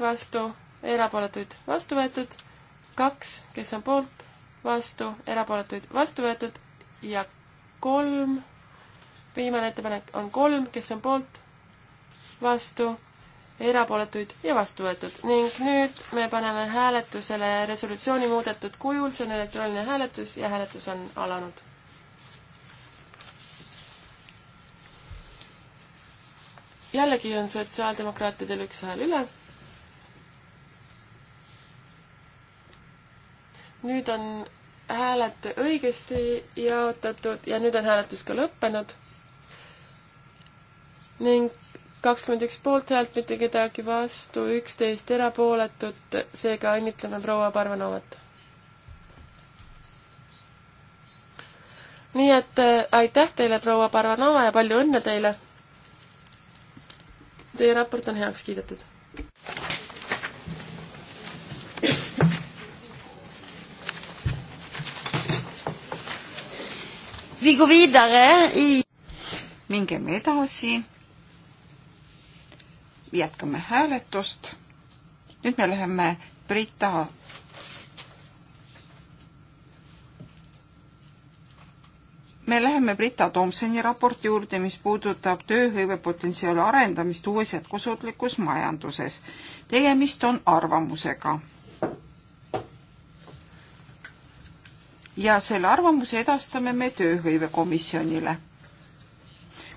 vastu, erapooletuid vastu võetud. kaks, kes on poolt, vastu, erapooletuid vastu võetud ja kolm, viimane ettepanek on kolm, kes on poolt, vastu erapooletuid ja vastu võetud. ning nüüd me paneme hääletusele resolutsiooni muudetud kujul, see on elektrooniline hääletus ja hääletus on alanud. jällegi on sotsiaaldemokraatidel üks hääl üle. nüüd on hääled õigesti jaotatud ja nüüd on hääletus ka lõppenud ning kakskümmend üks poolthäält, mitte kedagi vastu, üksteist erapooletut, seega õnnitleme proua Parvanovat. nii et äh, aitäh teile, proua Parvanova ja palju õnne teile. Teie raport on heaks kiidetud. Vi går vidare i... Mingem edasi jätkame hääletust. nüüd me läheme Brita me läheme Brita Tomsoni raporti juurde, mis puudutab tööhõivepotentsiaali arendamist uues jätkusuutlikus majanduses. tegemist on arvamusega. ja selle arvamuse edastame me tööhõivekomisjonile.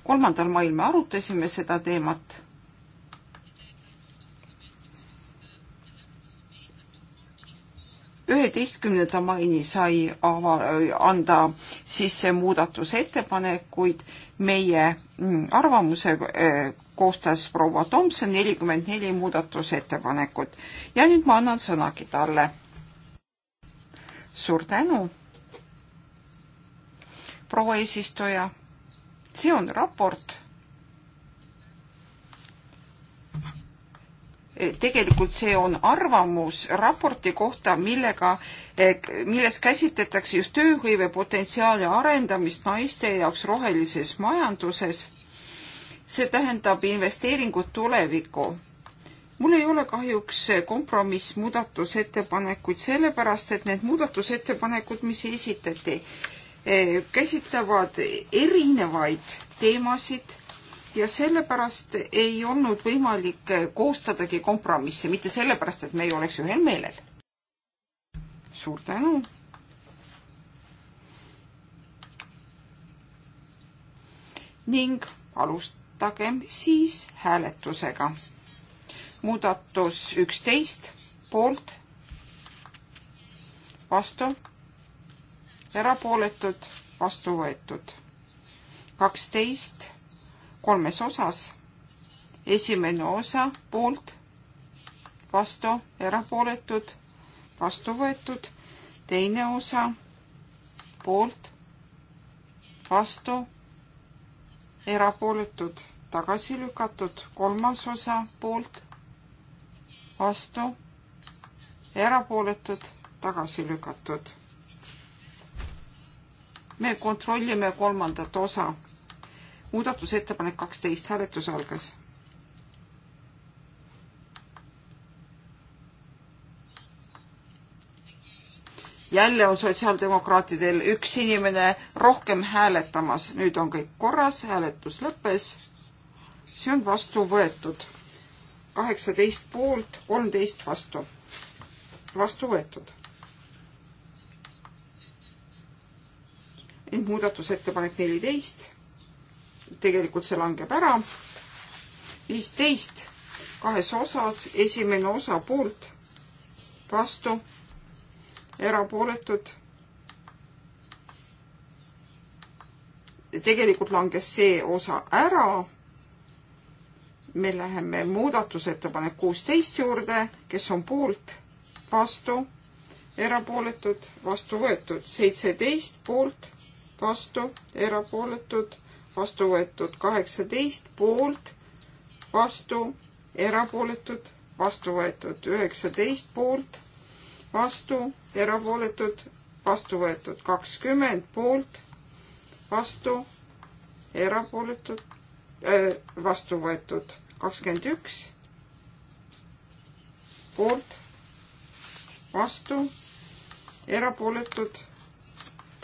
kolmandal mail me arutasime seda teemat üheteistkümnenda maini sai ava, anda sisse muudatusettepanekuid. meie mm, arvamuse äh, koostas proua Tomson nelikümmend neli muudatusettepanekut ja nüüd ma annan sõnagi talle. suur tänu, proua eesistuja. see on raport tegelikult see on arvamus raporti kohta, millega, milles käsitletakse just tööhõive potentsiaali arendamist naiste jaoks rohelises majanduses. see tähendab investeeringut tulevikku. mul ei ole kahjuks kompromiss muudatusettepanekuid, sellepärast et need muudatusettepanekud, mis esitati, käsitlevad erinevaid teemasid ja sellepärast ei olnud võimalik koostadagi kompromisse, mitte sellepärast, et me ei oleks ühel meelel. suur tänu. ning alustagem siis hääletusega. muudatus üksteist poolt, vastu, erapooletud, vastu võetud. kaksteist kolmes osas. esimene osa poolt, vastu, erapooletud, vastu võetud. teine osa poolt, vastu, erapooletud, tagasi lükatud. kolmas osa poolt, vastu, erapooletud, tagasi lükatud. me kontrollime kolmandat osa muudatusettepanek kaksteist, hääletus algas. jälle on sotsiaaldemokraatidel üks inimene rohkem hääletamas, nüüd on kõik korras, hääletus lõppes. see on vastu võetud. kaheksateist poolt, kolmteist vastu. vastu võetud. muudatusettepanek neliteist tegelikult see langeb ära. viisteist kahes osas, esimene osa poolt, vastu, erapooletud. tegelikult langes see osa ära. me läheme muudatusettepanek kuusteist juurde, kes on poolt, vastu, erapooletud, vastu võetud, seitseteist poolt, vastu, erapooletud vastu võetud kaheksateist poolt, vastu, erapooletud, vastu võetud üheksateist poolt, vastu, erapooletud, vastu võetud kakskümmend poolt, vastu, erapooletud äh,, vastu võetud kakskümmend üks poolt, vastu, erapooletud,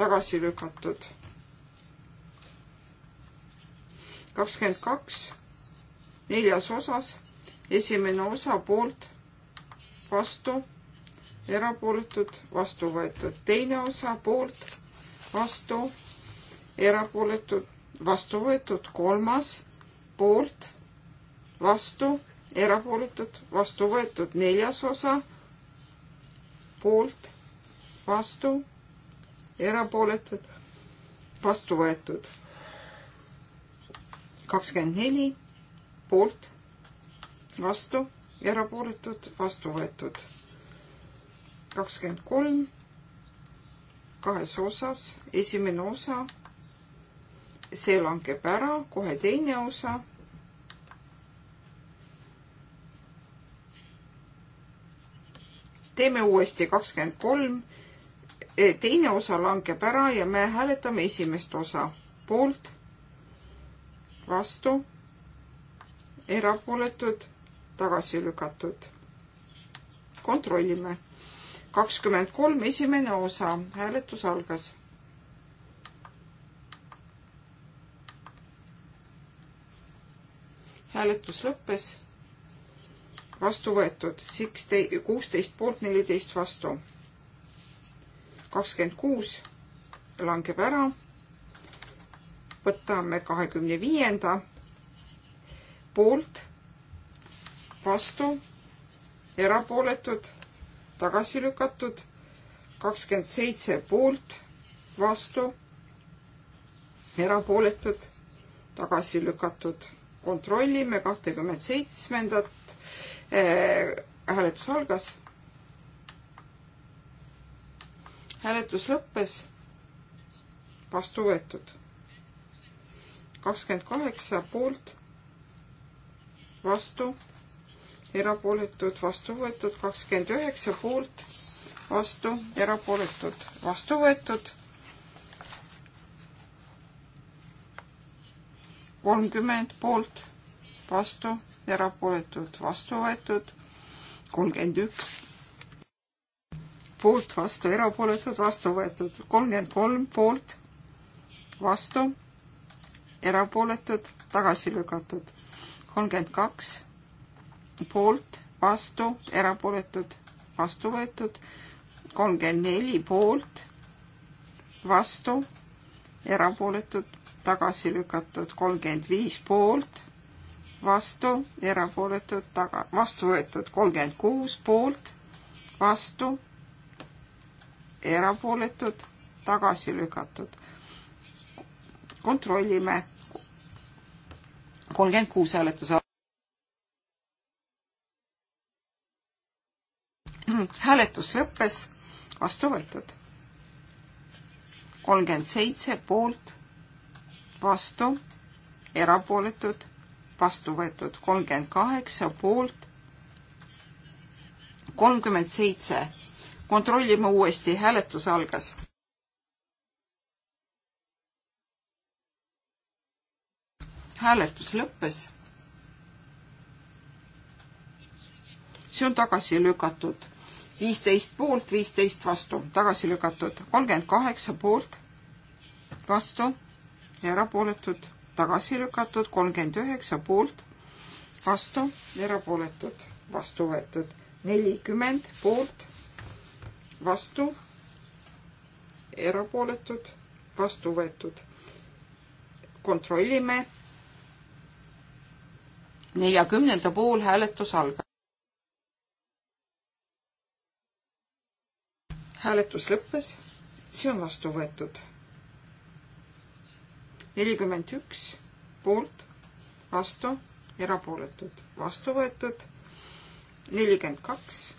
tagasi lükatud kakskümmend kaks neljas osas, esimene osa poolt, vastu, erapooletud, vastu võetud, teine osa poolt, vastu, erapooletud, vastu võetud, kolmas poolt, vastu, erapooletud, vastu võetud, neljas osa poolt, vastu, erapooletud, vastu võetud kakskümmend neli poolt, vastu, erapooletud, vastu võetud. kakskümmend kolm kahes osas, esimene osa, see langeb ära, kohe teine osa teeme uuesti kakskümmend kolm. Eh, teine osa langeb ära ja me hääletame esimest osa poolt, vastu, erapooletud, tagasi lükatud. kontrollime. kakskümmend kolm, esimene osa, hääletus algas. hääletus lõppes vastu võetud, kuusteist poolt, neliteist vastu. kakskümmend kuus langeb ära võtame kahekümne viienda poolt, vastu, erapooletud, tagasi lükatud, kakskümmend seitse poolt, vastu, erapooletud, tagasi lükatud. kontrollime kahtekümmet seitsmendat äh, hääletus algas. hääletus lõppes, vastu võetud kakskümmend kaheksa poolt, vastu, erapooletud, vastu võetud, kakskümmend üheksa poolt, vastu, erapooletud, vastu võetud. kolmkümmend poolt, vastu, erapooletud, vastu võetud, kolmkümmend üks poolt, vastu, erapooletud, vastu võetud, kolmkümmend kolm poolt, vastu, erapooletud, tagasi lükatud. kolmkümmend kaks poolt, vastu, erapooletud, vastu võetud. kolmkümmend neli poolt, vastu, erapooletud, tagasi lükatud. kolmkümmend viis poolt, vastu, erapooletud, taga, vastu võetud. kolmkümmend kuus poolt, vastu, erapooletud, tagasi lükatud kontrollime kolmkümmend kuus hääletuse. [clears throat] hääletus lõppes, vastu võetud. kolmkümmend seitse poolt, vastu, erapooletud, vastu võetud. kolmkümmend kaheksa poolt, kolmkümmend seitse. kontrollime uuesti, hääletus algas hääletus lõppes. see on tagasi lükatud. viisteist poolt, viisteist vastu, tagasi lükatud. kolmkümmend kaheksa poolt, vastu, erapooletud, tagasi lükatud. kolmkümmend üheksa poolt, vastu, erapooletud, vastu võetud. nelikümmend poolt, vastu, erapooletud, vastu võetud kontrollime neljakümnenda puhul hääletus algab. hääletus lõppes, see on vastu võetud. nelikümmend üks poolt, vastu, erapooletud, vastu võetud. nelikümmend kaks,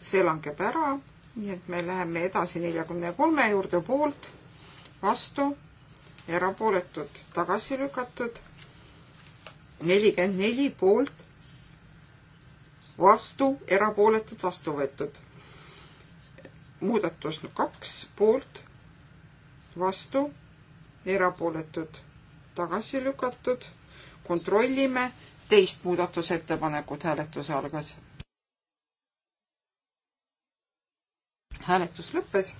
see langeb ära, nii et me läheme edasi neljakümne kolme juurde, poolt, vastu, erapooletud, tagasi lükatud nelikümmend neli poolt, vastu, erapooletud, vastu võetud. muudatus kaks poolt, vastu, erapooletud, tagasi lükatud. kontrollime teist muudatusettepanekut hääletuse algas. hääletus lõppes.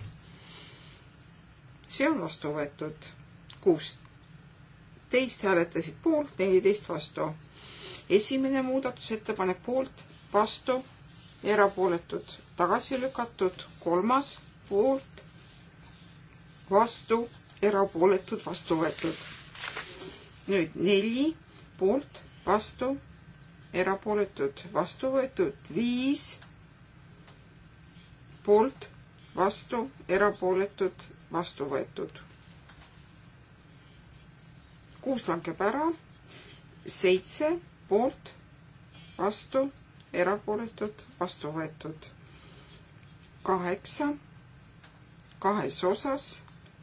see on vastu võetud kuus kaksteist hääletasid poolt, neliteist vastu. esimene muudatusettepanek poolt, vastu, erapooletud, tagasi lükatud, kolmas poolt, vastu, erapooletud, vastu võetud. nüüd neli poolt, vastu, erapooletud, vastu võetud, viis poolt, vastu, erapooletud, vastu võetud kuus langeb ära, seitse poolt, vastu, erapooletud, vastu võetud. kaheksa, kahes osas,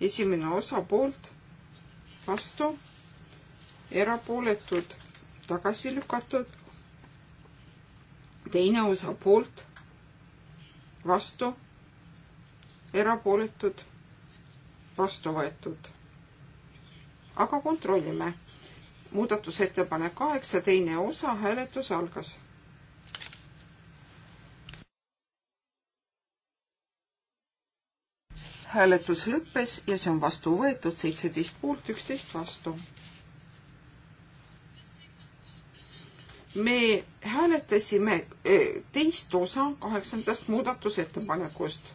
esimene osa poolt, vastu, erapooletud, tagasi lükatud. teine osa poolt, vastu, erapooletud, vastu võetud aga kontrollime. muudatusettepanek kaheksa, teine osa, hääletus algas. hääletus lõppes ja see on vastu võetud, seitseteist poolt, üksteist vastu. me hääletasime eh, teist osa kaheksandast muudatusettepanekust.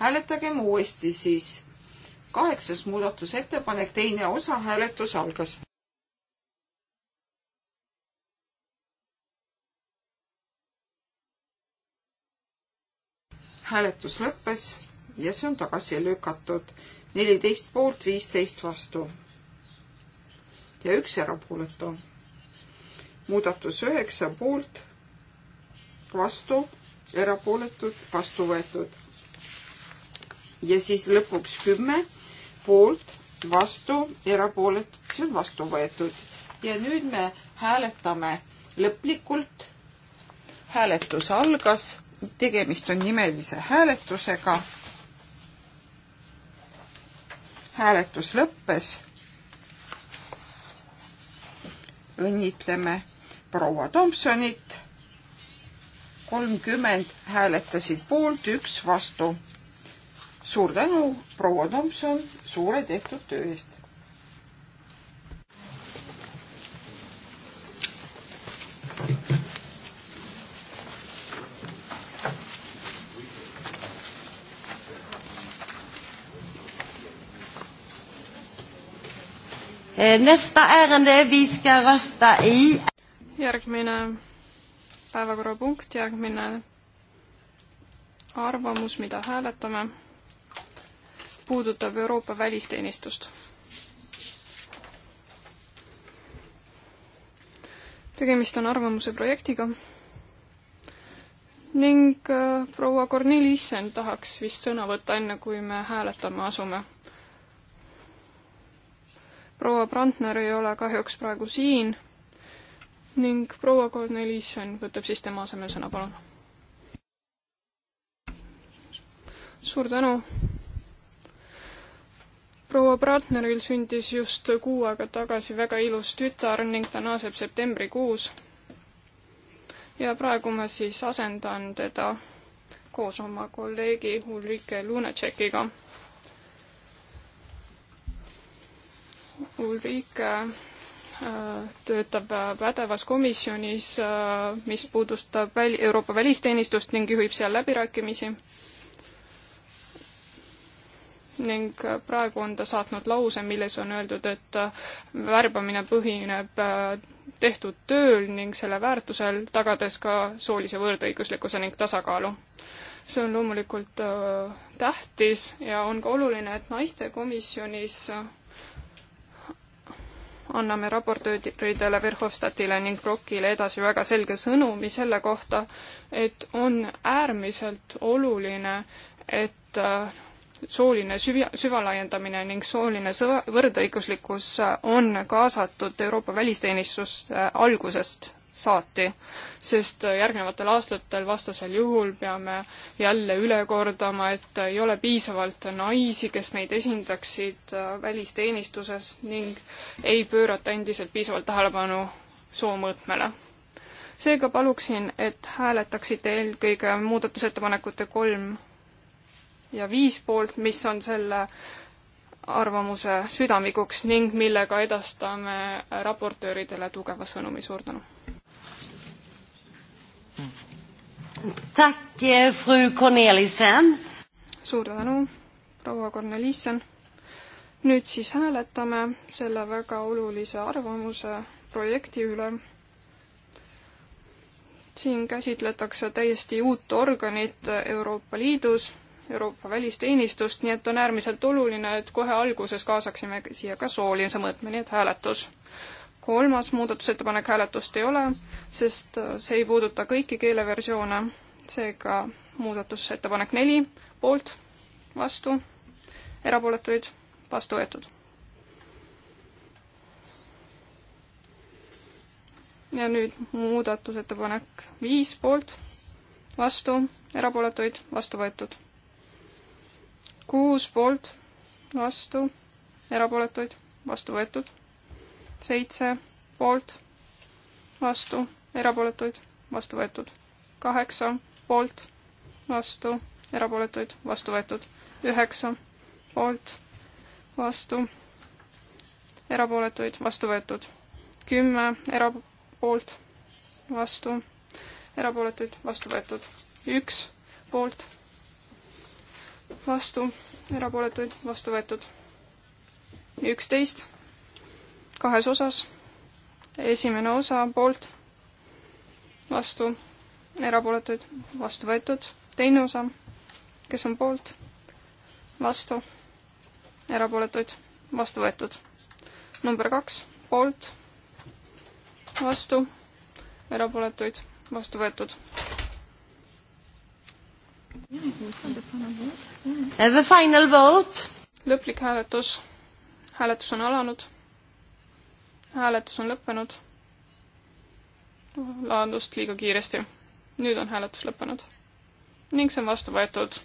hääletagem uuesti siis kaheksas muudatusettepanek, teine osa, hääletus algas. hääletus lõppes ja see on tagasi lükatud. neliteist poolt, viisteist vastu. ja üks erapooletu. muudatus üheksa poolt, vastu, erapooletud, vastu võetud. ja siis lõpuks kümme poolt, vastu, erapooletud, see on vastu võetud. ja nüüd me hääletame lõplikult. hääletus algas, tegemist on nimelise hääletusega. hääletus lõppes. õnnitleme proua Tomsonit. kolmkümmend hääletasid poolt, üks vastu suur tänu, proua Tomson, suure tehtud töö eest. Eh, nästa ärende vi ska rösta i. Järgmine päevakorrapunkt, järgmine arvamus, mida hääletame puudutab Euroopa välisteenistust. tegemist on arvamuse projektiga ning äh, proua Kornelissen tahaks vist sõna võtta, enne kui me hääletama asume. proua Brandner ei ole kahjuks praegu siin ning proua Kornelissen võtab siis tema asemel sõna, palun. suur tänu proua Brandneril sündis just kuu aega tagasi väga ilus tütar ning ta naaseb septembrikuus. ja praegu ma siis asendan teda koos oma kolleegi Ulrike Lunatšekiga. Ulrike äh, töötab pädevas komisjonis, äh, mis puudustab väl-, Euroopa välisteenistust ning juhib seal läbirääkimisi ning äh, praegu on ta saatnud lause, milles on öeldud, et äh, värbamine põhineb äh, tehtud tööl ning selle väärtusel, tagades ka soolise võrdõiguslikkuse ning tasakaalu. see on loomulikult tähtis ja on ka oluline, et naistekomisjonis anname raportööridele Verhofstadtile ning Brokile edasi väga selge sõnumi selle kohta, et on äärmiselt oluline, et sooline süvi-, süvalaiendamine ning sooline sõva, võrdõiguslikkus äh, on kaasatud Euroopa välisteenistusse äh, algusest saati, sest äh, järgnevatel aastatel vastasel juhul peame jälle üle kordama, et ei ole piisavalt naisi, kes meid esindaksid välisteenistuses ning ei pöörata endiselt piisavalt tähelepanu soomõõtmele seega paluksin, et hääletaksite eelkõige muudatusettepanekute kolm ja viis poolt, mis on selle arvamuse südamikuks ning millega edastame raportööridele tugeva sõnumi, suur tänu. Eh, suur tänu, proua Korneliisen. nüüd siis hääletame selle väga olulise arvamuse projekti üle siin käsitletakse täiesti uut organit Euroopa Liidus Euroopa välisteenistust, nii et on äärmiselt oluline, et kohe alguses kaasaksime siia ka soolise mõõtme, nii et hääletus. kolmas muudatusettepanek hääletust ei ole, sest äh, see ei puuduta kõiki keeleversioone, seega muudatusettepanek neli, poolt, vastu, erapooletuid, vastu võetud. ja nüüd muudatusettepanek viis poolt, vastu, erapooletuid, vastu võetud kuus poolt, vastu, erapooletuid, vastu võetud. seitse poolt, vastu, erapooletuid, vastu võetud. kaheksa poolt, vastu, erapooletuid, vastu võetud. üheksa poolt, vastu, erapooletuid, vastu võetud. kümme erapoolt, vastu, erapooletuid, vastu võetud. üks poolt vastu, erapooletuid vastu võetud. üksteist kahes osas. esimene osa poolt, vastu, erapooletuid vastu võetud. teine osa, kes on poolt, vastu, erapooletuid vastu võetud. number kaks, poolt, vastu, erapooletuid vastu võetud The final vote. lõplik hääletus. hääletus on alanud. hääletus on lõppenud. laadust liiga kiiresti. nüüd on hääletus lõppenud. ning see on vastu võetud.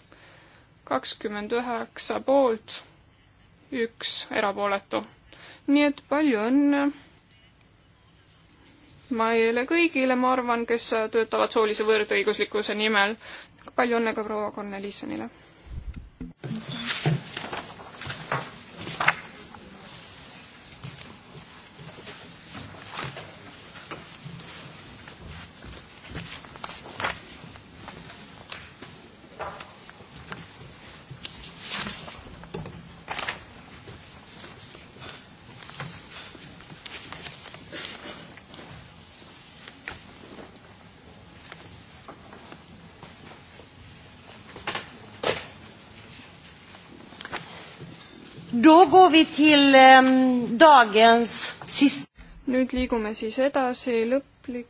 kakskümmend üheksa poolt, üks erapooletu. nii et palju õnne meile kõigile, ma arvan, kes töötavad soolise võrdõiguslikkuse nimel palju õnne ka proua Kornelissonile! Då går vi till ähm, dagens sist-. nüüd liigume siis edasi lõplik,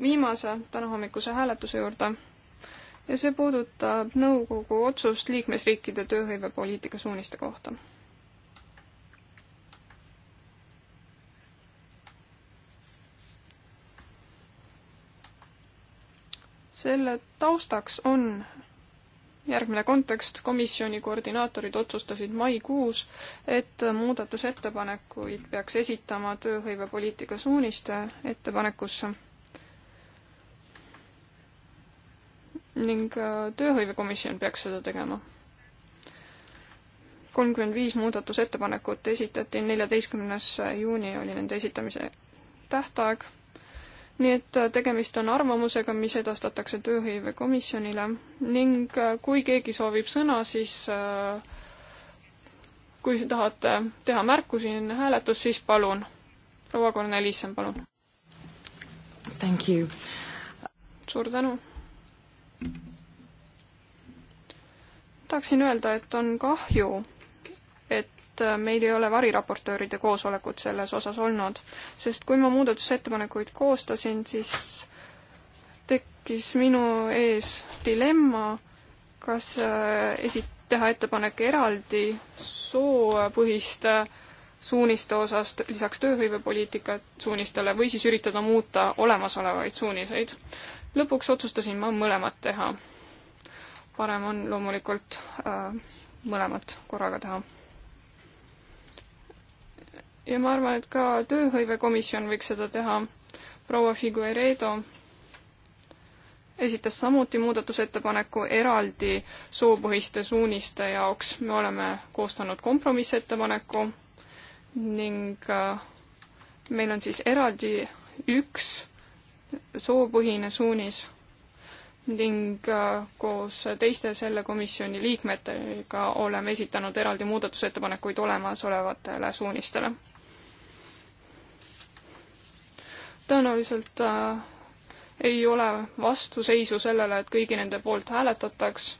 viimase tänahommikuse hääletuse juurde ja see puudutab nõukogu otsust liikmesriikide tööhõivepoliitika suuniste kohta. selle taustaks on järgmine kontekst, komisjoni koordinaatorid otsustasid maikuus, et muudatusettepanekuid peaks esitama tööhõivepoliitika suuniste ettepanekusse. ning äh, tööhõivekomisjon peaks seda tegema. kolmkümmend viis muudatusettepanekut esitati, neljateistkümnes juuni oli nende esitamise tähtaeg nii et äh, tegemist on arvamusega, mis edastatakse tööhõivekomisjonile ning äh, kui keegi soovib sõna, siis äh, kui tahate teha märkusi enne hääletust, siis palun. proua Kornelissen, palun. Thank you. suur tänu. tahaksin öelda, et on kahju, et et äh, meil ei ole variraportööride koosolekut selles osas olnud, sest kui ma muudatusettepanekuid koostasin, siis tekkis minu ees dilemma, kas äh, esi-, teha ettepanek eraldi soopõhist suuniste osast lisaks tööhõivepoliitika suunistele või siis üritada muuta olemasolevaid suuniseid. lõpuks otsustasin ma mõlemat teha. parem on loomulikult äh, mõlemat korraga teha ja ma arvan, et ka tööhõivekomisjon võiks seda teha. proua Figueredo esitas samuti muudatusettepaneku eraldi soopõhiste suuniste jaoks. me oleme koostanud kompromissettepaneku ning äh, meil on siis eraldi üks soopõhine suunis ning äh, koos teiste selle komisjoni liikmetega oleme esitanud eraldi muudatusettepanekuid olemasolevatele suunistele. tõenäoliselt äh, ei ole vastuseisu sellele, et kõigi nende poolt hääletataks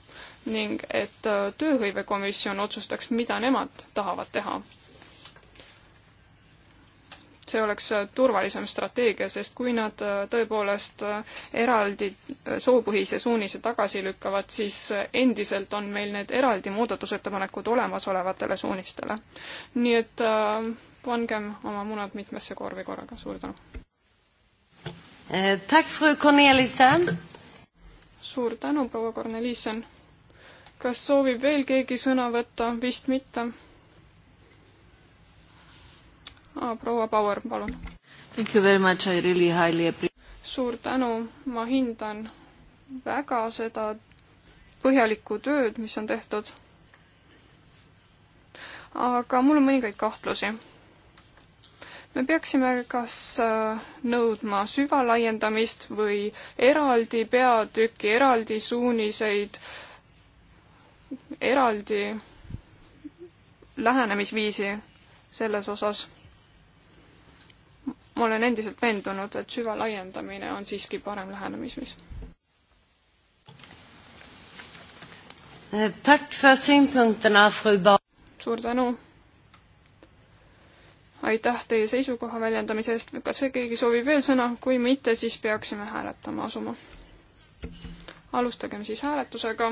ning et äh, tööhõivekomisjon otsustaks, mida nemad tahavad teha. see oleks äh, turvalisem strateegia, sest kui nad äh, tõepoolest äh, eraldi äh, soopõhise suunise tagasi lükkavad, siis endiselt on meil need eraldi muudatusettepanekud olemasolevatele suunistele. nii et äh, pangem oma munad mitmesse korvi korraga, suur tänu! Eh, tack fru Cornelissen. suur tänu, proua Cornelissen. kas soovib veel keegi sõna võtta? vist mitte. Ah, proua Bauer, palun. Thank you very much, I really highly appreciate. suur tänu, ma hindan väga seda põhjalikku tööd, mis on tehtud. aga mul on mõningaid kahtlusi me peaksime kas äh, nõudma süvalaiendamist või eraldi peatüki, eraldi suuniseid, eraldi lähenemisviisi selles osas. ma olen endiselt veendunud, et süvalaiendamine on siiski parem lähenemisviis. Äh, suur tänu aitäh teie seisukoha väljendamise eest, kas keegi soovib veel sõna, kui mitte, siis peaksime hääletama asuma. alustagem siis hääletusega.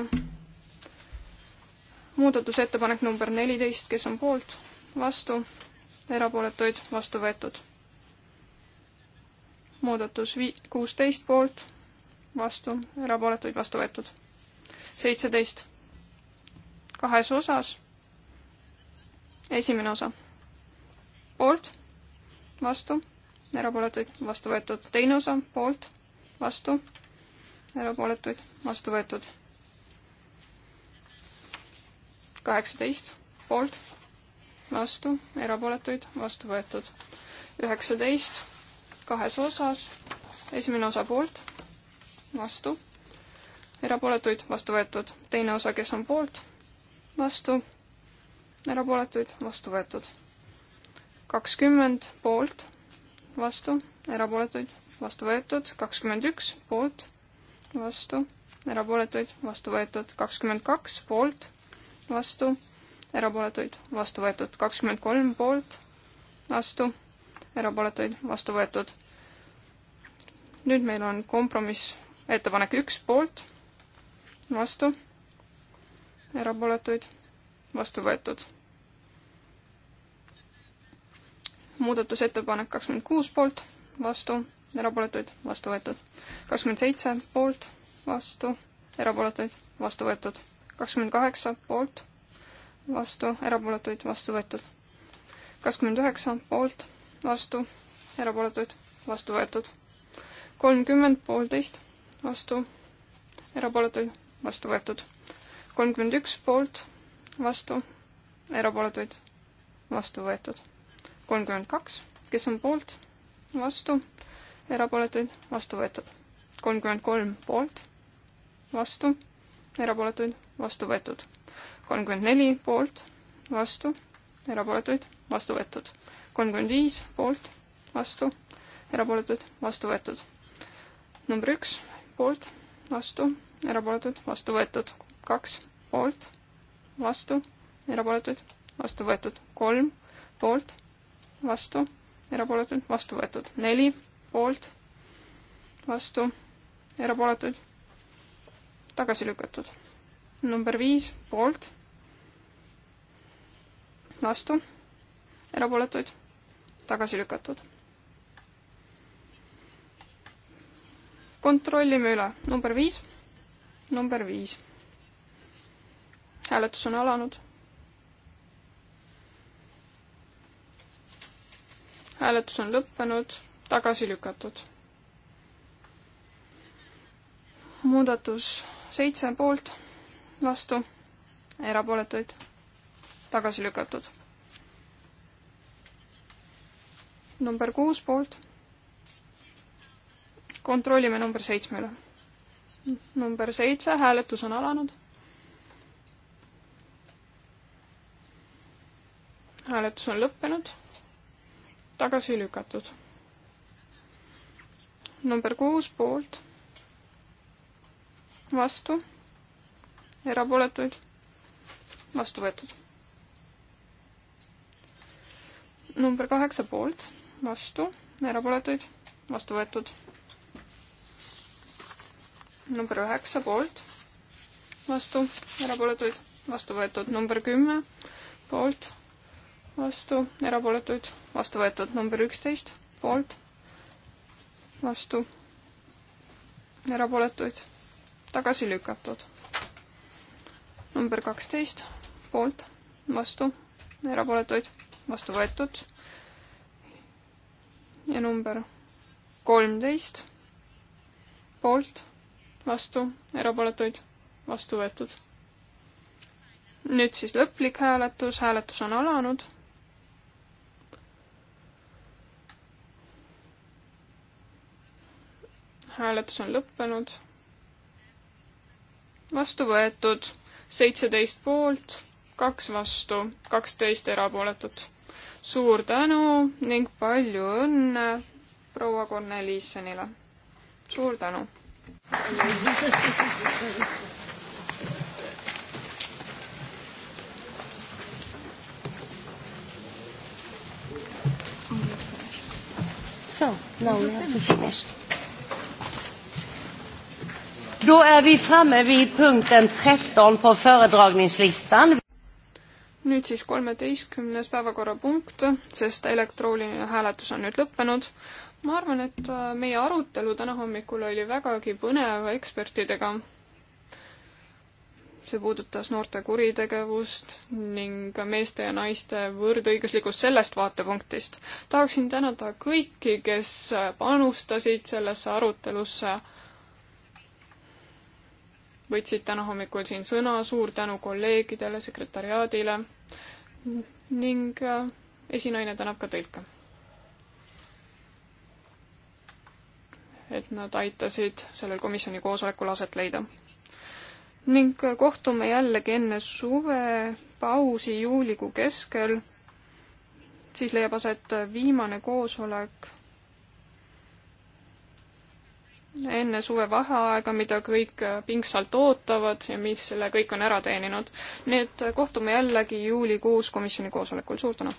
muudatusettepanek number neliteist, kes on poolt, vastu, erapooletuid, vastu võetud. muudatus vi-, kuusteist poolt, vastu, erapooletuid, vastu võetud. seitseteist, kahes osas, esimene osa poolt, vastu, erapooletuid, vastu võetud. teine osa, poolt, vastu, erapooletuid, vastu võetud. kaheksateist, poolt, vastu, erapooletuid, vastu võetud. üheksateist, kahes osas, esimene osa poolt, vastu, erapooletuid, vastu võetud. teine osa, kes on poolt, vastu, erapooletuid, vastu võetud kakskümmend poolt, vastu, erapooletuid, vastu võetud, kakskümmend üks poolt, vastu, erapooletuid, vastu võetud, kakskümmend kaks poolt, vastu, erapooletuid, vastu võetud, kakskümmend kolm poolt, vastu, erapooletuid, vastu võetud. nüüd meil on kompromiss, ettepanek üks poolt, vastu, erapooletuid, vastu võetud muudatusettepanek kakskümmend kuus poolt, vastu, erapooletuid, vastu võetud. kakskümmend seitse poolt, vastu, erapooletuid, vastu võetud. kakskümmend kaheksa poolt, vastu, erapooletuid, vastu võetud. kakskümmend üheksa poolt, vastu, erapooletuid, vastu võetud. kolmkümmend poolteist, vastu, erapooletuid, vastu võetud. kolmkümmend üks poolt, vastu, erapooletuid, vastu võetud kolmkümmend kaks, kes on poolt, vastu, erapooletuid, vastu võetud. kolmkümmend kolm poolt, vastu, erapooletuid, vastu võetud. kolmkümmend neli poolt, vastu, erapooletuid, vastu võetud. kolmkümmend viis poolt, vastu, erapooletuid, vastu võetud. number üks, poolt, vastu, erapooletuid, vastu võetud. kaks, poolt, vastu, erapooletuid, vastu võetud. kolm, poolt, vastu, erapooletuid, vastu võetud. neli poolt, vastu, erapooletuid, tagasi lükatud. number viis poolt, vastu, erapooletuid, tagasi lükatud. kontrollime üle, number viis, number viis. hääletus on alanud hääletus on lõppenud, tagasi lükatud. muudatus seitse poolt, vastu, erapooletuid, tagasi lükatud. number kuus poolt. kontrollime number seitsme üle. number seitse, hääletus on alanud. hääletus on lõppenud tagasi lükatud. number kuus poolt, vastu, erapooletuid, vastu võetud. number kaheksa poolt, vastu, erapooletuid, vastu võetud. number üheksa poolt, vastu, erapooletuid, vastu võetud. number kümme poolt vastu, erapooletuid vastu võetud. number üksteist poolt, vastu, erapooletuid tagasi lükatud. number kaksteist poolt, vastu, erapooletuid vastu võetud. ja number kolmteist poolt, vastu, erapooletuid vastu võetud. nüüd siis lõplik hääletus, hääletus on alanud hääletus on lõppenud. vastu võetud seitseteist poolt, kaks vastu, kaksteist erapooletut. suur tänu ning palju õnne proua Korneliissonile. suur tänu. So, now we have to finish. Då är vi framme vid punkten 13 på föredragningslistan. nüüd siis kolmeteistkümnes päevakorrapunkt, sest elektrooniline hääletus on nüüd lõppenud. ma arvan, et äh, meie arutelu täna hommikul oli vägagi põnev ekspertidega. see puudutas noorte kuritegevust ning meeste ja naiste võrdõiguslikkust sellest vaatepunktist. tahaksin tänada kõiki, kes panustasid sellesse arutelusse võtsid täna hommikul siin sõna, suur tänu kolleegidele, sekretariaadile ning äh, esinaine tänab ka tõlke. et nad aitasid sellel komisjoni koosolekul aset leida. ning äh, kohtume jällegi enne suvepausi juulikuu keskel, siis leiab aset äh, viimane koosolek enne suvevaheaega, mida kõik äh, pingsalt ootavad ja mis selle kõik on ära teeninud. nii et äh, kohtume jällegi juulikuus komisjoni koosolekul, suur tänu!